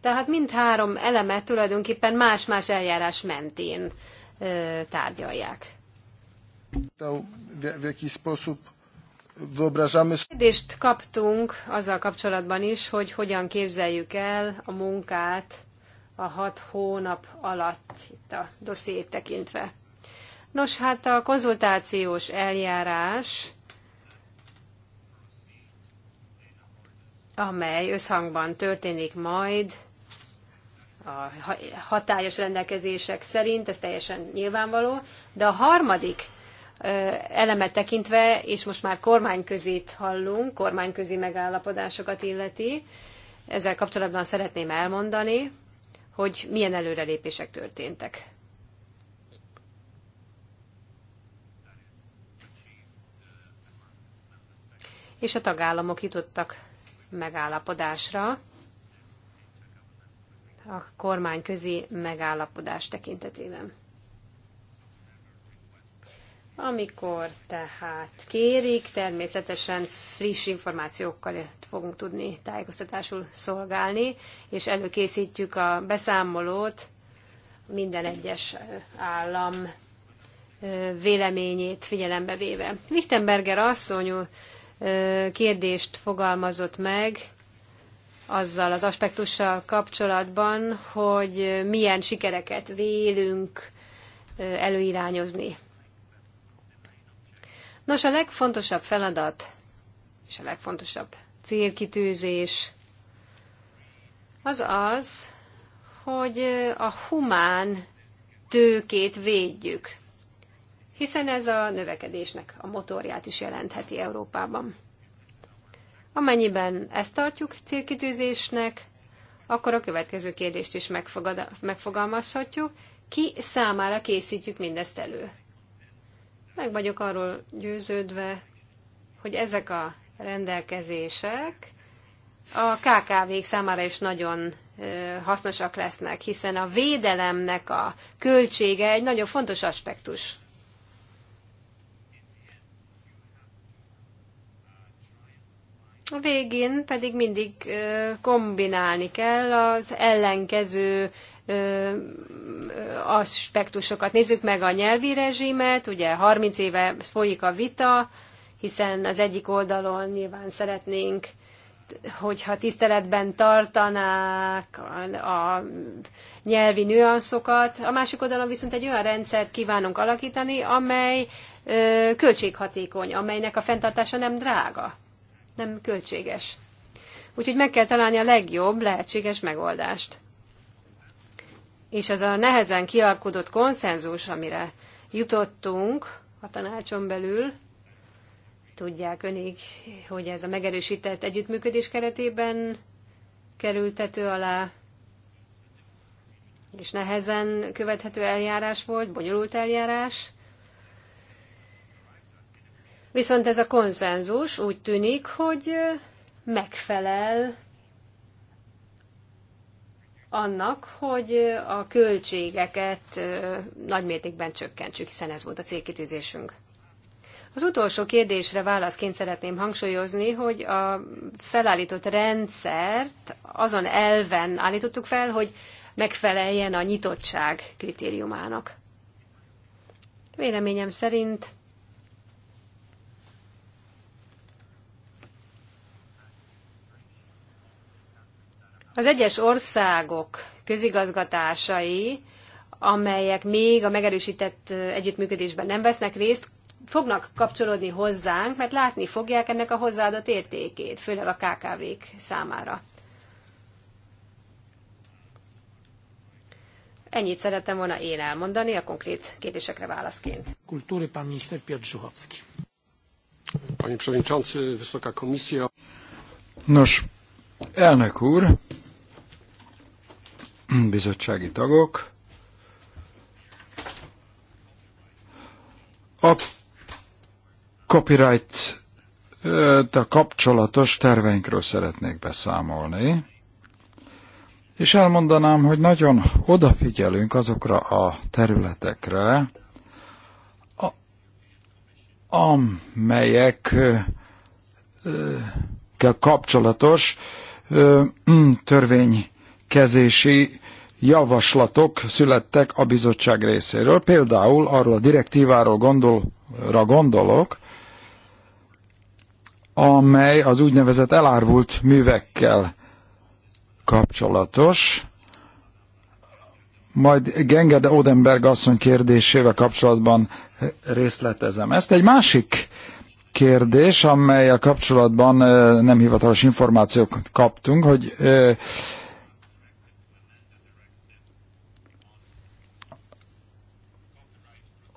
Speaker 3: Tehát mindhárom elemet tulajdonképpen más-más eljárás mentén ö, tárgyalják. Kérdést kaptunk azzal kapcsolatban is, hogy hogyan képzeljük el a munkát a hat hónap alatt itt a dossziét tekintve. Nos, hát a konzultációs eljárás, amely összhangban történik majd a hatályos rendelkezések szerint, ez teljesen nyilvánvaló, de a harmadik elemet tekintve, és most már kormányközit hallunk, kormányközi megállapodásokat illeti, ezzel kapcsolatban szeretném elmondani, hogy milyen előrelépések történtek. és a tagállamok jutottak megállapodásra a kormányközi megállapodás tekintetében. Amikor tehát kérik, természetesen friss információkkal fogunk tudni tájékoztatásul szolgálni, és előkészítjük a beszámolót, minden egyes állam véleményét figyelembe véve. Lichtenberger asszony kérdést fogalmazott meg azzal az aspektussal kapcsolatban, hogy milyen sikereket vélünk előirányozni. Nos, a legfontosabb feladat és a legfontosabb célkitűzés az az, hogy a humán tőkét védjük hiszen ez a növekedésnek a motorját is jelentheti Európában. Amennyiben ezt tartjuk célkitűzésnek, akkor a következő kérdést is megfogad, megfogalmazhatjuk, ki számára készítjük mindezt elő. Meg vagyok arról győződve, hogy ezek a rendelkezések a KKV-k számára is nagyon hasznosak lesznek, hiszen a védelemnek a költsége egy nagyon fontos aspektus A végén pedig mindig kombinálni kell az ellenkező aspektusokat. Nézzük meg a nyelvi rezsimet, ugye 30 éve folyik a vita, hiszen az egyik oldalon nyilván szeretnénk, hogyha tiszteletben tartanák a nyelvi nüanszokat, a másik oldalon viszont egy olyan rendszert kívánunk alakítani, amely költséghatékony, amelynek a fenntartása nem drága nem költséges. Úgyhogy meg kell találni a legjobb lehetséges megoldást. És az a nehezen kialkodott konszenzus, amire jutottunk a tanácson belül, tudják önig, hogy ez a megerősített együttműködés keretében kerültető alá, és nehezen követhető eljárás volt, bonyolult eljárás, Viszont ez a konszenzus úgy tűnik, hogy megfelel annak, hogy a költségeket nagymértékben csökkentsük, hiszen ez volt a célkitűzésünk. Az utolsó kérdésre válaszként szeretném hangsúlyozni, hogy a felállított rendszert azon elven állítottuk fel, hogy megfeleljen a nyitottság kritériumának. Véleményem szerint Az egyes országok közigazgatásai, amelyek még a megerősített együttműködésben nem vesznek részt, fognak kapcsolódni hozzánk, mert látni fogják ennek a hozzáadott értékét, főleg a KKV-k számára. Ennyit szerettem volna én elmondani a konkrét kérdésekre válaszként. Kultúri pán miniszter Piotr Zsuhovszki.
Speaker 2: Pani Przewodniczący, Wysoka Komisja. Nos, elnök úr, bizottsági tagok. A copyright a kapcsolatos terveinkről szeretnék beszámolni, és elmondanám, hogy nagyon odafigyelünk azokra a területekre, a, amelyek kapcsolatos mm, törvény rendelkezési javaslatok születtek a bizottság részéről. Például arról a direktíváról gondolra gondolok, amely az úgynevezett elárvult művekkel kapcsolatos. Majd Gengede Odenberg asszony kérdésével kapcsolatban részletezem ezt. Egy másik kérdés, amelyel kapcsolatban nem hivatalos információkat kaptunk, hogy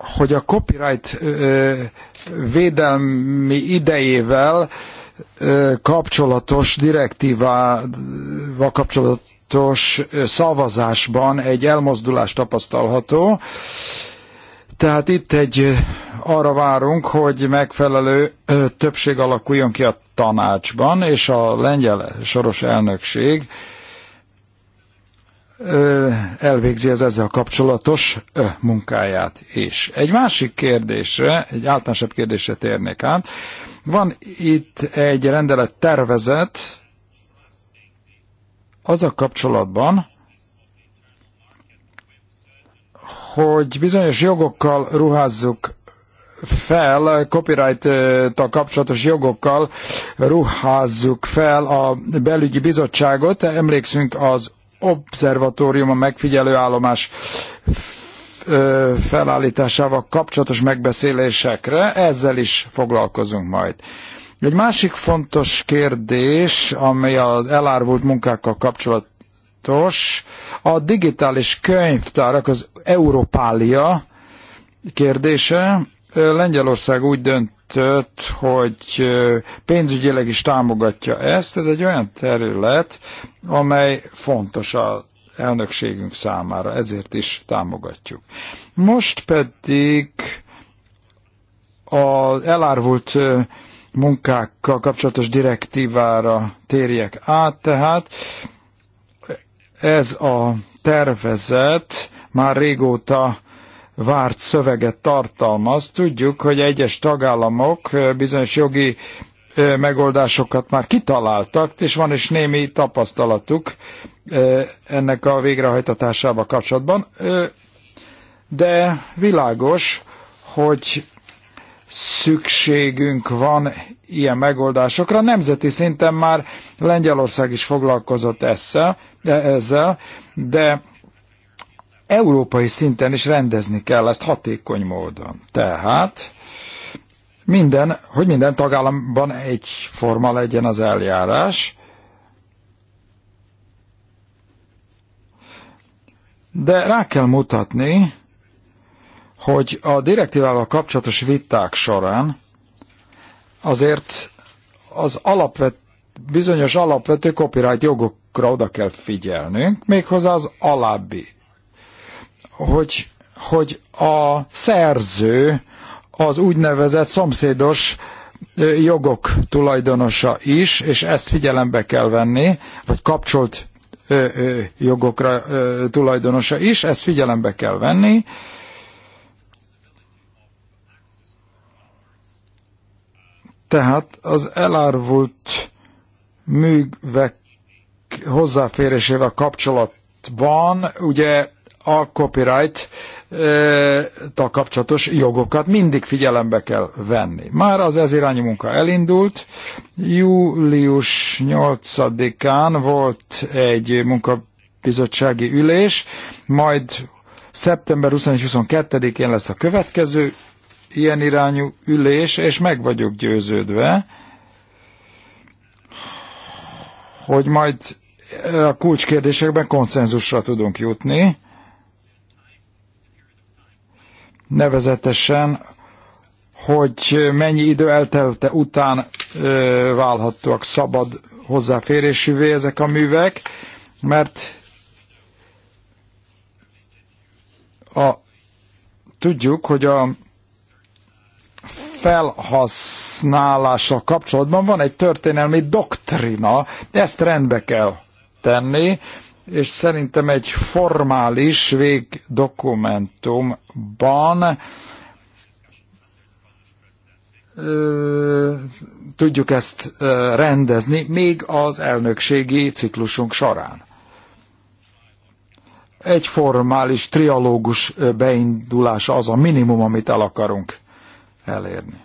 Speaker 2: hogy a copyright védelmi idejével kapcsolatos direktívával kapcsolatos szavazásban egy elmozdulás tapasztalható. Tehát itt egy arra várunk, hogy megfelelő többség alakuljon ki a tanácsban, és a lengyel soros elnökség elvégzi az ezzel kapcsolatos munkáját is. Egy másik kérdésre, egy általánosabb kérdésre térnék át. Van itt egy rendelet tervezet az a kapcsolatban, hogy bizonyos jogokkal ruházzuk fel, copyright-tal kapcsolatos jogokkal ruházzuk fel a belügyi bizottságot. Emlékszünk az obszervatórium, a megfigyelő állomás felállításával kapcsolatos megbeszélésekre, ezzel is foglalkozunk majd. Egy másik fontos kérdés, amely az elárvult munkákkal kapcsolatos, a digitális könyvtárak, az Európália kérdése, Lengyelország úgy döntött, hogy pénzügyileg is támogatja ezt. Ez egy olyan terület, amely fontos a elnökségünk számára, ezért is támogatjuk. Most pedig az elárvult munkákkal kapcsolatos direktívára térjek át, tehát ez a tervezet már régóta várt szöveget tartalmaz. Tudjuk, hogy egyes tagállamok bizonyos jogi megoldásokat már kitaláltak, és van is némi tapasztalatuk ennek a végrehajtatásába kapcsolatban. De világos, hogy szükségünk van ilyen megoldásokra. Nemzeti szinten már Lengyelország is foglalkozott ezzel, de, de európai szinten is rendezni kell ezt hatékony módon. Tehát minden, hogy minden tagállamban egyforma legyen az eljárás, de rá kell mutatni, hogy a direktívával kapcsolatos viták során azért az alapvet, bizonyos alapvető copyright jogokra oda kell figyelnünk, méghozzá az alábbi hogy, hogy a szerző az úgynevezett szomszédos jogok tulajdonosa is, és ezt figyelembe kell venni, vagy kapcsolt jogokra tulajdonosa is, ezt figyelembe kell venni. Tehát az elárvult művek hozzáférésével kapcsolatban ugye a copyright tal kapcsolatos jogokat mindig figyelembe kell venni. Már az ez irányú munka elindult. Július 8-án volt egy munkabizottsági ülés, majd szeptember 21-22-én lesz a következő ilyen irányú ülés, és meg vagyok győződve, hogy majd a kulcskérdésekben konszenzusra tudunk jutni nevezetesen, hogy mennyi idő eltelte után ö, válhattóak szabad hozzáférésűvé ezek a művek, mert a, tudjuk, hogy a felhasználása kapcsolatban van egy történelmi doktrina, ezt rendbe kell tenni, és szerintem egy formális végdokumentumban tudjuk ezt rendezni, még az elnökségi ciklusunk során. Egy formális trialógus beindulása az a minimum, amit el akarunk elérni.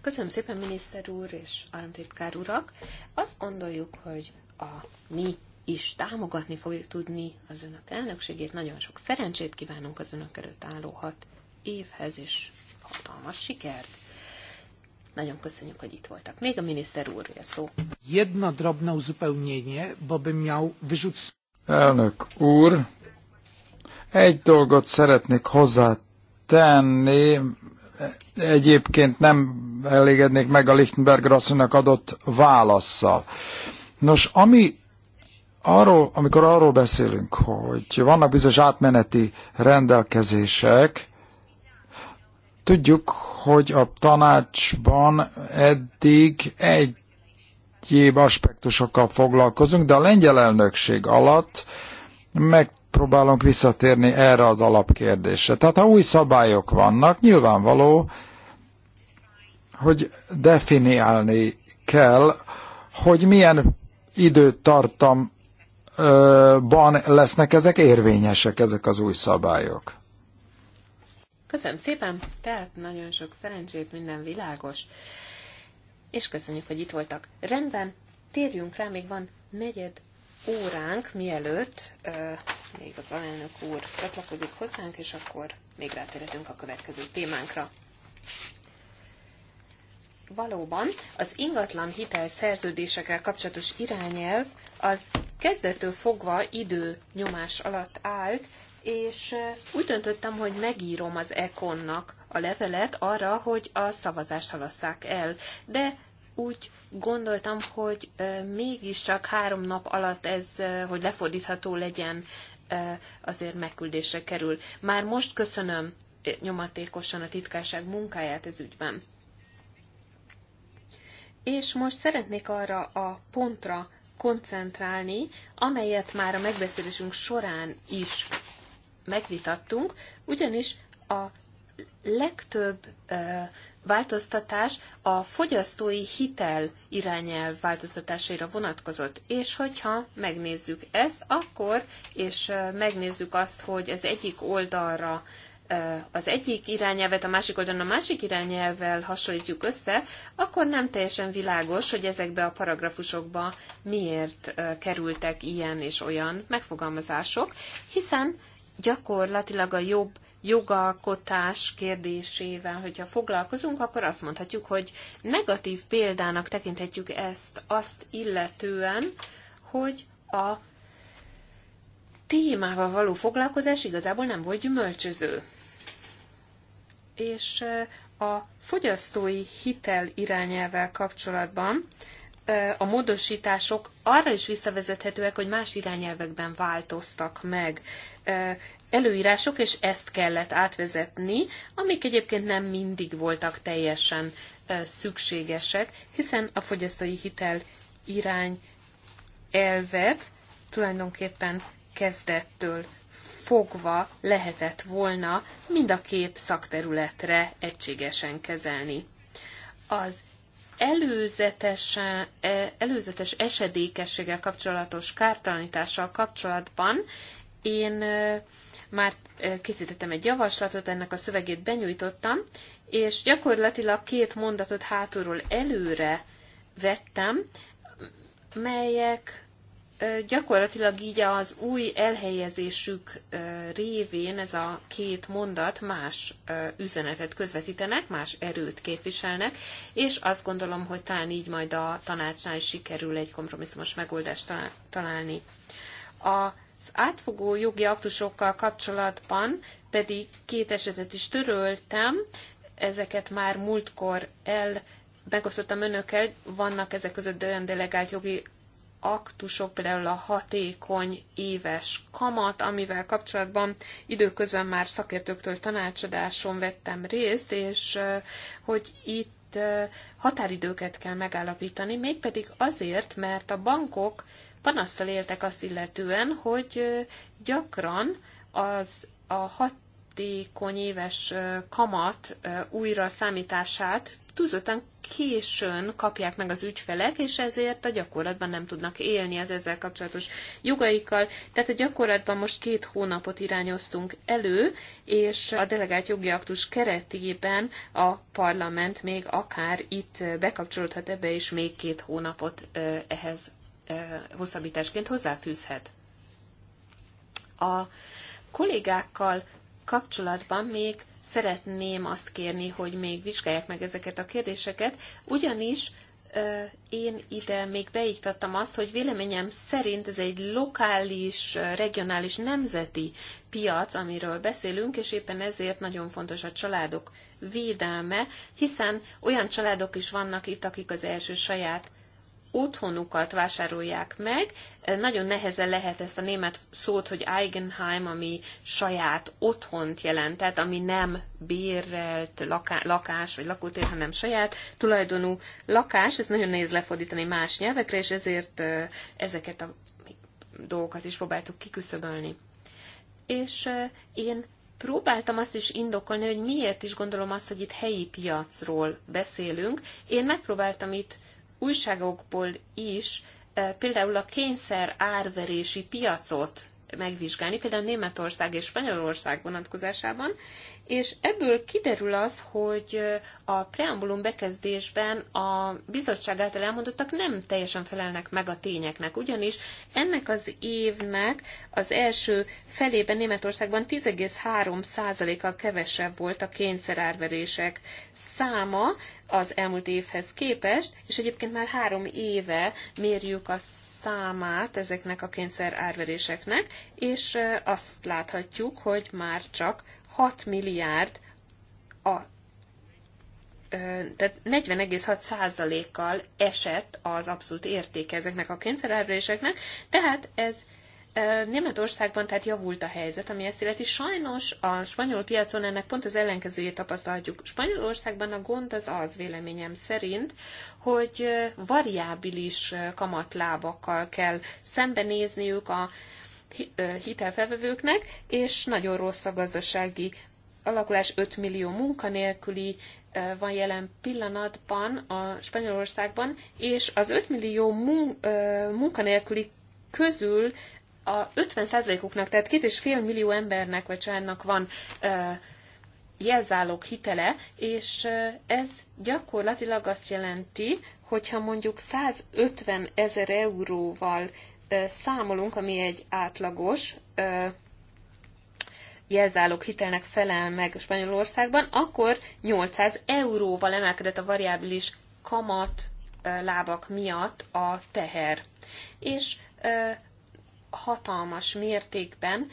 Speaker 1: Köszönöm szépen, miniszter úr és államtitkár urak. Azt gondoljuk, hogy a mi is támogatni fogjuk tudni az önök elnökségét. Nagyon sok szerencsét kívánunk az önök előtt álló hat évhez, és hatalmas sikert. Nagyon köszönjük, hogy itt voltak. Még a miniszter a szó.
Speaker 2: Jedna drobna uzupełnienie, bo bym miał wyrzuc... Elnök úr, egy dolgot szeretnék hozzátenni, egyébként nem elégednék meg a Lichtenberg asszonynak adott válaszsal. Nos, ami arról, amikor arról beszélünk, hogy vannak bizonyos átmeneti rendelkezések, tudjuk, hogy a tanácsban eddig egyéb aspektusokkal foglalkozunk, de a lengyel elnökség alatt megpróbálunk visszatérni erre az alapkérdésre. Tehát ha új szabályok vannak, nyilvánvaló, hogy definiálni kell, hogy milyen időtartam ban lesznek ezek érvényesek, ezek az új szabályok.
Speaker 1: Köszönöm szépen, tehát nagyon sok szerencsét, minden világos. És köszönjük, hogy itt voltak. Rendben, térjünk rá, még van negyed óránk, mielőtt euh, még az alelnök úr csatlakozik hozzánk, és akkor még rátérhetünk a következő témánkra. Valóban az ingatlan hitel szerződésekkel kapcsolatos irányelv az kezdettől fogva idő nyomás alatt állt, és úgy döntöttem, hogy megírom az Ekonnak a levelet arra, hogy a szavazást halasszák el. De úgy gondoltam, hogy mégiscsak három nap alatt ez, hogy lefordítható legyen, azért megküldésre kerül. Már most köszönöm nyomatékosan a titkárság munkáját ez ügyben. És most szeretnék arra a pontra koncentrálni, amelyet már a megbeszélésünk során is megvitattunk, ugyanis a legtöbb ö, változtatás a fogyasztói hitel irányelv változtatásaira vonatkozott, és hogyha megnézzük ezt, akkor, és megnézzük azt, hogy az egyik oldalra az egyik irányelvet a másik oldalon a másik irányelvvel hasonlítjuk össze, akkor nem teljesen világos, hogy ezekbe a paragrafusokba miért kerültek ilyen és olyan megfogalmazások, hiszen gyakorlatilag a jobb jogalkotás kérdésével, hogyha foglalkozunk, akkor azt mondhatjuk, hogy negatív példának tekinthetjük ezt azt illetően, hogy a témával való foglalkozás igazából nem volt gyümölcsöző és a fogyasztói hitel irányelvvel kapcsolatban a módosítások arra is visszavezethetőek, hogy más irányelvekben változtak meg előírások, és ezt kellett átvezetni, amik egyébként nem mindig voltak teljesen szükségesek, hiszen a fogyasztói hitel irány elvet tulajdonképpen kezdettől fogva lehetett volna mind a két szakterületre egységesen kezelni. Az előzetes, e, előzetes esedékességgel kapcsolatos kártalanítással kapcsolatban én e, már e, készítettem egy javaslatot, ennek a szövegét benyújtottam, és gyakorlatilag két mondatot hátulról előre vettem, melyek gyakorlatilag így az új elhelyezésük révén ez a két mondat más üzenetet közvetítenek, más erőt képviselnek, és azt gondolom, hogy talán így majd a tanácsnál is sikerül egy kompromisszumos megoldást találni. Az átfogó jogi aktusokkal kapcsolatban pedig két esetet is töröltem, ezeket már múltkor el megosztottam önökkel, vannak ezek között olyan delegált jogi aktusok, például a hatékony éves kamat, amivel kapcsolatban időközben már szakértőktől tanácsadáson vettem részt, és hogy itt határidőket kell megállapítani, mégpedig azért, mert a bankok panasztal éltek azt illetően, hogy gyakran az a hat hatékony éves kamat újra számítását túlzottan későn kapják meg az ügyfelek, és ezért a gyakorlatban nem tudnak élni az ezzel kapcsolatos jogaikkal. Tehát a gyakorlatban most két hónapot irányoztunk elő, és a delegált jogi aktus keretében a parlament még akár itt bekapcsolódhat ebbe, és még két hónapot ehhez hosszabbításként hozzáfűzhet. A kollégákkal kapcsolatban még szeretném azt kérni, hogy még vizsgálják meg ezeket a kérdéseket, ugyanis én ide még beiktattam azt, hogy véleményem szerint ez egy lokális, regionális, nemzeti piac, amiről beszélünk, és éppen ezért nagyon fontos a családok védelme, hiszen olyan családok is vannak itt, akik az első saját otthonukat vásárolják meg. Nagyon nehezen lehet ezt a német szót, hogy Eigenheim, ami saját otthont jelent, tehát ami nem bérelt lakás vagy lakótér, hanem saját tulajdonú lakás. Ez nagyon nehéz lefordítani más nyelvekre, és ezért ezeket a dolgokat is próbáltuk kiküszöbölni. És én próbáltam azt is indokolni, hogy miért is gondolom azt, hogy itt helyi piacról beszélünk. Én megpróbáltam itt újságokból is például a kényszer árverési piacot megvizsgálni, például Németország és Spanyolország vonatkozásában, és ebből kiderül az, hogy a preambulum bekezdésben a bizottság által elmondottak nem teljesen felelnek meg a tényeknek, ugyanis ennek az évnek az első felében Németországban 10,3%-kal kevesebb volt a kényszerárverések száma, az elmúlt évhez képest, és egyébként már három éve mérjük a számát ezeknek a kényszer árveréseknek, és azt láthatjuk, hogy már csak 6 milliárd a tehát 40,6%-kal esett az abszolút értéke ezeknek a kényszerárvéseknek, tehát ez Németországban tehát javult a helyzet, ami ezt illeti. Sajnos a spanyol piacon ennek pont az ellenkezőjét tapasztalhatjuk. Spanyolországban a gond az az véleményem szerint, hogy variábilis kamatlábakkal kell szembenézniük a hitelfelvevőknek, és nagyon rossz a gazdasági alakulás 5 millió munkanélküli van jelen pillanatban a Spanyolországban, és az 5 millió munkanélküli közül a 50%-uknak, tehát két és fél millió embernek vagy családnak van jelzálók hitele, és ez gyakorlatilag azt jelenti, hogyha mondjuk 150 ezer euróval számolunk, ami egy átlagos jelzálók hitelnek felel meg Spanyolországban, akkor 800 euróval emelkedett a variábilis kamat lábak miatt a teher. És hatalmas mértékben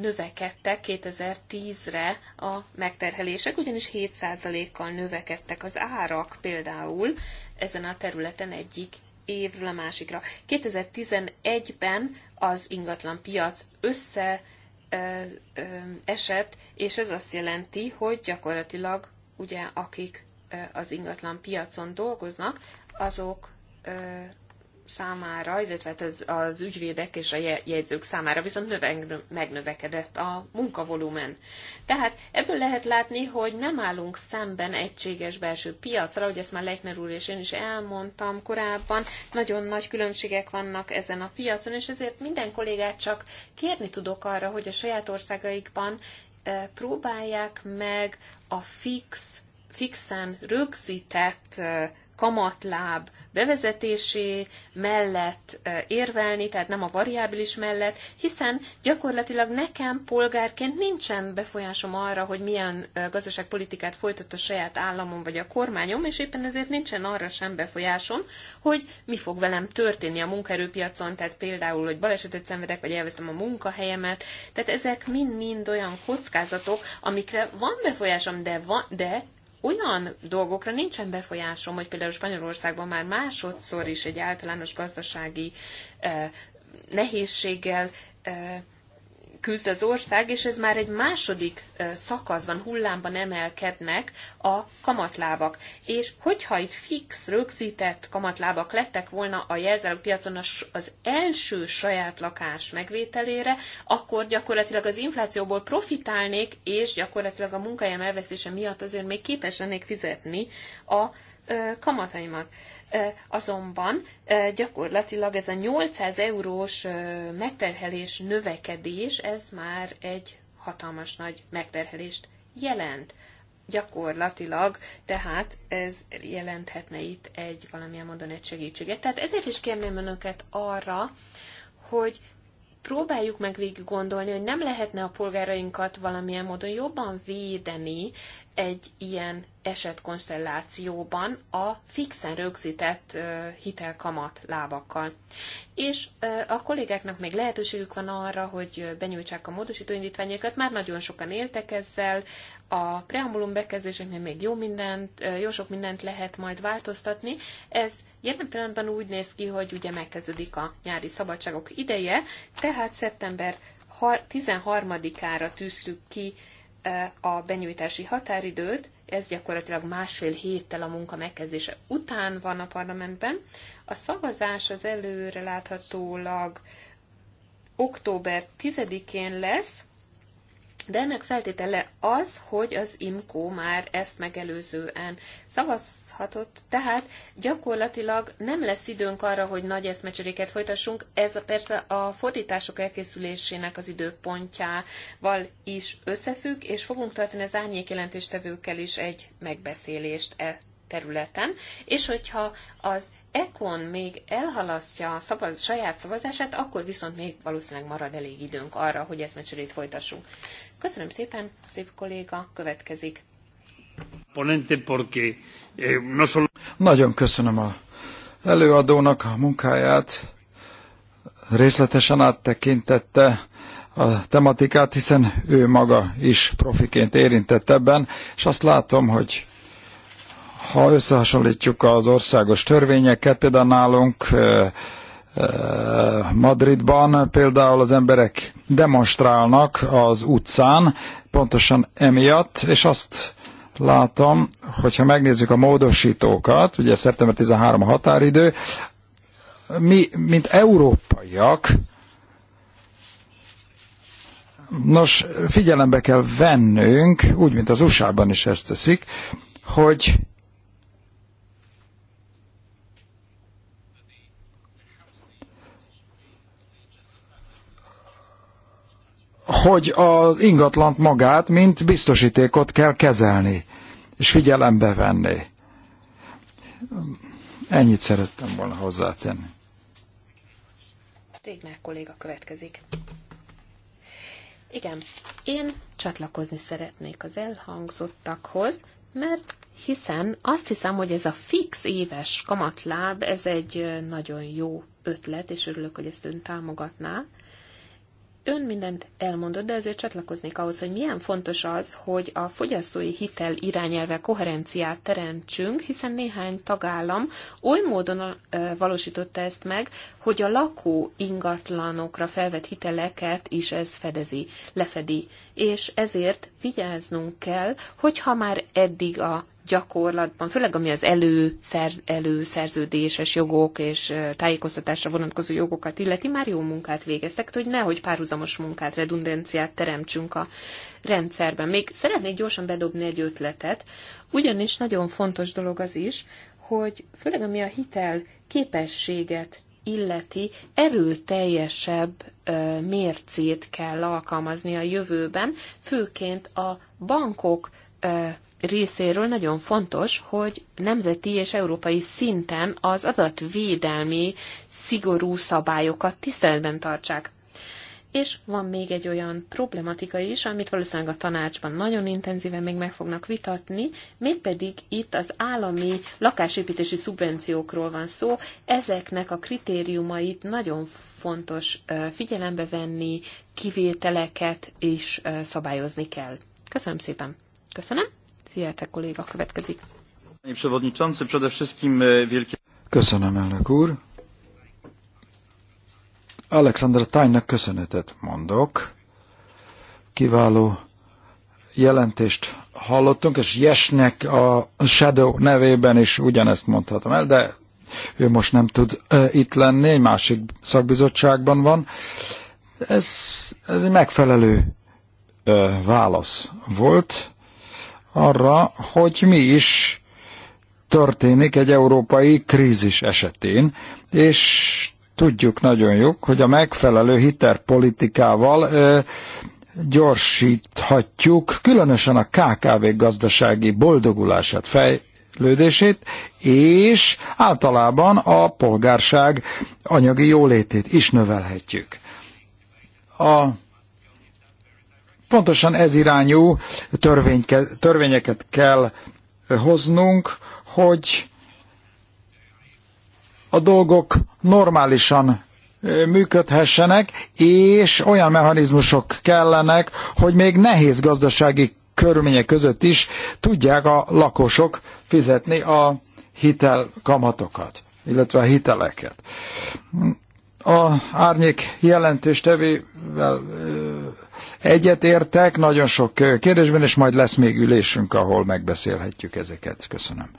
Speaker 1: növekedtek 2010-re a megterhelések, ugyanis 7%-kal növekedtek az árak például ezen a területen egyik évről a másikra. 2011-ben az ingatlan piac össze ö, ö, esett, és ez azt jelenti, hogy gyakorlatilag ugye akik az ingatlan piacon dolgoznak, azok számára, illetve hát az, az ügyvédek és a jegyzők számára viszont növeg, megnövekedett a munkavolumen. Tehát ebből lehet látni, hogy nem állunk szemben egységes belső piacra, hogy ezt már Leichner úr és én is elmondtam korábban, nagyon nagy különbségek vannak ezen a piacon, és ezért minden kollégát csak kérni tudok arra, hogy a saját országaikban e, próbálják meg a fix fixen rögzített e, kamatláb bevezetésé mellett érvelni, tehát nem a variábilis mellett, hiszen gyakorlatilag nekem polgárként nincsen befolyásom arra, hogy milyen gazdaságpolitikát folytat a saját államom vagy a kormányom, és éppen ezért nincsen arra sem befolyásom, hogy mi fog velem történni a munkaerőpiacon, tehát például, hogy balesetet szenvedek, vagy elvesztem a munkahelyemet. Tehát ezek mind-mind olyan kockázatok, amikre van befolyásom, de, van, de olyan dolgokra nincsen befolyásom, hogy például Spanyolországban már másodszor is egy általános gazdasági eh, nehézséggel eh, küzd az ország, és ez már egy második szakaszban, hullámban emelkednek a kamatlábak. És hogyha itt fix, rögzített kamatlábak lettek volna a jelzálogpiacon az első saját lakás megvételére, akkor gyakorlatilag az inflációból profitálnék, és gyakorlatilag a munkahelyem elvesztése miatt azért még képes lennék fizetni a kamataimat. Azonban gyakorlatilag ez a 800 eurós megterhelés növekedés, ez már egy hatalmas nagy megterhelést jelent gyakorlatilag, tehát ez jelenthetne itt egy valamilyen módon egy segítséget. Tehát ezért is kérném önöket arra, hogy próbáljuk meg végig gondolni, hogy nem lehetne a polgárainkat valamilyen módon jobban védeni egy ilyen esetkonstellációban a fixen rögzített hitelkamat lábakkal. És a kollégáknak még lehetőségük van arra, hogy benyújtsák a módosítóindítványokat, indítványokat, már nagyon sokan éltek ezzel, a preambulum bekezdéseknél még jó, mindent, jó sok mindent lehet majd változtatni. Ez jelen pillanatban úgy néz ki, hogy ugye megkezdődik a nyári szabadságok ideje, tehát szeptember 13-ára tűztük ki a benyújtási határidőt, ez gyakorlatilag másfél héttel a munka megkezdése után van a parlamentben. A szavazás az előre láthatólag október 10-én lesz, de ennek feltétele az, hogy az IMCO már ezt megelőzően szavazhatott, tehát gyakorlatilag nem lesz időnk arra, hogy nagy eszmecseréket folytassunk, ez a persze a fordítások elkészülésének az időpontjával is összefügg, és fogunk tartani az árnyékjelentéstevőkkel is egy megbeszélést e területen, és hogyha az Ekon még elhalasztja a szavaz, saját szavazását, akkor viszont még valószínűleg marad elég időnk arra, hogy ezt eszmecserét folytassunk. Köszönöm szépen, Szív kolléga, következik.
Speaker 2: Eh, Nagyon köszönöm a előadónak a munkáját, részletesen áttekintette a tematikát, hiszen ő maga is profiként érintett ebben, és azt látom, hogy ha összehasonlítjuk az országos törvényeket, például nálunk eh, Eh, Madridban például az emberek demonstrálnak az utcán, pontosan emiatt, és azt látom, hogyha megnézzük a módosítókat, ugye szeptember 13 a határidő, mi, mint európaiak, nos, figyelembe kell vennünk, úgy, mint az USA-ban is ezt teszik, hogy hogy az ingatlant magát, mint biztosítékot kell kezelni, és figyelembe venni. Ennyit szerettem volna hozzátenni.
Speaker 1: Régnál kolléga következik. Igen, én csatlakozni szeretnék az elhangzottakhoz, mert hiszen azt hiszem, hogy ez a fix éves kamatláb, ez egy nagyon jó ötlet, és örülök, hogy ezt ön támogatná, Ön mindent elmondott, de azért csatlakoznék ahhoz, hogy milyen fontos az, hogy a fogyasztói hitel irányelve koherenciát teremtsünk, hiszen néhány tagállam oly módon valósította ezt meg, hogy a lakó ingatlanokra felvett hiteleket is ez fedezi, lefedi. És ezért vigyáznunk kell, hogyha már eddig a gyakorlatban, főleg ami az előszerz, előszerződéses jogok és tájékoztatásra vonatkozó jogokat illeti, már jó munkát végeztek, hogy nehogy párhuzamos munkát, redundanciát teremtsünk a rendszerben. Még szeretnék gyorsan bedobni egy ötletet, ugyanis nagyon fontos dolog az is, hogy főleg ami a hitel képességet illeti erőteljesebb mércét kell alkalmazni a jövőben, főként a bankok részéről nagyon fontos, hogy nemzeti és európai szinten az adatvédelmi szigorú szabályokat tiszteletben tartsák. És van még egy olyan problematika is, amit valószínűleg a tanácsban nagyon intenzíven még meg fognak vitatni, mégpedig itt az állami lakásépítési szubvenciókról van szó. Ezeknek a kritériumait nagyon fontos figyelembe venni, kivételeket is szabályozni kell. Köszönöm szépen! Köszönöm! Zierte kolléga következik.
Speaker 2: E, Köszönöm, elnök úr. Alexander Tánynak köszönetet mondok. Kiváló jelentést hallottunk, és Jesnek a Shadow nevében is ugyanezt mondhatom el, de ő most nem tud e, itt lenni, egy másik szakbizottságban van. Ez, ez egy megfelelő e, válasz volt arra, hogy mi is történik egy európai krízis esetén, és tudjuk nagyon jó, hogy a megfelelő hiterpolitikával ö, gyorsíthatjuk különösen a KKV gazdasági boldogulását, fejlődését, és általában a polgárság anyagi jólétét is növelhetjük. A Pontosan ez irányú törvényeket kell hoznunk, hogy a dolgok normálisan működhessenek, és olyan mechanizmusok kellenek, hogy még nehéz gazdasági körülmények között is tudják a lakosok fizetni a hitelkamatokat, illetve a hiteleket. A árnyék jelentéstevével Egyetértek nagyon sok kérdésben, és majd lesz még ülésünk, ahol megbeszélhetjük ezeket. Köszönöm.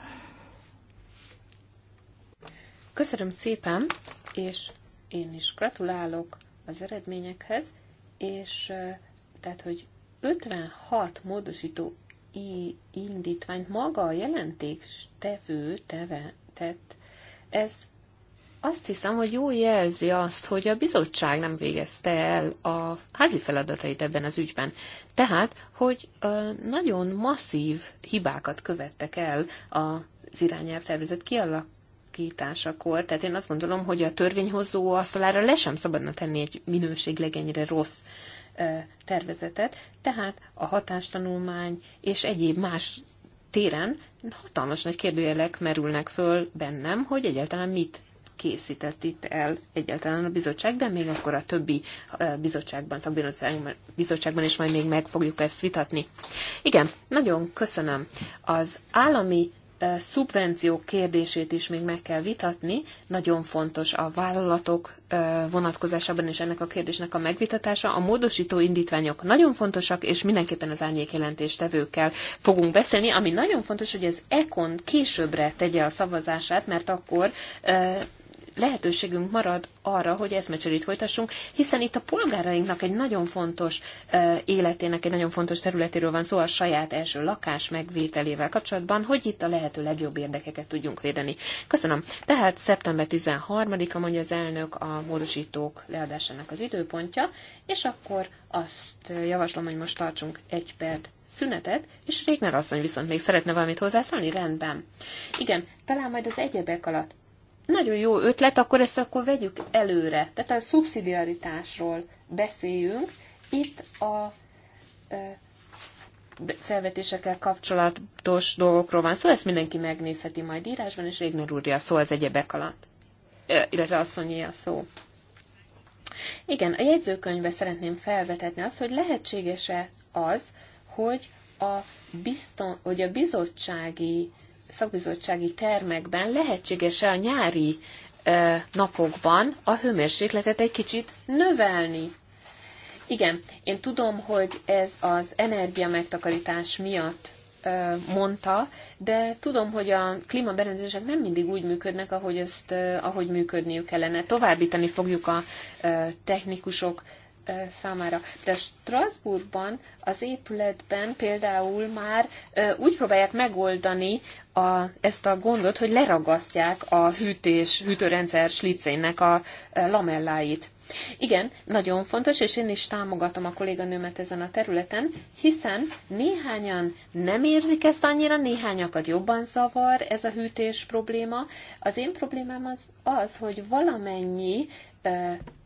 Speaker 1: Köszönöm szépen, és én is gratulálok az eredményekhez, és tehát, hogy 56 módosító indítványt maga a jelentéktevő tevő teve, tett, ez azt hiszem, hogy jó jelzi azt, hogy a bizottság nem végezte el a házi feladatait ebben az ügyben. Tehát, hogy nagyon masszív hibákat követtek el az irányelvtervezet tervezet kialakításakor. Tehát én azt gondolom, hogy a törvényhozó asztalára le sem szabadna tenni egy minőségleg ennyire rossz tervezetet, tehát a hatástanulmány és egyéb más téren hatalmas nagy kérdőjelek merülnek föl bennem, hogy egyáltalán mit készített itt el egyáltalán a bizottság, de még akkor a többi bizottságban, szakbizottságban is majd még meg fogjuk ezt vitatni. Igen, nagyon köszönöm. Az állami szubvenciók kérdését is még meg kell vitatni. Nagyon fontos a vállalatok vonatkozásában is ennek a kérdésnek a megvitatása. A módosító indítványok nagyon fontosak, és mindenképpen az árnyékjelentéstevőkkel fogunk beszélni, ami nagyon fontos, hogy ez econ későbbre tegye a szavazását, mert akkor lehetőségünk marad arra, hogy eszmecserét folytassunk, hiszen itt a polgárainknak egy nagyon fontos életének, egy nagyon fontos területéről van szó a saját első lakás megvételével kapcsolatban, hogy itt a lehető legjobb érdekeket tudjunk védeni. Köszönöm. Tehát szeptember 13-a mondja az elnök a módosítók leadásának az időpontja, és akkor azt javaslom, hogy most tartsunk egy perc szünetet, és Régner asszony viszont még szeretne valamit hozzászólni? Rendben. Igen, talán majd az egyebek alatt nagyon jó ötlet, akkor ezt akkor vegyük előre. Tehát a szubszidiaritásról beszéljünk. Itt a felvetésekkel kapcsolatos dolgokról van szó, szóval ezt mindenki megnézheti majd írásban, és Régnor úrja szó az egyebek alatt, illetve asszonyé a szó. Igen, a jegyzőkönyvbe szeretném felvetetni azt, hogy lehetséges-e az, hogy a, bizton, hogy a bizottsági szakbizottsági termekben lehetséges-e a nyári napokban a hőmérsékletet egy kicsit növelni. Igen, én tudom, hogy ez az energia megtakarítás miatt mondta, de tudom, hogy a klímaberendezések nem mindig úgy működnek, ahogy, ezt, ahogy működniük kellene. Továbbítani fogjuk a technikusok számára. De Strasbourgban az épületben például már úgy próbálják megoldani a, ezt a gondot, hogy leragasztják a hűtés, hűtőrendszer slicének a lamelláit. Igen, nagyon fontos, és én is támogatom a kolléganőmet ezen a területen, hiszen néhányan nem érzik ezt annyira, néhányakat jobban zavar ez a hűtés probléma. Az én problémám az, az hogy valamennyi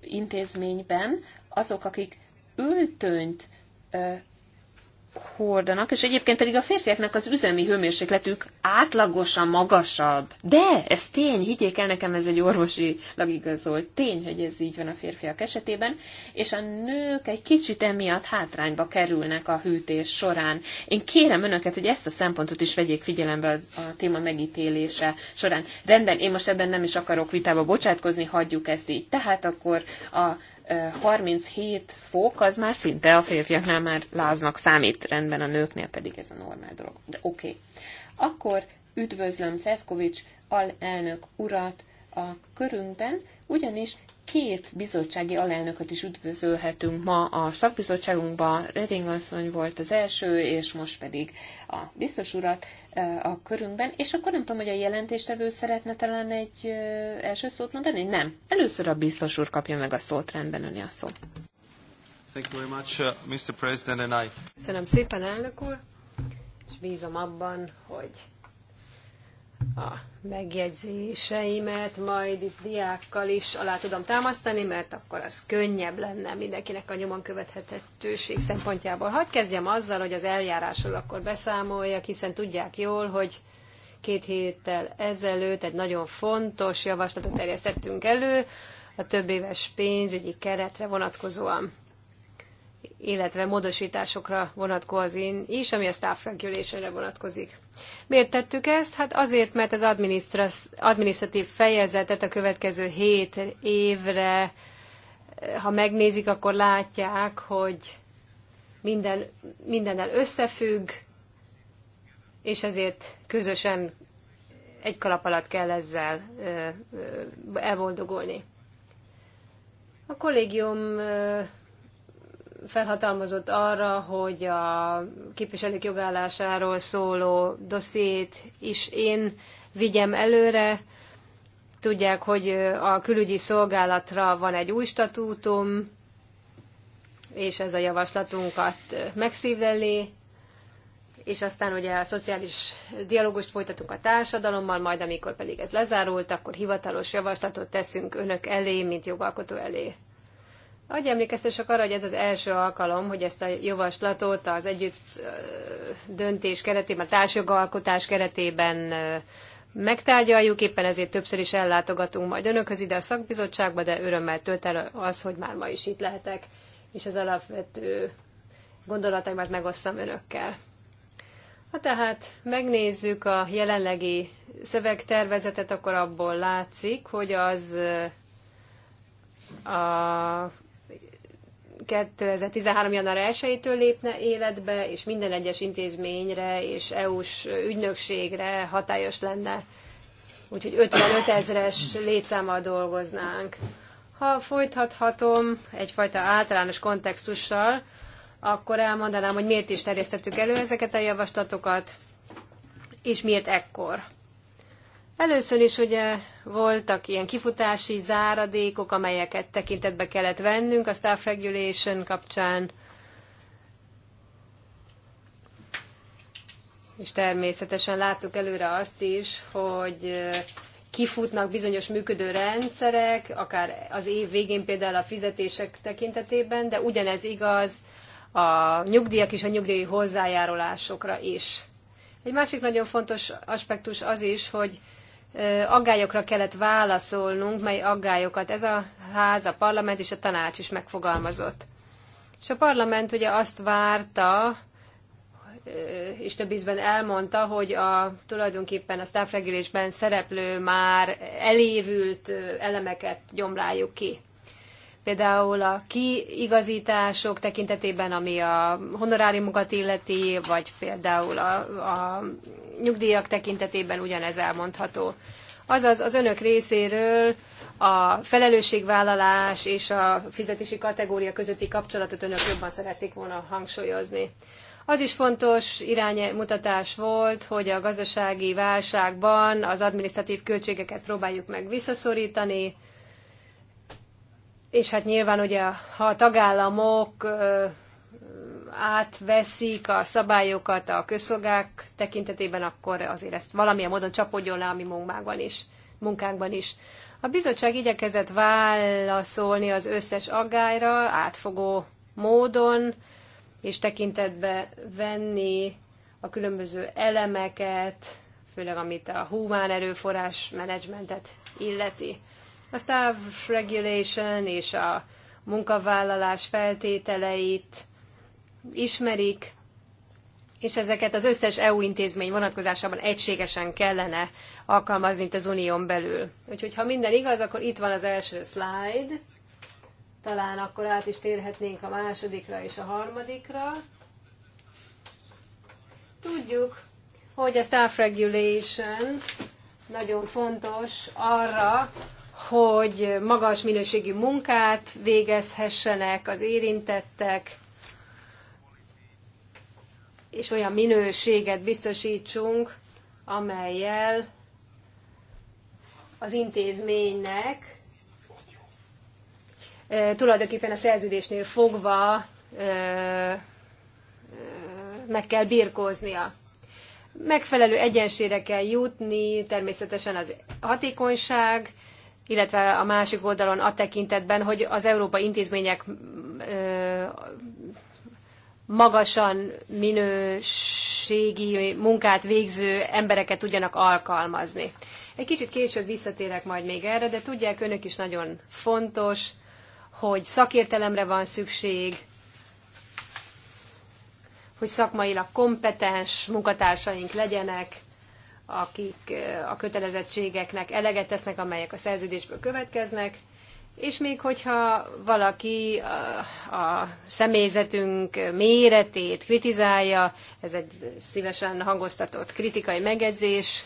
Speaker 1: intézményben azok, akik ö, hordanak, és egyébként pedig a férfiaknak az üzemi hőmérsékletük átlagosan magasabb. De ez tény, higgyék el nekem, ez egy orvosi igazolt tény, hogy ez így van a férfiak esetében, és a nők egy kicsit emiatt hátrányba kerülnek a hűtés során. Én kérem önöket, hogy ezt a szempontot is vegyék figyelembe a, a téma megítélése során. Rendben, én most ebben nem is akarok vitába bocsátkozni, hagyjuk ezt így. Tehát akkor a 37 fok az már szinte a férfiaknál már láznak számít, rendben a nőknél pedig ez a normál dolog. De oké. Okay. Akkor üdvözlöm Al alelnök urat a körünkben, ugyanis két bizottsági alelnököt is üdvözölhetünk ma a szakbizottságunkban. Reding asszony volt az első, és most pedig a biztos urat a körünkben, és akkor nem tudom, hogy a jelentéstevő szeretne talán egy első szót mondani? Nem. Először a biztos úr kapja meg a szót, rendben öni a szó.
Speaker 2: Thank you very much, uh, Mr. President and I.
Speaker 3: Köszönöm szépen, elnök úr, és bízom abban, hogy a megjegyzéseimet majd itt diákkal is alá tudom támasztani, mert akkor az könnyebb lenne mindenkinek a nyomon követhetőség szempontjából. Hadd kezdjem azzal, hogy az eljárásról akkor beszámoljak, hiszen tudják jól, hogy két héttel ezelőtt egy nagyon fontos javaslatot terjesztettünk elő a több éves pénzügyi keretre vonatkozóan illetve módosításokra vonatkozik is, ami a staff regulationre vonatkozik. Miért tettük ezt? Hát azért, mert az administratív fejezetet a következő hét évre, ha megnézik, akkor látják, hogy minden, mindennel összefügg, és ezért közösen egy kalap alatt kell ezzel elboldogulni. A kollégium felhatalmazott arra, hogy a képviselők jogállásáról szóló dossziét is én vigyem előre. Tudják, hogy a külügyi szolgálatra van egy új statútum, és ez a javaslatunkat megszívveli, és aztán ugye a szociális dialógust folytatunk a társadalommal, majd amikor pedig ez lezárult, akkor hivatalos javaslatot teszünk önök elé, mint jogalkotó elé. Nagy emlékeztesek arra, hogy ez az első alkalom, hogy ezt a javaslatot az együtt döntés keretében, társjogalkotás keretében megtárgyaljuk, éppen ezért többször is ellátogatunk majd önökhöz ide a szakbizottságba, de örömmel tölt el az, hogy már ma is itt lehetek, és az alapvető gondolataimat megosztam önökkel. Ha tehát megnézzük a jelenlegi szövegtervezetet, akkor abból látszik, hogy az a 2013. január 1-től lépne életbe, és minden egyes intézményre és EU-s ügynökségre hatályos lenne. Úgyhogy 55 ezres létszámmal dolgoznánk. Ha folytathatom egyfajta általános kontextussal, akkor elmondanám, hogy miért is terjesztettük elő ezeket a javaslatokat, és miért ekkor. Először is ugye voltak ilyen kifutási záradékok, amelyeket tekintetbe kellett vennünk a staff regulation kapcsán, és természetesen láttuk előre azt is, hogy kifutnak bizonyos működő rendszerek, akár az év végén például a fizetések tekintetében, de ugyanez igaz a nyugdíjak és a nyugdíj hozzájárulásokra is. Egy másik nagyon fontos aspektus az is, hogy aggályokra kellett válaszolnunk, mely aggályokat ez a ház, a parlament és a tanács is megfogalmazott. És a parlament ugye azt várta, és több ízben elmondta, hogy a tulajdonképpen a staffregülésben szereplő már elévült elemeket gyomláljuk ki. Például a kiigazítások tekintetében, ami a honoráriumokat illeti, vagy például a, a nyugdíjak tekintetében ugyanez elmondható. Azaz az önök részéről a felelősségvállalás és a fizetési kategória közötti kapcsolatot önök jobban szerették volna hangsúlyozni. Az is fontos iránymutatás volt, hogy a gazdasági válságban az adminisztratív költségeket próbáljuk meg visszaszorítani, és hát nyilván ugye, ha a tagállamok átveszik a szabályokat a közszolgák tekintetében, akkor azért ezt valamilyen módon csapodjon le a mi munkánkban is. Munkánkban is. A bizottság igyekezett válaszolni az összes aggályra átfogó módon, és tekintetbe venni a különböző elemeket, főleg amit a humán erőforrás menedzsmentet illeti. A staff regulation és a munkavállalás feltételeit ismerik, és ezeket az összes EU intézmény vonatkozásában egységesen kellene alkalmazni itt az unión belül. Úgyhogy ha minden igaz, akkor itt van az első slide. Talán akkor át is térhetnénk a másodikra és a harmadikra. Tudjuk, hogy a staff regulation nagyon fontos arra, hogy magas minőségű munkát végezhessenek az érintettek, és olyan minőséget biztosítsunk, amelyel az intézménynek tulajdonképpen a szerződésnél fogva meg kell birkóznia. Megfelelő egyensére kell jutni, természetesen az hatékonyság, illetve a másik oldalon a tekintetben, hogy az európai intézmények magasan minőségi munkát végző embereket tudjanak alkalmazni. Egy kicsit később visszatérek majd még erre, de tudják önök is nagyon fontos, hogy szakértelemre van szükség, hogy szakmailag kompetens munkatársaink legyenek, akik eh, a kötelezettségeknek eleget tesznek, amelyek a szerződésből következnek, és még hogyha valaki a, a személyzetünk méretét kritizálja, ez egy szívesen hangoztatott kritikai megedzés,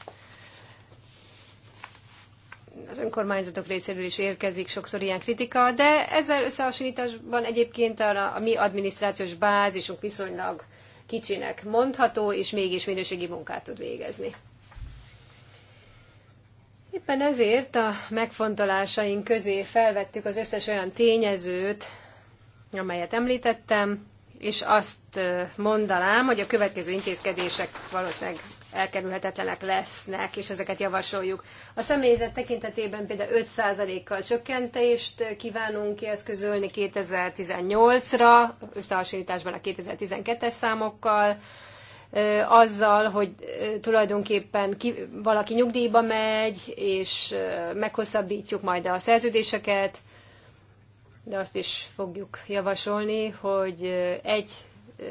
Speaker 3: az önkormányzatok részéről is érkezik sokszor ilyen kritika, de ezzel összehasonlításban egyébként a, a mi adminisztrációs bázisunk viszonylag kicsinek mondható, és mégis minőségi munkát tud végezni. Éppen ezért a megfontolásaink közé felvettük az összes olyan tényezőt, amelyet említettem, és azt mondanám, hogy a következő intézkedések valószínűleg elkerülhetetlenek lesznek, és ezeket javasoljuk. A személyzet tekintetében például 5%-kal csökkentést kívánunk kieszközölni 2018-ra, összehasonlításban a 2012-es számokkal, azzal, hogy tulajdonképpen ki, valaki nyugdíjba megy, és meghosszabbítjuk majd a szerződéseket, de azt is fogjuk javasolni, hogy egy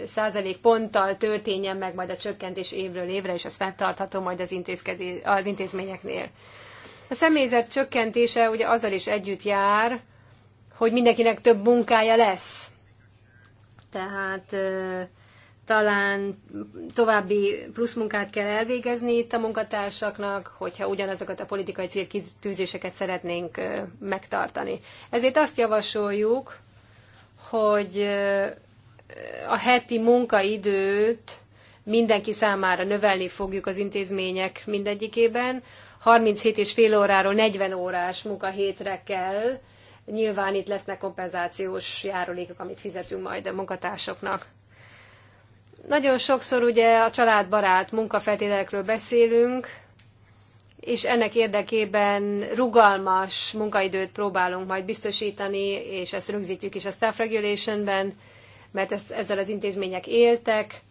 Speaker 3: százalék ponttal történjen meg majd a csökkentés évről évre, és az fenntartható majd az, intézkedés, az intézményeknél. A személyzet csökkentése ugye azzal is együtt jár, hogy mindenkinek több munkája lesz. Tehát talán további pluszmunkát kell elvégezni itt a munkatársaknak, hogyha ugyanazokat a politikai célkitűzéseket szeretnénk megtartani. Ezért azt javasoljuk, hogy a heti munkaidőt mindenki számára növelni fogjuk az intézmények mindegyikében. 37 és fél óráról 40 órás munkahétre kell. Nyilván itt lesznek kompenzációs járulékok, amit fizetünk majd a munkatársaknak. Nagyon sokszor ugye a családbarát munkafeltételekről beszélünk, és ennek érdekében rugalmas munkaidőt próbálunk majd biztosítani, és ezt rögzítjük is a staff regulationben, mert ezt, ezzel az intézmények éltek,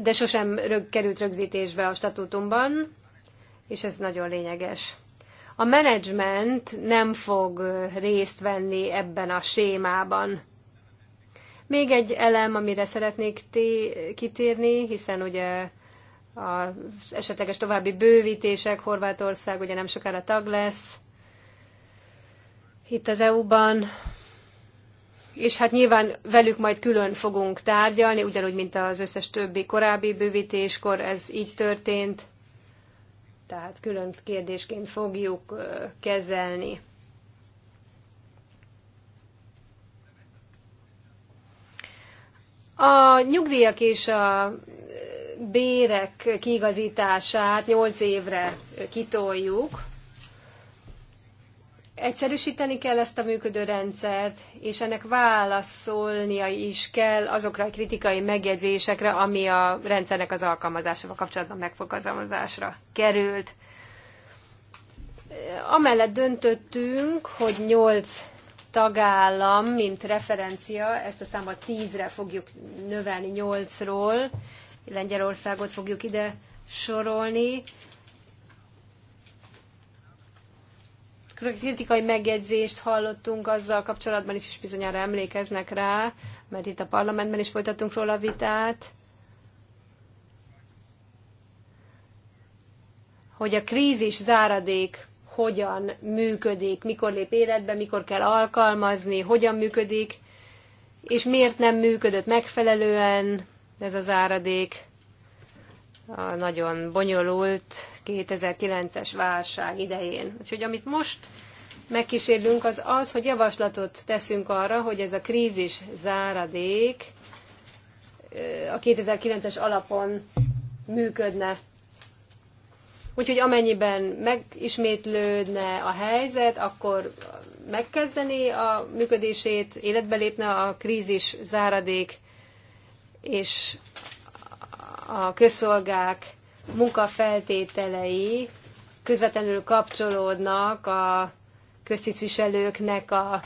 Speaker 3: de sosem rög, került rögzítésbe a statútumban, és ez nagyon lényeges. A menedzsment nem fog részt venni ebben a sémában. Még egy elem, amire szeretnék kitérni, hiszen ugye az esetleges további bővítések, Horvátország ugye nem sokára tag lesz itt az EU-ban, és hát nyilván velük majd külön fogunk tárgyalni, ugyanúgy, mint az összes többi korábbi bővítéskor ez így történt, tehát külön kérdésként fogjuk kezelni. A nyugdíjak és a bérek kiigazítását 8 évre kitoljuk. Egyszerűsíteni kell ezt a működő rendszert, és ennek válaszolnia is kell azokra a kritikai megjegyzésekre, ami a rendszernek az alkalmazásával kapcsolatban megfogalmazásra került. Amellett döntöttünk, hogy 8 tagállam, mint referencia, ezt a számot tízre re fogjuk növelni 8-ról, Lengyelországot fogjuk ide sorolni. Kritikai megjegyzést hallottunk azzal kapcsolatban is, és bizonyára emlékeznek rá, mert itt a parlamentben is folytattunk róla vitát, hogy a krízis záradék hogyan működik, mikor lép életbe, mikor kell alkalmazni, hogyan működik, és miért nem működött megfelelően ez az áradék a nagyon bonyolult 2009-es válság idején. Úgyhogy amit most megkísérlünk, az az, hogy javaslatot teszünk arra, hogy ez a krízis záradék a 2009-es alapon működne. Úgyhogy amennyiben megismétlődne a helyzet, akkor megkezdené a működését, életbe lépne a krízis záradék, és a közszolgák munkafeltételei közvetlenül kapcsolódnak a köztisztviselőknek a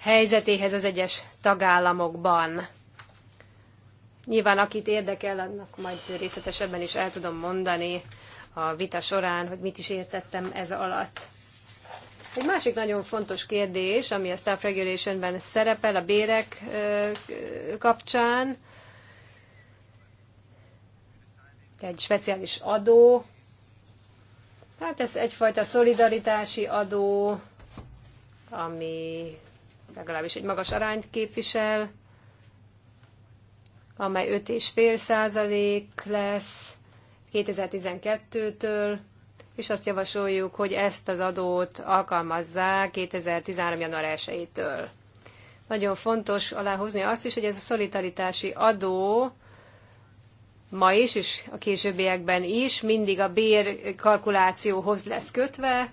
Speaker 3: helyzetéhez az egyes tagállamokban. Nyilván akit érdekel, annak majd részletesebben is el tudom mondani a vita során, hogy mit is értettem ez alatt. Egy másik nagyon fontos kérdés, ami a staff regulationben szerepel a bérek kapcsán, egy speciális adó, hát ez egyfajta szolidaritási adó, ami legalábbis egy magas arányt képvisel, amely 5,5 százalék lesz, 2012-től, és azt javasoljuk, hogy ezt az adót alkalmazzák 2013. január 1-től. Nagyon fontos aláhozni azt is, hogy ez a szolidaritási adó ma is, és a későbbiekben is mindig a bérkalkulációhoz lesz kötve,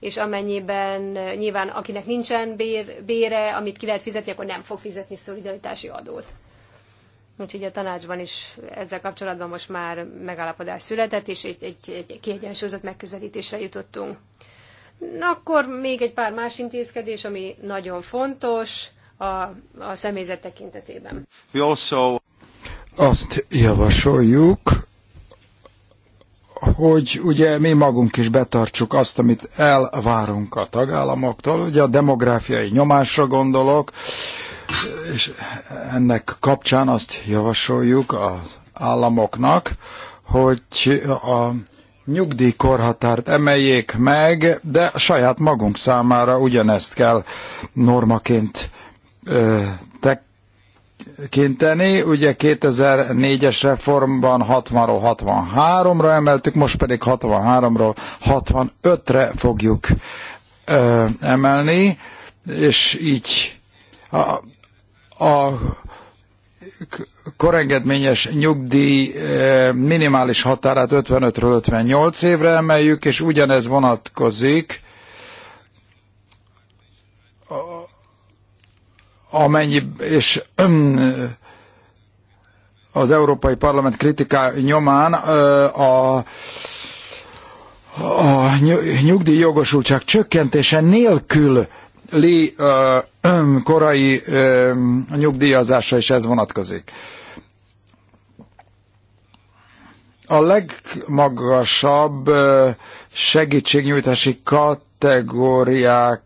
Speaker 3: és amennyiben nyilván akinek nincsen bér, bére, amit ki lehet fizetni, akkor nem fog fizetni szolidaritási adót. Úgyhogy a tanácsban is ezzel kapcsolatban most már megállapodás született, és egy, egy, egy kiegyensúlyozott megközelítésre jutottunk. Na, akkor még egy pár más intézkedés, ami nagyon fontos a, a személyzet tekintetében.
Speaker 2: We also... Azt javasoljuk, hogy ugye mi magunk is betartsuk azt, amit elvárunk a tagállamoktól, ugye a demográfiai nyomásra gondolok, és ennek kapcsán azt javasoljuk az államoknak, hogy a nyugdíjkorhatárt emeljék meg, de saját magunk számára ugyanezt kell normaként ö, tekinteni. Ugye 2004-es reformban 60-ról 63-ra emeltük, most pedig 63-ról 65-re fogjuk ö, emelni, és így a, a korengedményes nyugdíj eh, minimális határát 55-ről 58 évre emeljük, és ugyanez vonatkozik, amennyi, és az Európai Parlament kritiká nyomán eh, a a nyugdíjjogosultság csökkentése nélkül uh, korai nyugdíjazása is ez vonatkozik. A legmagasabb segítségnyújtási kategóriák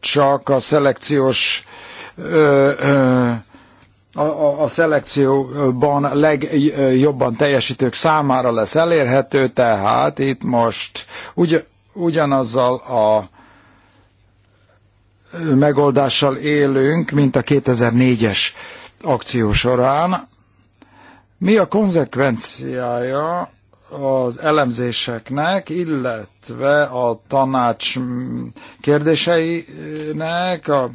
Speaker 2: csak a szelekciós a, szelekcióban legjobban teljesítők számára lesz elérhető, tehát itt most ugyanazzal a megoldással élünk, mint a 2004-es akció során. Mi a konzekvenciája az elemzéseknek, illetve a tanács kérdéseinek, a,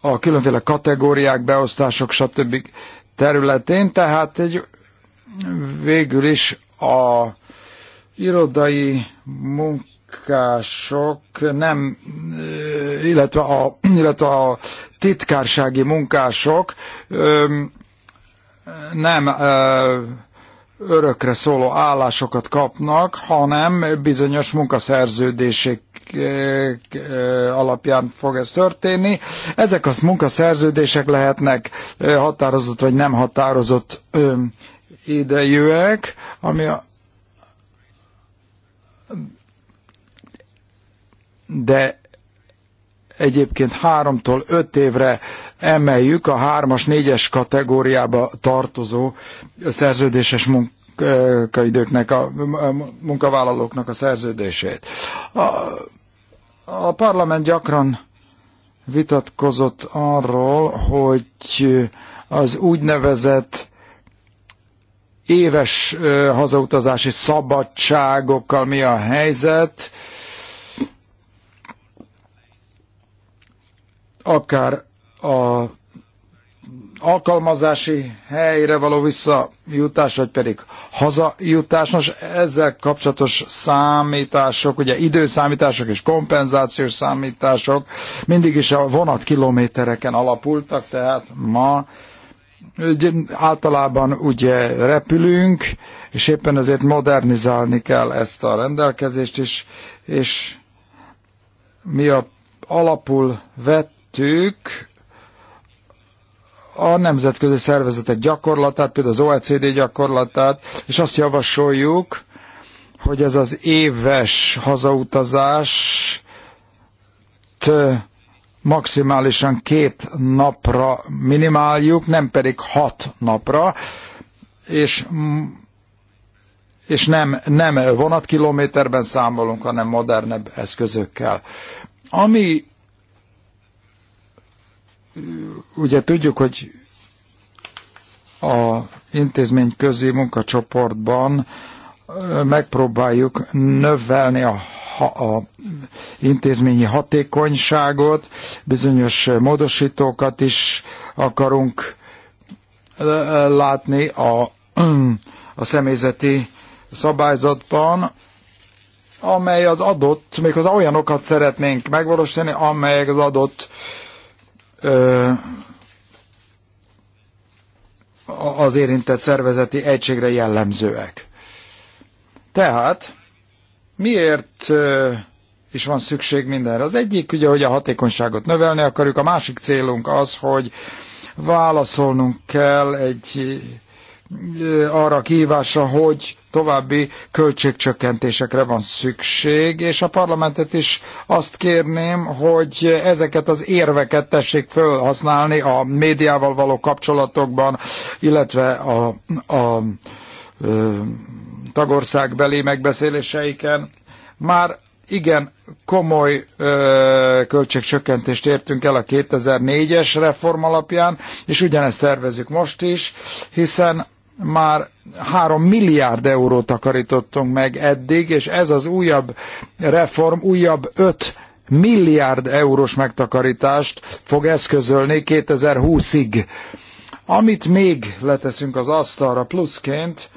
Speaker 2: a különféle kategóriák, beosztások, stb. területén, tehát egy végül is a irodai munka munkások nem, illetve a, illetve a titkársági munkások nem örökre szóló állásokat kapnak, hanem bizonyos munkaszerződések alapján fog ez történni. Ezek az munkaszerződések lehetnek határozott vagy nem határozott idejűek, ami a de egyébként háromtól öt évre emeljük a hármas, négyes kategóriába tartozó szerződéses munka munkaidőknek, a, a munkavállalóknak a szerződését. A, a parlament gyakran vitatkozott arról, hogy az úgynevezett éves hazautazási szabadságokkal mi a helyzet, akár a alkalmazási helyre való visszajutás, vagy pedig hazajutás. Nos, ezzel kapcsolatos számítások, ugye időszámítások és kompenzációs számítások mindig is a vonatkilométereken alapultak, tehát ma általában ugye repülünk, és éppen ezért modernizálni kell ezt a rendelkezést is, és mi a alapul vett követtük a nemzetközi szervezetek gyakorlatát, például az OECD gyakorlatát, és azt javasoljuk, hogy ez az éves hazautazás maximálisan két napra minimáljuk, nem pedig hat napra, és, és nem, nem vonatkilométerben számolunk, hanem modernebb eszközökkel. Ami ugye tudjuk, hogy a intézmény közé munkacsoportban megpróbáljuk növelni a, a intézményi hatékonyságot, bizonyos módosítókat is akarunk látni a, a személyzeti szabályzatban, amely az adott, méghozzá olyanokat szeretnénk megvalósítani, amelyek az adott uh, az érintett szervezeti egységre jellemzőek. Tehát miért is van szükség mindenre? Az egyik ugye, hogy a hatékonyságot növelni akarjuk, a másik célunk az, hogy válaszolnunk kell egy arra kívásra, hogy további költségcsökkentésekre van szükség, és a parlamentet is azt kérném, hogy ezeket az érveket tessék felhasználni a médiával való kapcsolatokban, illetve a, a, a tagországbeli megbeszéléseiken. Már igen komoly ö, költségcsökkentést értünk el a 2004-es reform alapján, és ugyanezt tervezük most is, hiszen már 3 milliárd eurót takarítottunk meg eddig, és ez az újabb reform újabb 5 milliárd eurós megtakarítást fog eszközölni 2020-ig. Amit még leteszünk az asztalra pluszként,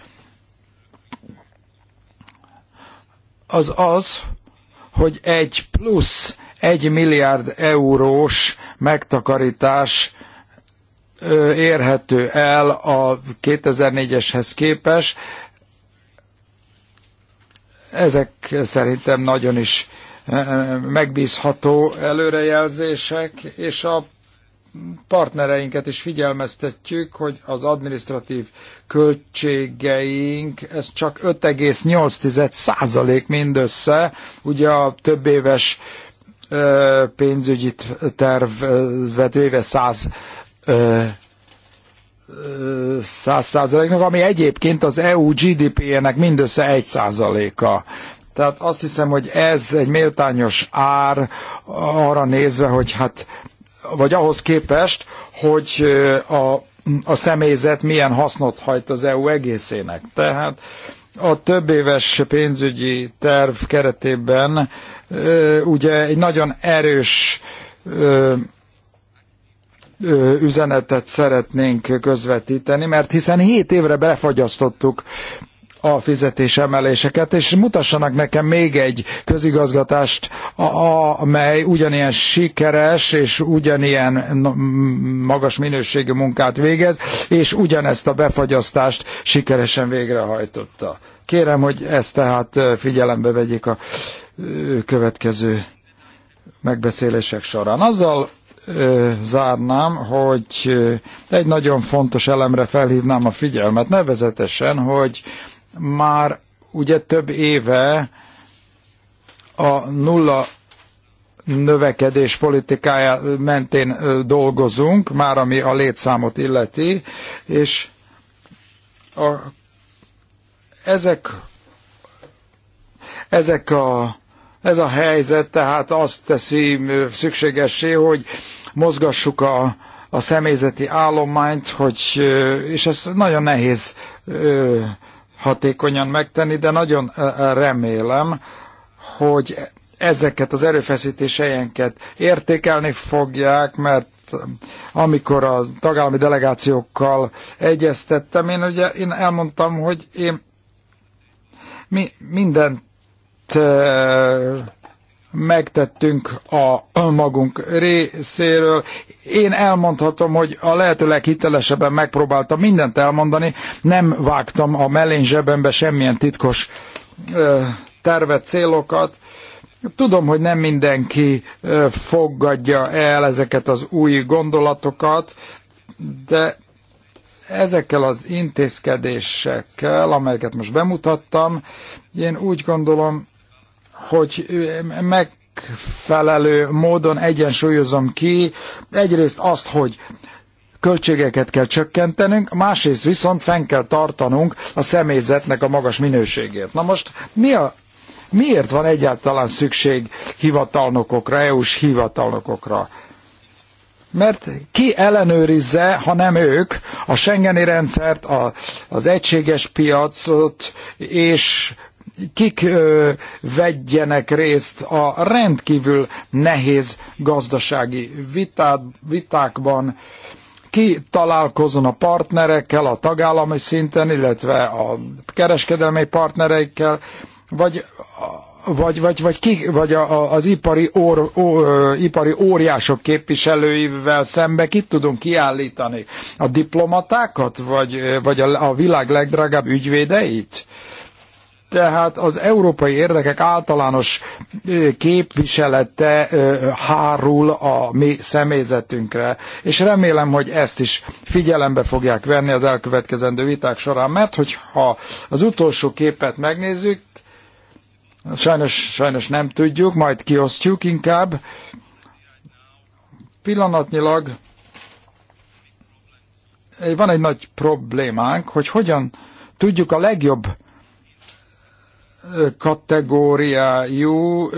Speaker 2: az az, hogy egy plusz egy milliárd eurós megtakarítás érhető el a 2004-eshez képes. Ezek szerintem nagyon is megbízható előrejelzések, és a partnereinket is figyelmeztetjük, hogy az administratív költségeink, ez csak 5,8% mindössze, ugye a több éves pénzügyi tervet véve 100 száz százaléknak, ami egyébként az EU GDP-jének mindössze egy százaléka. Tehát azt hiszem, hogy ez egy méltányos ár arra nézve, hogy hát, vagy ahhoz képest, hogy a, a személyzet milyen hasznot hajt az EU egészének. Tehát a több éves pénzügyi terv keretében ugye egy nagyon erős üzenetet szeretnénk közvetíteni, mert hiszen 7 évre befagyasztottuk a fizetésemeléseket, és mutassanak nekem még egy közigazgatást, amely ugyanilyen sikeres és ugyanilyen magas minőségű munkát végez, és ugyanezt a befagyasztást sikeresen végrehajtotta. Kérem, hogy ezt tehát figyelembe vegyék a következő megbeszélések során. Azzal zárnám, hogy egy nagyon fontos elemre felhívnám a figyelmet, nevezetesen, hogy már ugye több éve a nulla növekedés politikája mentén dolgozunk, már ami a létszámot illeti, és a, ezek, ezek a ez a helyzet tehát azt teszi szükségessé, hogy mozgassuk a, a személyzeti állományt, hogy, és ez nagyon nehéz hatékonyan megtenni, de nagyon remélem, hogy ezeket az erőfeszítéseinket értékelni fogják, mert amikor a tagállami delegációkkal egyeztettem, én ugye én elmondtam, hogy én mi, mindent megtettünk a magunk részéről. Én elmondhatom, hogy a lehető leghitelesebben megpróbáltam mindent elmondani, nem vágtam a mellény zsebembe semmilyen titkos tervet, célokat. Tudom, hogy nem mindenki fogadja el ezeket az új gondolatokat, de ezekkel az intézkedésekkel, amelyeket most bemutattam, én úgy gondolom, hogy megfelelő módon egyensúlyozom ki egyrészt azt, hogy költségeket kell csökkentenünk, másrészt viszont fenn kell tartanunk a személyzetnek a magas minőségét. Na most mi a, miért van egyáltalán szükség hivatalnokokra, EU-s hivatalnokokra? Mert ki ellenőrizze, ha nem ők, a Schengeni rendszert, a, az egységes piacot és kik ö, vegyenek részt a rendkívül nehéz gazdasági vitát, vitákban, ki találkozon a partnerekkel, a tagállami szinten, illetve a kereskedelmi partnereikkel, vagy vagy, vagy, vagy, ki, vagy a, a, az ipari, or, ó, ipari óriások képviselőivel szembe kit tudunk kiállítani? A diplomatákat, vagy, vagy a, a világ legdrágább ügyvédeit? Ö, tehát az európai érdekek általános képviselete hárul a mi személyzetünkre, és remélem, hogy ezt is figyelembe fogják venni az elkövetkezendő viták során, mert hogyha az utolsó képet megnézzük, sajnos, sajnos nem tudjuk, majd kiosztjuk inkább, pillanatnyilag van egy nagy problémánk, hogy hogyan tudjuk a legjobb kategóriájú,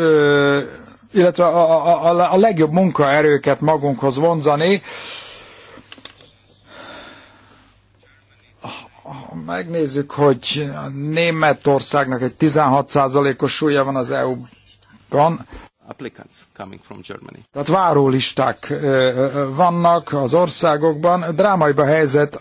Speaker 2: illetve a, a, a legjobb munkaerőket magunkhoz vonzani. Ha megnézzük, hogy Németországnak egy 16%-os súlya van az EU-ban, applicants coming from Germany. Tehát várólisták vannak az országokban. Drámaiba helyzet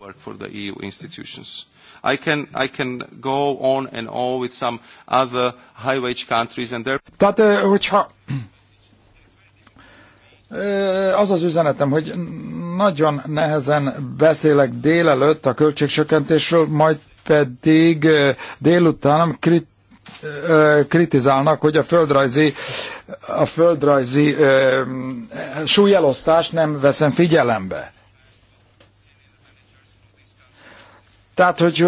Speaker 2: work for the EU institutions. I can, I can go on and on with some other high-wage countries and there... Tehát, hogyha az az üzenetem, hogy nagyon nehezen beszélek délelőtt a költségsökkentésről, majd pedig délután krit, kritizálnak, hogy a földrajzi, a földrajzi súlyelosztást nem veszem figyelembe. Tehát, hogy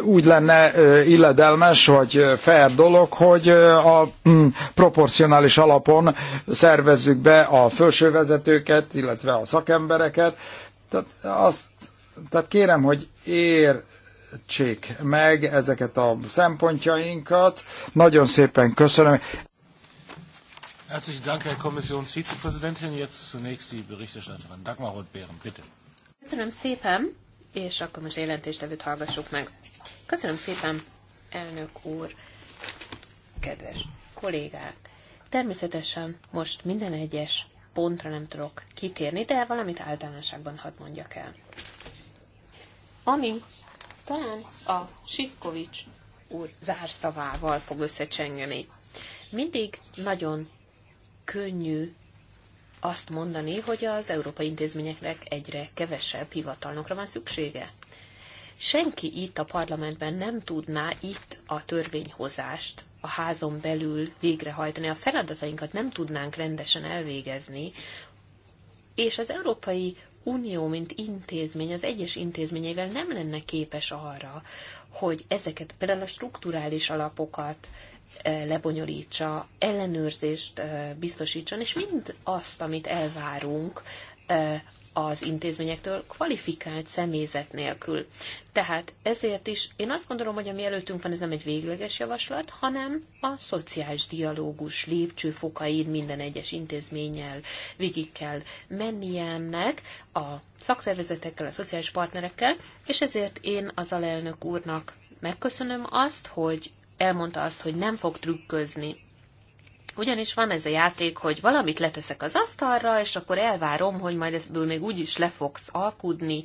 Speaker 2: úgy lenne illedelmes, vagy fair dolog, hogy a mm, proporcionális alapon szervezzük be a felső vezetőket, illetve a szakembereket. Tehát, azt, tehát kérem, hogy ér, értsék meg ezeket a szempontjainkat. Nagyon szépen köszönöm. Herzlichen Dank, Herr Kommissionsvizepräsidentin. Jetzt zunächst die Berichterstatterin Dagmar Roth-Behren, bitte.
Speaker 1: Köszönöm szépen és akkor most jelentéstevőt hallgassuk meg. Köszönöm szépen, elnök úr, kedves kollégák! Természetesen most minden egyes pontra nem tudok kitérni, de valamit általánosságban hadd mondjak el. Ami talán a Sivkovics úr zárszavával fog összecsengeni. Mindig nagyon könnyű azt mondani, hogy az európai intézményeknek egyre kevesebb hivatalnokra van szüksége. Senki itt a parlamentben nem tudná itt a törvényhozást a házon belül végrehajtani, a feladatainkat nem tudnánk rendesen elvégezni, és az Európai Unió, mint intézmény, az egyes intézményeivel nem lenne képes arra, hogy ezeket, például a strukturális alapokat lebonyolítsa, ellenőrzést biztosítson, és mind azt, amit elvárunk az intézményektől kvalifikált személyzet nélkül. Tehát ezért is én azt gondolom, hogy ami előttünk van, ez nem egy végleges javaslat, hanem a szociális dialógus lépcsőfokain minden egyes intézménnyel végig kell mennie ennek, a szakszervezetekkel, a szociális partnerekkel, és ezért én az alelnök úrnak megköszönöm azt, hogy elmondta azt, hogy nem fog trükközni. Ugyanis van ez a játék, hogy valamit leteszek az asztalra, és akkor elvárom, hogy majd ebből még is le fogsz alkudni,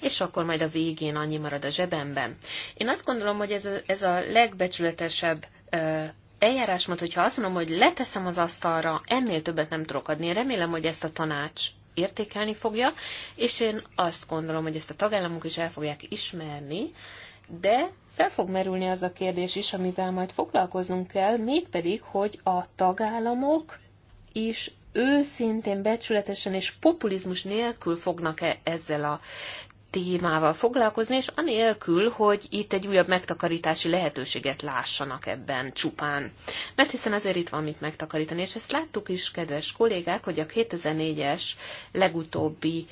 Speaker 1: és akkor majd a végén annyi marad a zsebemben. Én azt gondolom, hogy ez a, ez a legbecsületesebb ö, mert hogyha azt mondom, hogy leteszem az asztalra, ennél többet nem tudok adni. Én remélem, hogy ezt a tanács értékelni fogja, és én azt gondolom, hogy ezt a tagállamok is el fogják ismerni, de fel fog merülni az a kérdés is, amivel majd foglalkoznunk kell, mégpedig, hogy a tagállamok is őszintén, becsületesen és populizmus nélkül fognak-e ezzel a témával foglalkozni, és anélkül, hogy itt egy újabb megtakarítási lehetőséget lássanak ebben csupán. Mert hiszen azért itt van mit megtakarítani, és ezt láttuk is, kedves kollégák, hogy a 2004-es legutóbbi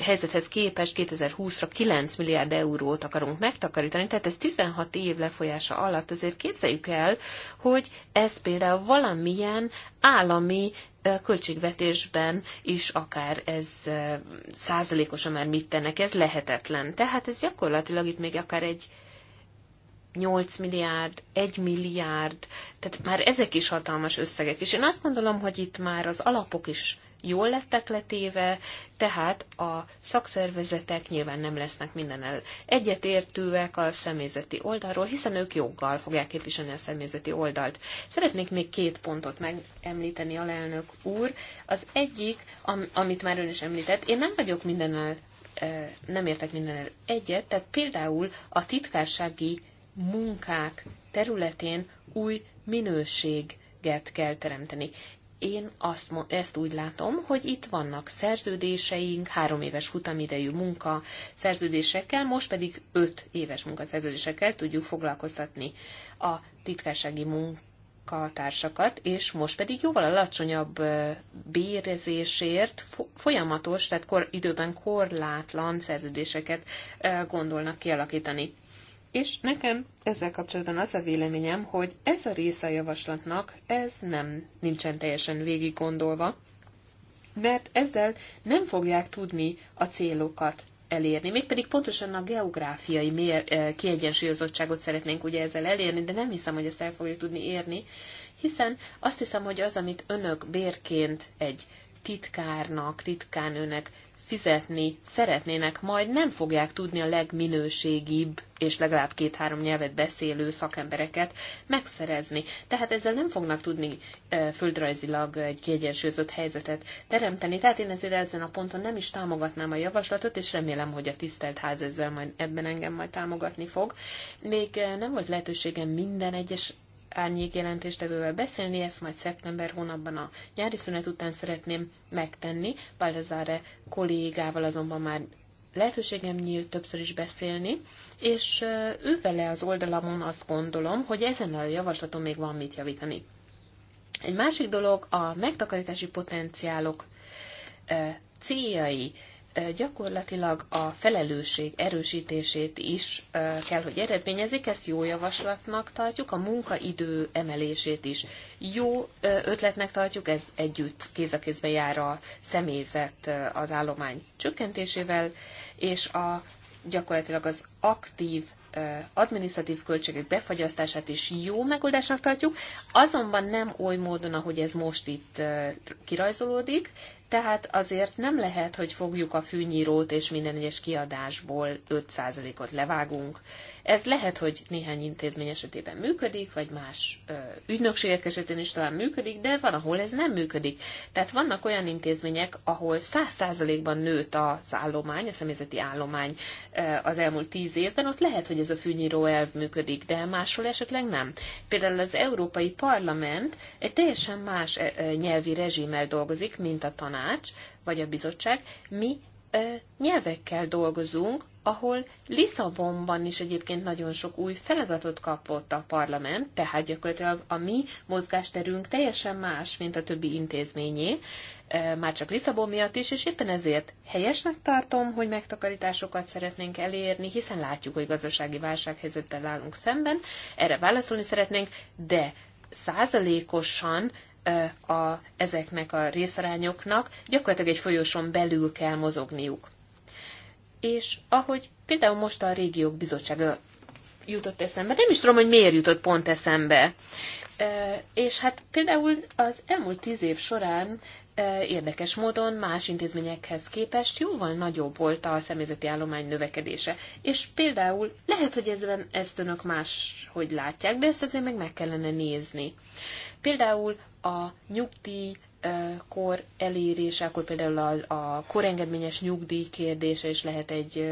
Speaker 1: helyzethez képest 2020-ra 9 milliárd eurót akarunk megtakarítani, tehát ez 16 év lefolyása alatt azért képzeljük el, hogy ez például valamilyen állami költségvetésben is akár ez százalékosan már mit tennek, ez lehetetlen. Tehát ez gyakorlatilag itt még akár egy 8 milliárd, 1 milliárd, tehát már ezek is hatalmas összegek. És én azt gondolom, hogy itt már az alapok is jól lettek letéve, tehát a szakszervezetek nyilván nem lesznek mindennel egyetértőek a személyzeti oldalról, hiszen ők joggal fogják képviselni a személyzeti oldalt. Szeretnék még két pontot megemlíteni, alelnök úr. Az egyik, am- amit már ön is említett, én nem vagyok mindennel nem értek mindennel egyet, tehát például a titkársági munkák területén új minőséget kell teremteni én azt, ezt úgy látom, hogy itt vannak szerződéseink, három éves futamidejű munka szerződésekkel, most pedig öt éves munkaszerződésekkel tudjuk foglalkoztatni a titkársági munkatársakat, és most pedig jóval alacsonyabb bérezésért folyamatos, tehát kor, időben korlátlan szerződéseket gondolnak kialakítani. És nekem ezzel kapcsolatban az a véleményem, hogy ez a része a javaslatnak, ez nem nincsen teljesen végig gondolva, mert ezzel nem fogják tudni a célokat elérni. Mégpedig pontosan a geográfiai mér, eh, kiegyensúlyozottságot szeretnénk ugye ezzel elérni, de nem hiszem, hogy ezt el fogjuk tudni érni, hiszen azt hiszem, hogy az, amit önök bérként egy titkárnak, titkánőnek fizetni szeretnének, majd nem fogják tudni a legminőségibb és legalább két-három nyelvet beszélő szakembereket megszerezni. Tehát ezzel nem fognak tudni e, földrajzilag egy kiegyensúlyozott helyzetet teremteni. Tehát én ezért ezen a ponton nem is támogatnám a javaslatot, és remélem, hogy a tisztelt ház ezzel majd ebben engem majd támogatni fog. Még nem volt lehetőségem minden egyes árnyék jelentéstevővel beszélni, ezt majd szeptember hónapban a nyári szünet után szeretném megtenni. Baldazáre kollégával azonban már lehetőségem nyílt többször is beszélni, és ő vele az oldalamon azt gondolom, hogy ezen a javaslaton még van mit javítani. Egy másik dolog a megtakarítási potenciálok céljai gyakorlatilag a felelősség erősítését is kell, hogy eredményezik, ezt jó javaslatnak tartjuk, a munkaidő emelését is jó ötletnek tartjuk, ez együtt kéz a kézbe jár a személyzet az állomány csökkentésével, és a gyakorlatilag az aktív administratív költségek befagyasztását is jó megoldásnak tartjuk, azonban nem oly módon, ahogy ez most itt kirajzolódik, tehát azért nem lehet, hogy fogjuk a fűnyírót, és minden egyes kiadásból 5%-ot levágunk, ez lehet, hogy néhány intézmény esetében működik, vagy más ö, ügynökségek esetén is talán működik, de van, ahol ez nem működik. Tehát vannak olyan intézmények, ahol száz százalékban nőtt az állomány, a személyzeti állomány ö, az elmúlt tíz évben, ott lehet, hogy ez a fűnyíró elv működik, de máshol esetleg nem. Például az Európai Parlament egy teljesen más nyelvi rezsimmel dolgozik, mint a tanács vagy a bizottság. Mi nyelvekkel dolgozunk, ahol Lisszabonban is egyébként nagyon sok új feladatot kapott a parlament, tehát gyakorlatilag a mi mozgásterünk teljesen más, mint a többi intézményé, e, már csak Lisszabon miatt is, és éppen ezért helyesnek tartom, hogy megtakarításokat szeretnénk elérni, hiszen látjuk, hogy gazdasági válsághelyzettel állunk szemben, erre válaszolni szeretnénk, de százalékosan e, a, ezeknek a részarányoknak gyakorlatilag egy folyosón belül kell mozogniuk és ahogy például most a régiók bizottsága jutott eszembe, nem is tudom, hogy miért jutott pont eszembe. És hát például az elmúlt tíz év során érdekes módon más intézményekhez képest jóval nagyobb volt a személyzeti állomány növekedése. És például lehet, hogy ezben ezt önök máshogy látják, de ezt azért meg meg kellene nézni. Például a nyugdíj kor elérése, akkor például a, a korengedményes nyugdíj kérdése is lehet egy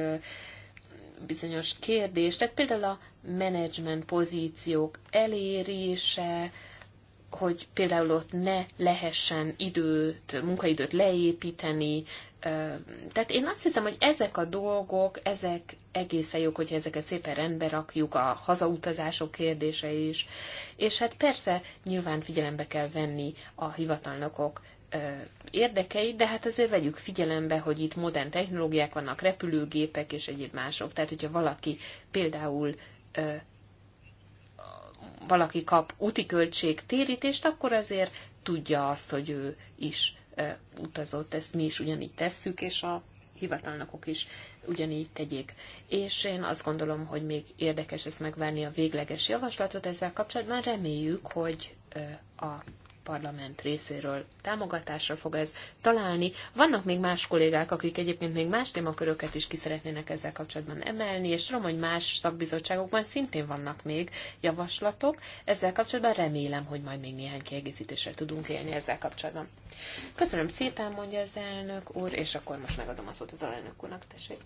Speaker 1: bizonyos kérdés. Tehát például a menedzsment pozíciók elérése, hogy például ott ne lehessen időt, munkaidőt leépíteni. Tehát én azt hiszem, hogy ezek a dolgok, ezek egészen jók, hogyha ezeket szépen rendbe rakjuk, a hazautazások kérdése is. És hát persze nyilván figyelembe kell venni a hivatalnokok érdekei, de hát azért vegyük figyelembe, hogy itt modern technológiák vannak, repülőgépek és egyéb mások. Tehát, hogyha valaki például valaki kap úti térítést, akkor azért tudja azt, hogy ő is utazott, ezt mi is ugyanígy tesszük, és a hivatalnokok is ugyanígy tegyék. És én azt gondolom, hogy még érdekes ezt megvárni a végleges javaslatot ezzel kapcsolatban. Reméljük, hogy a parlament részéről támogatásra fog ez találni. Vannak még más kollégák, akik egyébként még más témaköröket is ki szeretnének ezzel kapcsolatban emelni, és tudom, hogy más szakbizottságokban szintén vannak még javaslatok. Ezzel kapcsolatban remélem, hogy majd még néhány kiegészítésre tudunk élni ezzel kapcsolatban. Köszönöm szépen, mondja az elnök úr, és akkor most megadom a szót az
Speaker 3: elnök úrnak, tessék.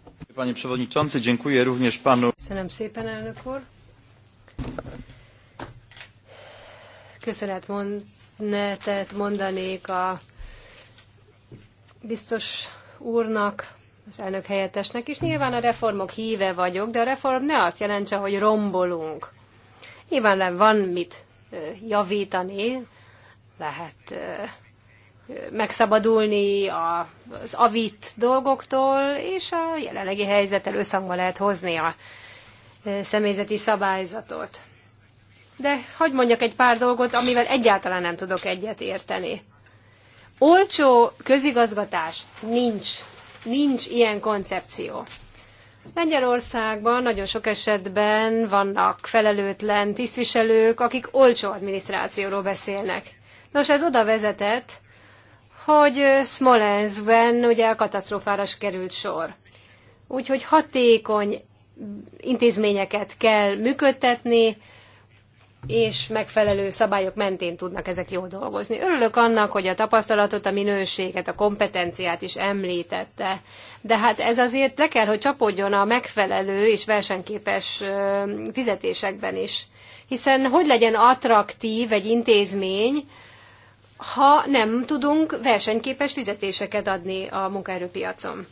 Speaker 3: Köszönöm szépen, elnök úr köszönet mond, üzenetet mondanék a biztos úrnak, az elnök helyettesnek is. Nyilván a reformok híve vagyok, de a reform ne azt jelentse, hogy rombolunk. Nyilván van mit javítani, lehet megszabadulni az avit dolgoktól, és a jelenlegi helyzettel összhangba lehet hozni a személyzeti szabályzatot de hagy mondjak egy pár dolgot, amivel egyáltalán nem tudok egyet érteni. Olcsó közigazgatás nincs. Nincs ilyen koncepció. Lengyelországban nagyon sok esetben vannak felelőtlen tisztviselők, akik olcsó adminisztrációról beszélnek. Nos, ez oda vezetett, hogy Smolenskben ugye a katasztrófára került sor. Úgyhogy hatékony intézményeket kell működtetni, és megfelelő szabályok mentén tudnak ezek jól dolgozni. Örülök annak, hogy a tapasztalatot, a minőséget, a kompetenciát is említette, de hát ez azért le kell, hogy csapódjon a megfelelő és versenyképes fizetésekben is. Hiszen hogy legyen attraktív egy intézmény, ha nem tudunk versenyképes fizetéseket adni a munkaerőpiacon.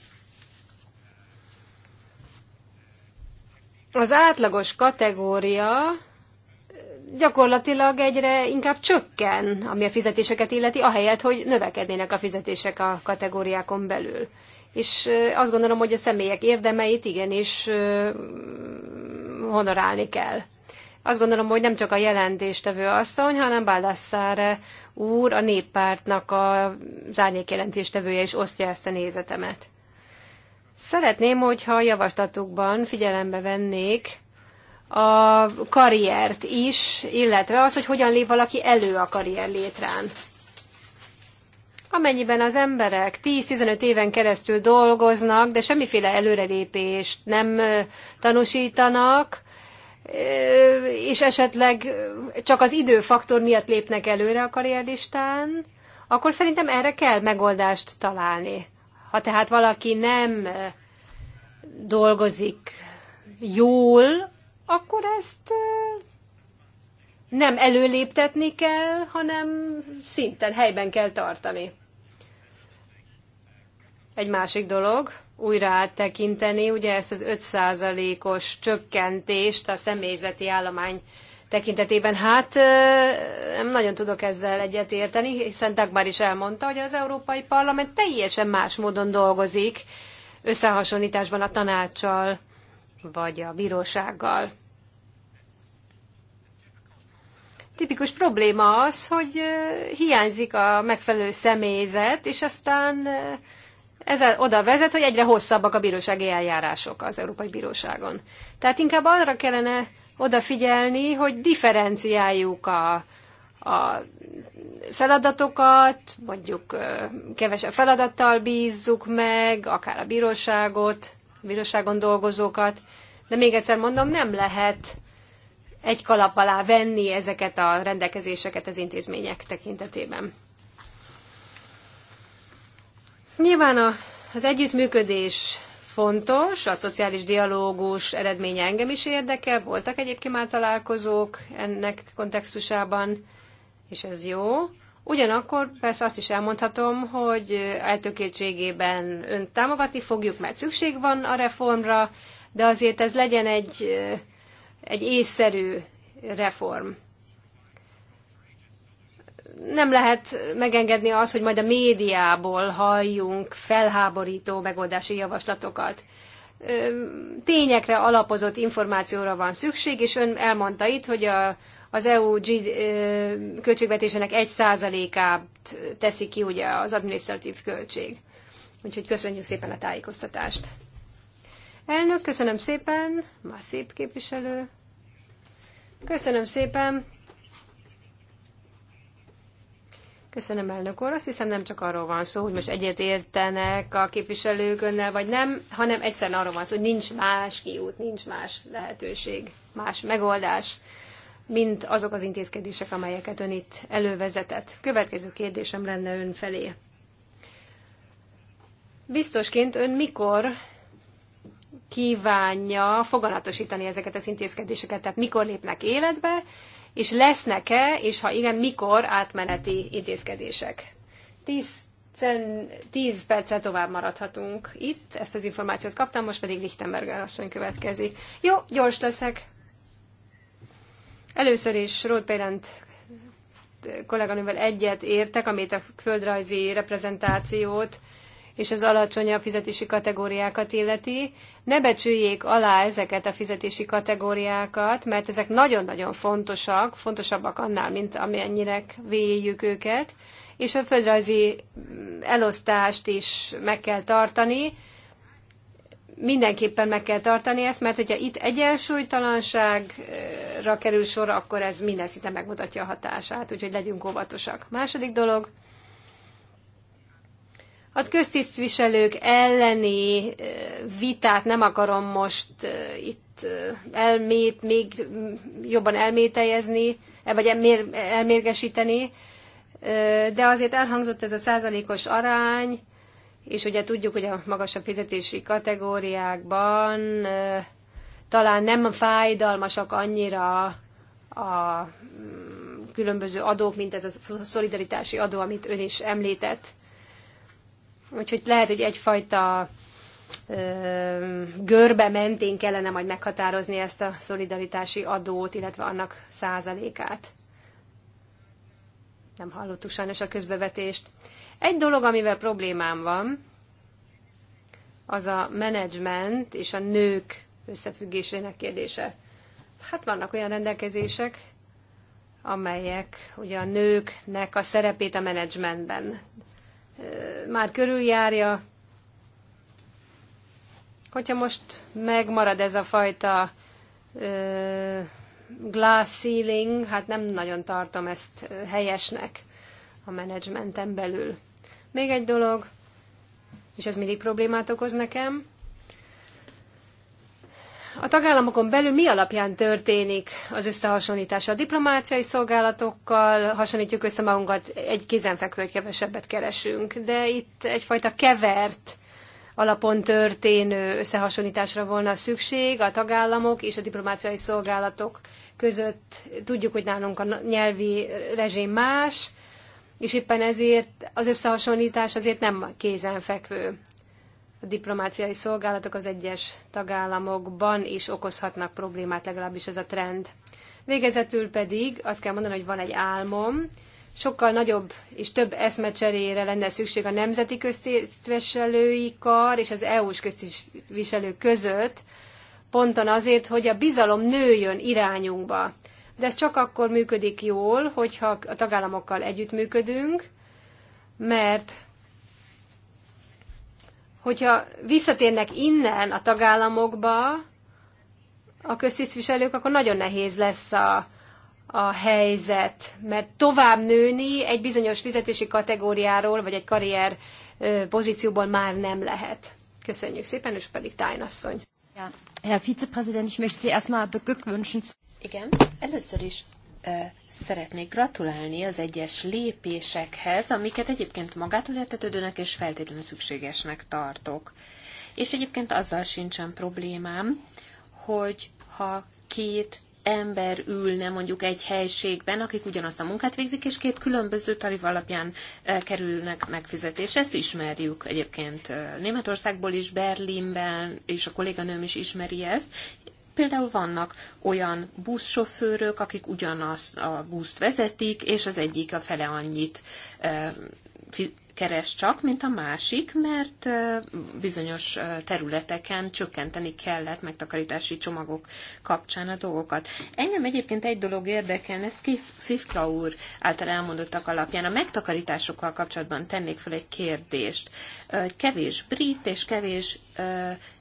Speaker 3: Az átlagos kategória gyakorlatilag egyre inkább csökken, ami a fizetéseket illeti, ahelyett, hogy növekednének a fizetések a kategóriákon belül. És azt gondolom, hogy a személyek érdemeit igenis honorálni kell. Azt gondolom, hogy nem csak a jelentéstevő asszony, hanem Bálászár úr, a néppártnak a árnyék jelentéstevője is osztja ezt a nézetemet. Szeretném, hogyha javaslatukban figyelembe vennék a karriert is, illetve az, hogy hogyan lép valaki elő a karrier létrán. Amennyiben az emberek 10-15 éven keresztül dolgoznak, de semmiféle előrelépést nem tanúsítanak, és esetleg csak az időfaktor miatt lépnek előre a karrierlistán, akkor szerintem erre kell megoldást találni. Ha tehát valaki nem dolgozik jól, akkor ezt nem előléptetni kell, hanem szinten, helyben kell tartani. Egy másik dolog, újra áttekinteni, ugye ezt az 5%-os csökkentést a személyzeti állomány tekintetében. Hát nem nagyon tudok ezzel egyetérteni, hiszen Dagmar is elmondta, hogy az Európai Parlament teljesen más módon dolgozik összehasonlításban a tanácssal vagy a bírósággal. Tipikus probléma az, hogy hiányzik a megfelelő személyzet, és aztán ez oda vezet, hogy egyre hosszabbak a bírósági eljárások az Európai Bíróságon. Tehát inkább arra kellene odafigyelni, hogy differenciáljuk a, a feladatokat, mondjuk kevesebb feladattal bízzuk meg, akár a bíróságot, bíróságon dolgozókat, de még egyszer mondom, nem lehet egy kalap alá venni ezeket a rendelkezéseket az intézmények tekintetében. Nyilván a, az együttműködés fontos, a szociális dialógus eredménye engem is érdekel, voltak egyébként már találkozók ennek kontextusában, és ez jó. Ugyanakkor persze azt is elmondhatom, hogy eltökéltségében önt támogatni fogjuk, mert szükség van a reformra, de azért ez legyen egy, egy észszerű reform. Nem lehet megengedni az, hogy majd a médiából halljunk felháborító megoldási javaslatokat. Tényekre alapozott információra van szükség, és ön elmondta itt, hogy a az EU költségvetésének egy százalékát teszi ki ugye az administratív költség. Úgyhogy köszönjük szépen a tájékoztatást. Elnök, köszönöm szépen, szép képviselő. Köszönöm szépen. Köszönöm, elnök úr. Azt hiszem nem csak arról van szó, hogy most egyet értenek a képviselők önnel, vagy nem, hanem egyszerűen arról van szó, hogy nincs más kiút, nincs más lehetőség, más megoldás mint azok az intézkedések, amelyeket ön itt elővezetett. Következő kérdésem lenne ön felé. Biztosként ön mikor kívánja foganatosítani ezeket az intézkedéseket, tehát mikor lépnek életbe, és lesznek-e, és ha igen, mikor átmeneti intézkedések. Tíz, cen, tíz perccel tovább maradhatunk itt, ezt az információt kaptam, most pedig Lichtenberger asszony következik. Jó, gyors leszek. Először is Ród Pérent kolléganővel egyet értek, amit a földrajzi reprezentációt és az alacsonyabb fizetési kategóriákat illeti. Ne becsüljék alá ezeket a fizetési kategóriákat, mert ezek nagyon-nagyon fontosak, fontosabbak annál, mint amennyire véljük őket, és a földrajzi elosztást is meg kell tartani, mindenképpen meg kell tartani ezt, mert hogyha itt egyensúlytalanságra kerül sor, akkor ez minden szinte megmutatja a hatását, úgyhogy legyünk óvatosak. Második dolog, a köztisztviselők elleni eh, vitát nem akarom most eh, itt eh, elmét, még jobban elmételjezni, vagy elmérgesíteni, de azért elhangzott ez a százalékos arány, és ugye tudjuk, hogy a magasabb fizetési kategóriákban talán nem fájdalmasak annyira a mm, különböző adók, mint ez a szolidaritási adó, amit ön is említett. Úgyhogy lehet, hogy egyfajta görbe mentén kellene majd meghatározni ezt a szolidaritási adót, illetve annak százalékát. Nem hallottuk sajnos a közbevetést. Egy dolog, amivel problémám van, az a menedzsment és a nők összefüggésének kérdése. Hát vannak olyan rendelkezések, amelyek ugye a nőknek a szerepét a menedzsmentben már körüljárja. Hogyha most megmarad ez a fajta glass ceiling, hát nem nagyon tartom ezt helyesnek a menedzsmenten belül. Még egy dolog, és ez mindig problémát okoz nekem, a tagállamokon belül mi alapján történik az összehasonlítás? A diplomáciai szolgálatokkal hasonlítjuk össze magunkat, egy kézenfekvő, hogy kevesebbet keresünk, de itt egyfajta kevert alapon történő összehasonlításra volna szükség a tagállamok és a diplomáciai szolgálatok között. Tudjuk, hogy nálunk a nyelvi rezsim más, és éppen ezért az összehasonlítás azért nem kézenfekvő. A diplomáciai szolgálatok az egyes tagállamokban is okozhatnak problémát, legalábbis ez a trend. Végezetül pedig azt kell mondani, hogy van egy álmom, sokkal nagyobb és több eszmecserére lenne szükség a nemzeti köztisztviselői kar és az EU-s köztisztviselők között, ponton azért, hogy a bizalom nőjön irányunkba de ez csak akkor működik jól, hogyha a tagállamokkal együttműködünk, mert hogyha visszatérnek innen a tagállamokba a köztisztviselők, akkor nagyon nehéz lesz a, a helyzet, mert tovább nőni egy bizonyos fizetési kategóriáról, vagy egy karrier pozícióból már nem lehet. Köszönjük szépen, és pedig Tájnasszony. Ja, Herr Vizepräsident, ich möchte Sie erstmal beglückwünschen. Igen,
Speaker 1: először is szeretnék gratulálni az egyes lépésekhez, amiket egyébként magától értetődőnek és feltétlenül szükségesnek tartok. És egyébként azzal sincsen problémám, hogy ha két ember ülne mondjuk egy helységben, akik ugyanazt a munkát végzik, és két különböző tarif alapján kerülnek megfizetés. Ezt ismerjük egyébként Németországból is, Berlinben, és a kolléganőm is ismeri ezt, Például vannak olyan buszsofőrök, akik ugyanazt a buszt vezetik, és az egyik a fele annyit keres csak, mint a másik, mert bizonyos területeken csökkenteni kellett megtakarítási csomagok kapcsán a dolgokat. Engem egyébként egy dolog érdekel, ez Szifka úr által elmondottak alapján. A megtakarításokkal kapcsolatban tennék fel egy kérdést kevés brit és kevés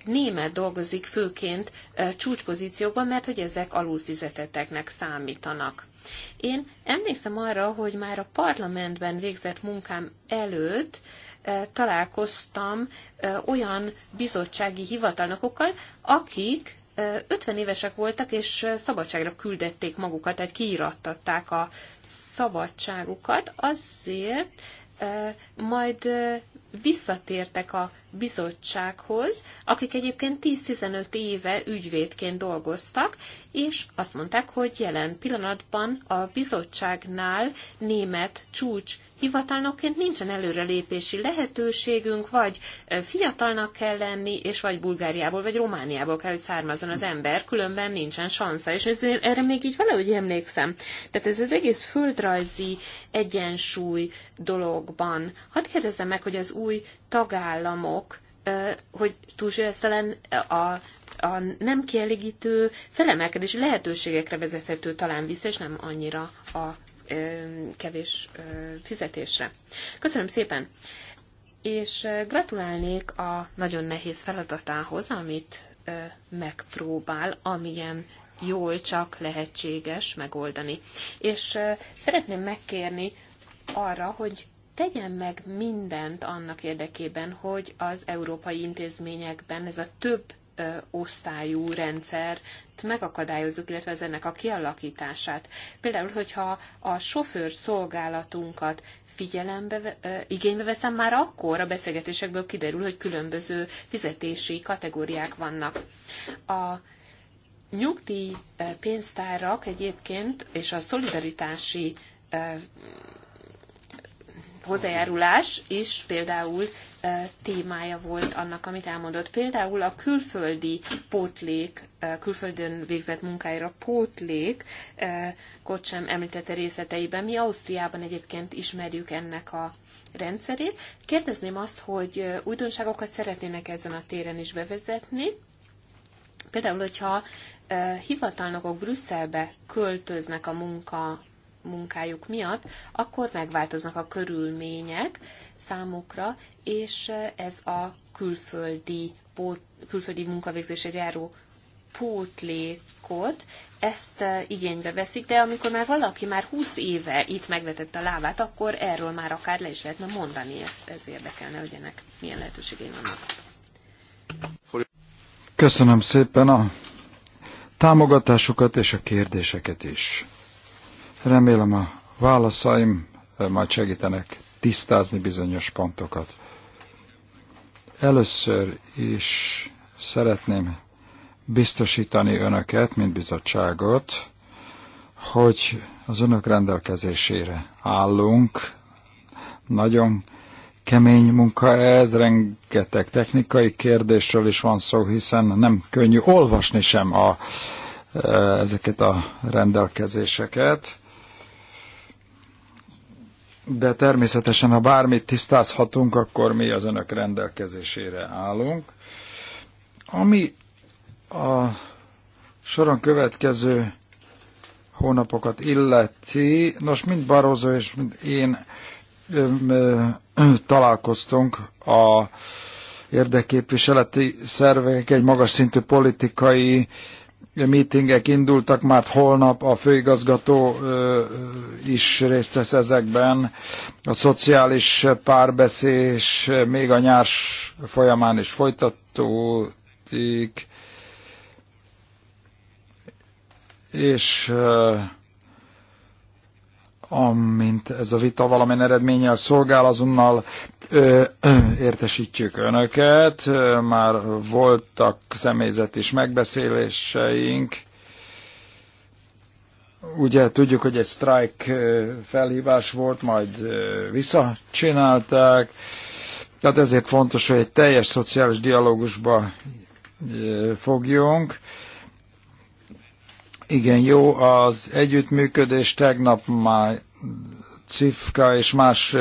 Speaker 1: német dolgozik főként csúcspozíciókban, mert hogy ezek alulfizeteteknek számítanak. Én emlékszem arra, hogy már a parlamentben végzett munkám előtt találkoztam olyan bizottsági hivatalnokokkal, akik 50 évesek voltak, és szabadságra küldették magukat, tehát kiirattatták a szabadságukat, azért majd visszatértek a bizottsághoz, akik egyébként 10-15 éve ügyvédként dolgoztak, és azt mondták, hogy jelen pillanatban a bizottságnál német csúcs hivatalnokként nincsen előrelépési lehetőségünk, vagy fiatalnak kell lenni, és vagy Bulgáriából, vagy Romániából kell, hogy származon az ember, különben nincsen sansza. És ez, erre még így valahogy emlékszem. Tehát ez az egész földrajzi egyensúly dologban. Hadd kérdezzem meg, hogy az új tagállamok hogy talán a a nem kielégítő felemelkedési lehetőségekre vezethető talán vissza, és nem annyira a kevés fizetésre. Köszönöm szépen! És gratulálnék a nagyon nehéz feladatához, amit megpróbál, amilyen jól csak lehetséges megoldani. És szeretném megkérni arra, hogy tegyen meg mindent annak érdekében, hogy az európai intézményekben ez a több osztályú rendszert megakadályozzuk, illetve az ennek a kialakítását. Például, hogyha a sofőr szolgálatunkat figyelembe, igénybe veszem, már akkor a beszélgetésekből kiderül, hogy különböző fizetési kategóriák vannak. A nyugdíj pénztárak egyébként, és a szolidaritási hozzájárulás is például témája volt annak, amit elmondott. Például a külföldi pótlék, külföldön végzett munkáira pótlék, kocsem sem említette részleteiben. Mi Ausztriában egyébként ismerjük ennek a rendszerét. Kérdezném azt, hogy újdonságokat szeretnének ezen a téren is bevezetni. Például, hogyha hivatalnokok Brüsszelbe költöznek a munka munkájuk miatt, akkor megváltoznak a körülmények, számukra, és ez a külföldi, pót, külföldi munkavégzésre járó pótlékot, ezt igénybe veszik, de amikor már valaki már 20 éve itt megvetette a lábát, akkor erről már akár le is lehetne mondani, ezt ez érdekelne, hogy ennek milyen lehetőségei vannak.
Speaker 2: Köszönöm szépen a támogatásukat és a kérdéseket is. Remélem a válaszaim majd segítenek tisztázni bizonyos pontokat. Először is szeretném biztosítani önöket, mint bizottságot, hogy az önök rendelkezésére állunk. Nagyon kemény munka ez, rengeteg technikai kérdésről is van szó, hiszen nem könnyű olvasni sem a, e, ezeket a rendelkezéseket de természetesen, ha bármit tisztázhatunk, akkor mi az önök rendelkezésére állunk. Ami a soron következő hónapokat illeti, nos, mind Barózó és mind én ö, ö, ö, találkoztunk a érdeképviseleti szervek egy magas szintű politikai ö, meetingek indultak, már holnap a főigazgató is részt vesz ezekben. A szociális párbeszés még a nyárs folyamán is folytatódik. És amint ez a vita valamilyen eredménnyel szolgál, azonnal értesítjük önöket, már voltak személyzet is megbeszéléseink. Ugye tudjuk, hogy egy strike felhívás volt, majd visszacsinálták. Tehát ezért fontos, hogy egy teljes szociális dialógusba fogjunk. Igen, jó, az együttműködés tegnap már Cifka és más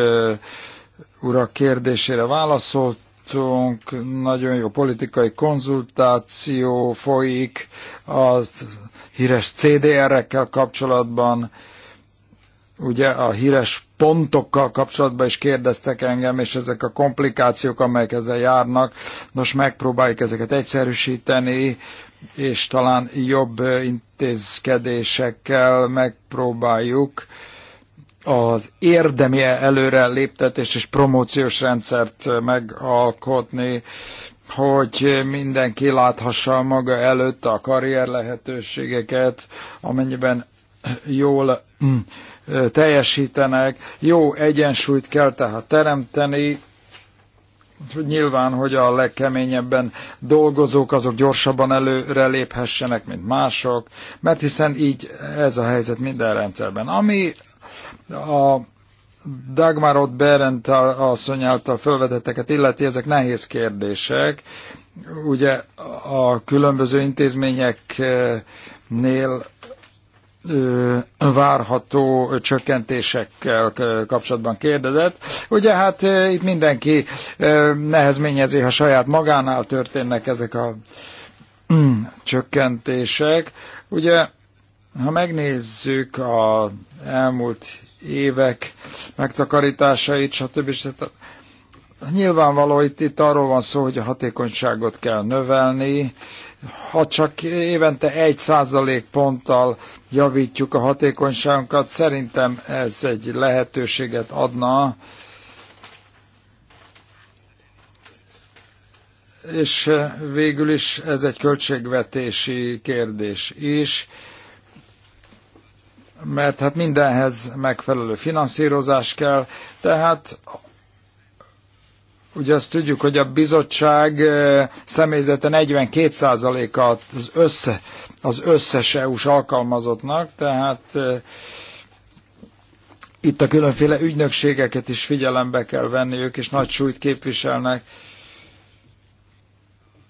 Speaker 2: urak kérdésére válaszoltunk, nagyon jó politikai konzultáció folyik az híres CDR-ekkel kapcsolatban, ugye a híres pontokkal kapcsolatban is kérdeztek engem, és ezek a komplikációk, amelyek ezzel járnak, most megpróbáljuk ezeket egyszerűsíteni, és talán jobb intézkedésekkel megpróbáljuk uh, az érdemi előre léptetés és promóciós rendszert megalkotni, hogy mindenki láthassa maga előtt a karrier lehetőségeket, amennyiben jól mm, teljesítenek. Jó egyensúlyt kell tehát teremteni, nyilván, hogy a legkeményebben dolgozók azok gyorsabban előre léphessenek, mint mások, mert hiszen így ez a helyzet minden rendszerben. Ami a Dagmarot Berent asszony által felvetetteket illeti, ezek nehéz kérdések. Ugye a különböző intézményeknél várható csökkentésekkel kapcsolatban kérdezett. Ugye hát itt mindenki nehezményezi, ha saját magánál történnek ezek a mm, csökkentések. Ugye, ha megnézzük a elmúlt évek megtakarításait, stb. stb. Nyilvánvaló itt, itt arról van szó, hogy a hatékonyságot kell növelni, ha csak évente egy százalék ponttal javítjuk a hatékonyságunkat, szerintem ez egy lehetőséget adna, és eh, végül is ez egy költségvetési kérdés is mert hát mindenhez megfelelő finanszírozás kell, tehát Ugye azt tudjuk, hogy a bizottság eh, személyzete 42%-a az, össze, az összes EU-s alkalmazottnak, tehát eh, itt a különféle ügynökségeket is figyelembe kell venni, ők is nagy súlyt képviselnek.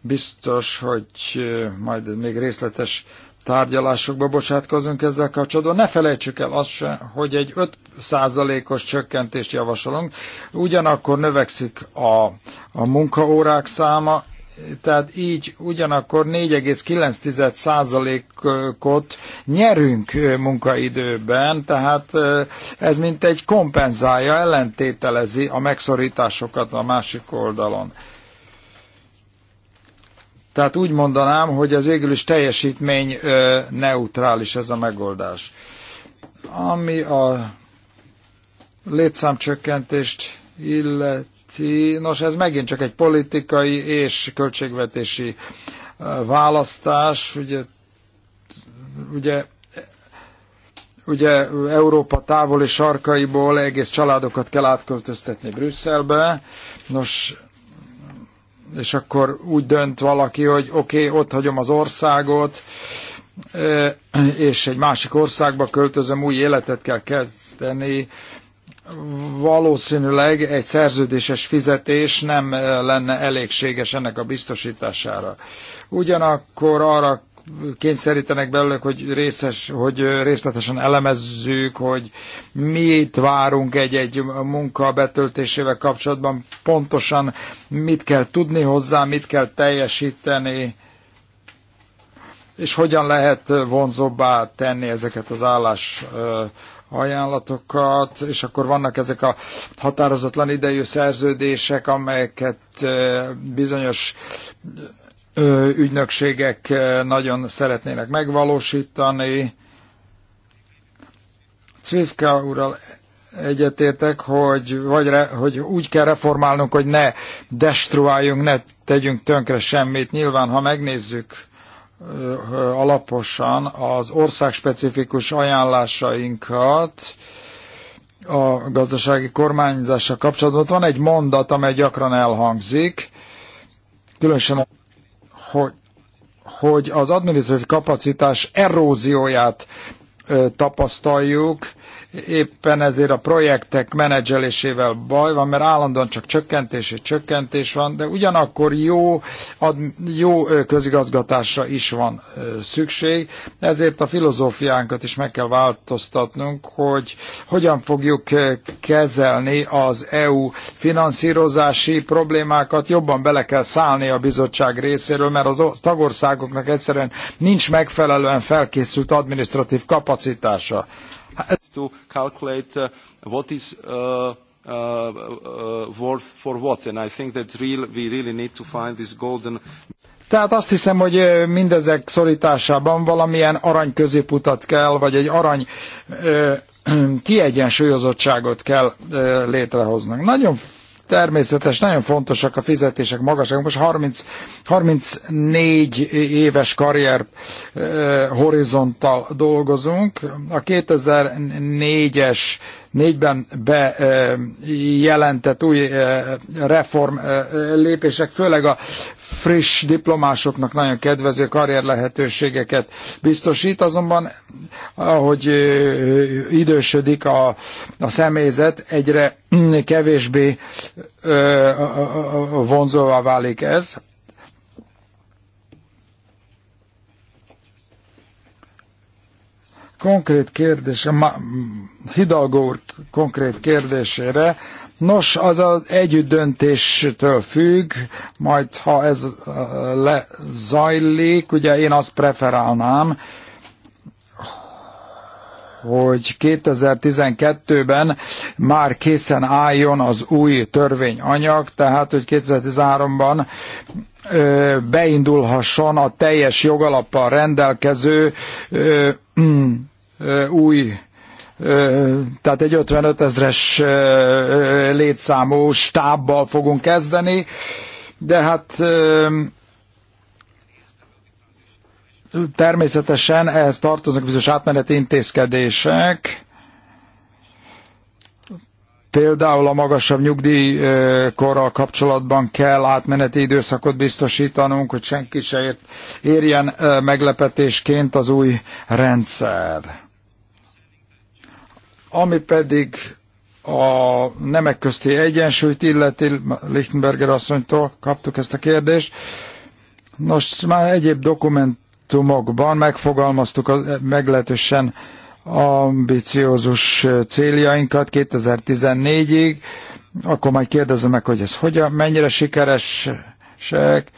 Speaker 2: Biztos, hogy eh, majd még részletes tárgyalásokba bocsátkozunk ezzel kapcsolatban. Ne felejtsük el azt se, hogy egy 5%-os csökkentést javasolunk, ugyanakkor növekszik a, a munkaórák száma, tehát így ugyanakkor 4,9%-ot nyerünk munkaidőben, tehát eh, ez mint egy kompenzálja, ellentételezi a megszorításokat a másik oldalon. Tehát úgy mondanám, hogy ez végül is teljesítmény neutrális ez a megoldás. Ami a létszámcsökkentést illeti, nos ez megint csak egy politikai és költségvetési választás, ugye, ugye ugye Európa távoli sarkaiból egész családokat kell átköltöztetni Brüsszelbe. Nos, és akkor úgy dönt valaki, hogy oké, okay, ott hagyom az országot, és egy másik országba költözöm, új életet kell kezdeni, valószínűleg egy szerződéses fizetés nem lenne elégséges ennek a biztosítására. Ugyanakkor arra kényszerítenek belőlük, hogy, részes, hogy részletesen elemezzük, hogy mit várunk egy-egy munka betöltésével kapcsolatban, pontosan mit kell tudni hozzá, mit kell teljesíteni, és hogyan lehet vonzóbbá tenni ezeket az állás ajánlatokat, és akkor vannak ezek a határozatlan idejű szerződések, amelyeket bizonyos ügynökségek nagyon szeretnének megvalósítani. Cvifka úrral egyetértek, hogy, vagy re, hogy úgy kell reformálnunk, hogy ne destruáljunk, ne tegyünk tönkre semmit. Nyilván, ha megnézzük alaposan az országspecifikus ajánlásainkat, a gazdasági kormányzással kapcsolatban van egy mondat, amely gyakran elhangzik, különösen a hogy, hogy az adminisztratív kapacitás erózióját tapasztaljuk, Éppen ezért a projektek menedzselésével baj van, mert állandóan csak csökkentés és csökkentés van, de ugyanakkor jó, ad, jó közigazgatásra is van szükség. Ezért a filozófiánkat is meg kell változtatnunk, hogy hogyan fogjuk kezelni az EU finanszírozási problémákat. Jobban bele kell szállni a bizottság részéről, mert az tagországoknak egyszerűen nincs megfelelően felkészült administratív kapacitása to calculate uh, what is uh, uh, uh, worth for what, and I think that real, we really need to find this golden tehát azt hiszem, hogy mindezek szorításában valamilyen arany középutat kell, vagy egy arany ö, kiegyensúlyozottságot kell ö, létrehoznunk. Nagyon természetes, nagyon fontosak a fizetések magasak, Most 30, 34 éves karrier eh, horizonttal dolgozunk. A 2004-es négyben bejelentett új eh, reform eh, lépések, főleg a friss diplomásoknak nagyon kedvező karrier lehetőségeket biztosít, azonban ahogy eh, idősödik a, a személyzet, egyre kevésbé vonzóvá válik ez konkrét kérdése, Hidalgo úr konkrét kérdésére, Nos, az az döntéstől függ, majd ha ez uh, lezajlik, ugye én azt preferálnám, hogy 2012-ben már készen álljon az új törvényanyag, tehát hogy 2013-ban beindulhasson a teljes jogalappal rendelkező ö, új tehát egy 55 ezres létszámú stábbal fogunk kezdeni, de hát természetesen ehhez tartoznak bizonyos átmeneti intézkedések, például a magasabb nyugdíjkorral kapcsolatban kell átmeneti időszakot biztosítanunk, hogy senki se érjen meglepetésként az új rendszer. Ami pedig a nemek közti egyensúlyt illeti, Lichtenberger asszonytól kaptuk ezt a kérdést. Nos, már egyéb dokumentumokban megfogalmaztuk a, meglehetősen ambiciózus céljainkat 2014-ig, akkor majd kérdezem meg, hogy ez hogyan, mennyire sikeresek,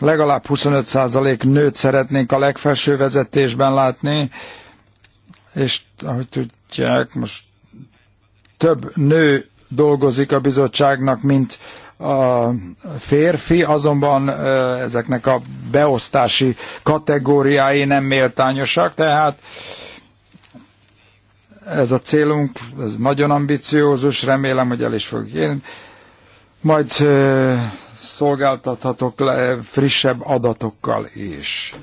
Speaker 2: legalább 25% nőt szeretnénk a legfelső vezetésben látni, és ahogy tudják, most több nő dolgozik a bizottságnak, mint a férfi, azonban ezeknek a beosztási kategóriái nem méltányosak, tehát ez a célunk, ez nagyon ambiciózus, remélem, hogy el is fog érni. Majd szolgáltathatok le frissebb adatokkal is.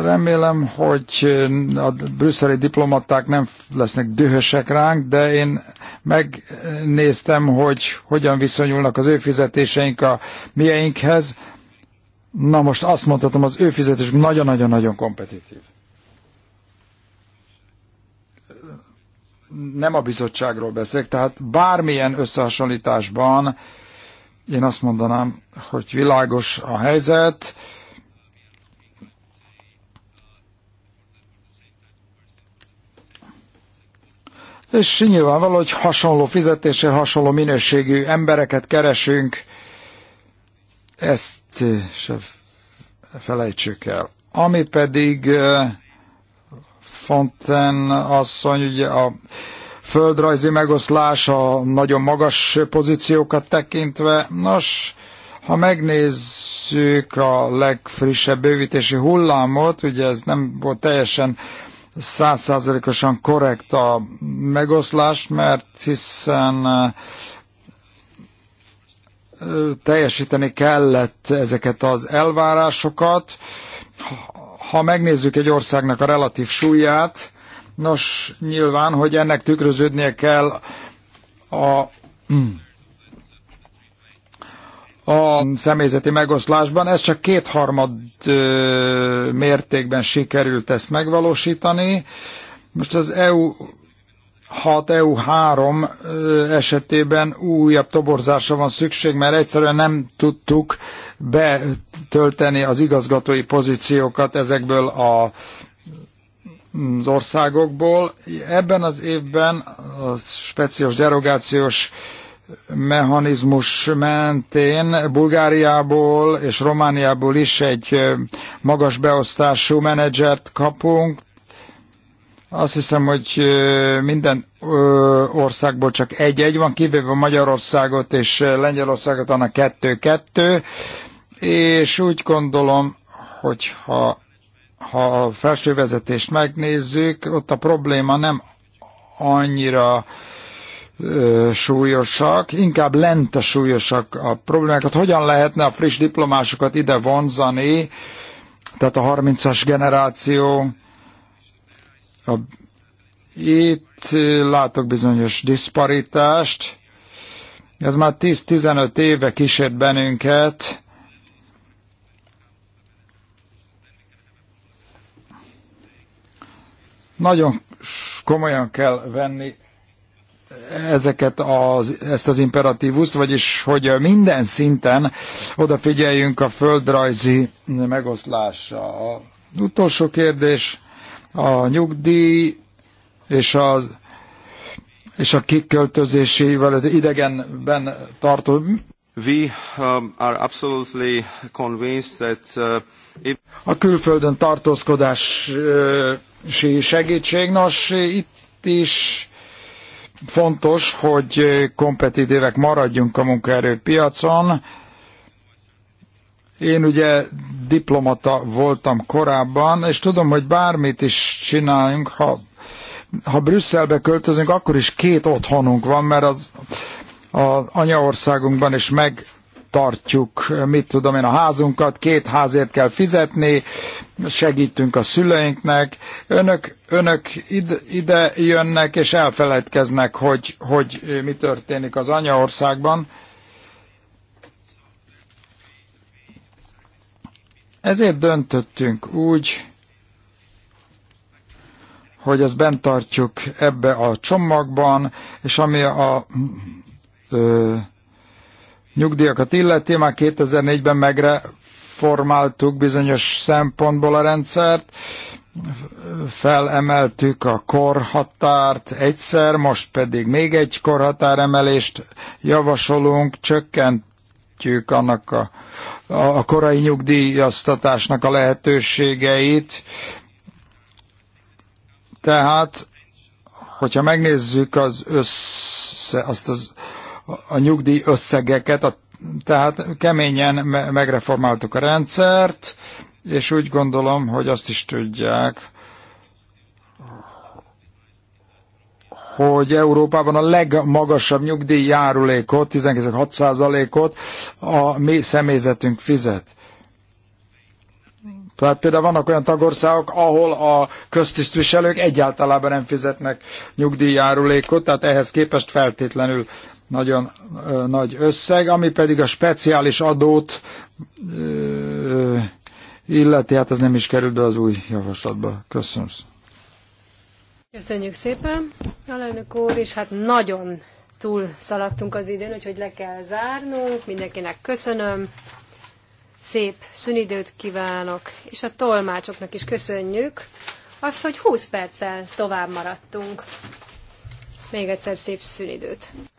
Speaker 2: Remélem, hogy a brüsszeli diplomaták nem lesznek dühösek ránk, de én megnéztem, hogy hogyan viszonyulnak az ő fizetéseink a mieinkhez. Na most azt mondhatom, az ő fizetés nagyon-nagyon-nagyon kompetitív. Nem a bizottságról beszélek, tehát bármilyen összehasonlításban én azt mondanám, hogy világos a helyzet, És nyilvánvaló, hogy hasonló fizetéssel, hasonló minőségű embereket keresünk, ezt eh, se felejtsük el. Ami pedig eh, Fonten asszony, ugye a földrajzi a nagyon magas pozíciókat tekintve, nos, ha megnézzük a legfrissebb bővítési hullámot, ugye ez nem volt teljesen százszázalékosan korrekt a megoszlás, mert hiszen teljesíteni kellett ezeket az elvárásokat. Ha megnézzük egy országnak a relatív súlyát, nos, nyilván, hogy ennek tükröződnie kell a hmm, a személyzeti megoszlásban. Ez csak kétharmad mértékben sikerült ezt megvalósítani. Most az EU 6 EU 3 esetében újabb toborzásra van szükség, mert egyszerűen nem tudtuk betölteni az igazgatói pozíciókat ezekből a az országokból. Ebben az évben a speciális derogációs mechanizmus mentén Bulgáriából és Romániából is egy magas beosztású menedzsert kapunk. Azt hiszem, hogy minden országból csak egy-egy van, kivéve Magyarországot és Lengyelországot, annak kettő-kettő, és úgy gondolom, hogy ha a felső vezetést megnézzük, ott a probléma nem annyira uh, súlyosak, inkább lente súlyosak a problémákat. Hogyan lehetne a friss diplomásokat ide vonzani, tehát a 30-as generáció, a, itt látok bizonyos diszparitást, ez már 10-15 éve kísért bennünket, nagyon komolyan kell venni ezeket az, ezt az imperatívuszt, vagyis hogy minden szinten odafigyeljünk a földrajzi megoszlásra. A utolsó kérdés a nyugdíj és az és a kiköltözésével idegenben tartó. We um, are absolutely convinced that uh, a külföldön tartózkodási segítség, nos, itt is fontos, hogy eh, kompetitívek maradjunk a munkaerőpiacon. Én ugye diplomata voltam korábban, és tudom, hogy bármit is csináljunk, ha, ha Brüsszelbe költözünk, akkor is két otthonunk van, mert az a anyaországunkban is meg tartjuk, mit tudom én, a házunkat, két házért kell fizetni, segítünk a szüleinknek, önök, önök ide, ide jönnek és elfeledkeznek, hogy, hogy mi történik az anyaországban. Ezért döntöttünk úgy, hogy ezt bent tartjuk ebbe a csomagban, és ami a ö, nyugdíjakat illeti, már 2004-ben megreformáltuk bizonyos szempontból a rendszert, felemeltük a korhatárt egyszer, most pedig még egy korhatáremelést javasolunk, csökkentjük annak a, a korai nyugdíjasztatásnak a lehetőségeit. Tehát, hogyha megnézzük az össze, azt az a nyugdíj összegeket, a, tehát keményen me megreformáltuk a rendszert, és úgy gondolom, hogy azt is tudják, hogy Európában a legmagasabb nyugdíjjárulékot, 16 ot a mi személyzetünk fizet. Tehát például vannak olyan tagországok, ahol a köztisztviselők egyáltalán nem fizetnek nyugdíjjárulékot, tehát ehhez képest feltétlenül nagyon nagy összeg, ami pedig a speciális adót illeti, hát ez nem is kerül be az új javaslatba. Köszönöm.
Speaker 3: Köszönjük szépen, alelnök úr, és hát nagyon túl szaladtunk az idén, úgyhogy le kell zárnunk. Mindenkinek köszönöm, szép szünidőt kívánok, és a tolmácsoknak is köszönjük azt, hogy 20 perccel tovább maradtunk. Még egyszer szép szünidőt.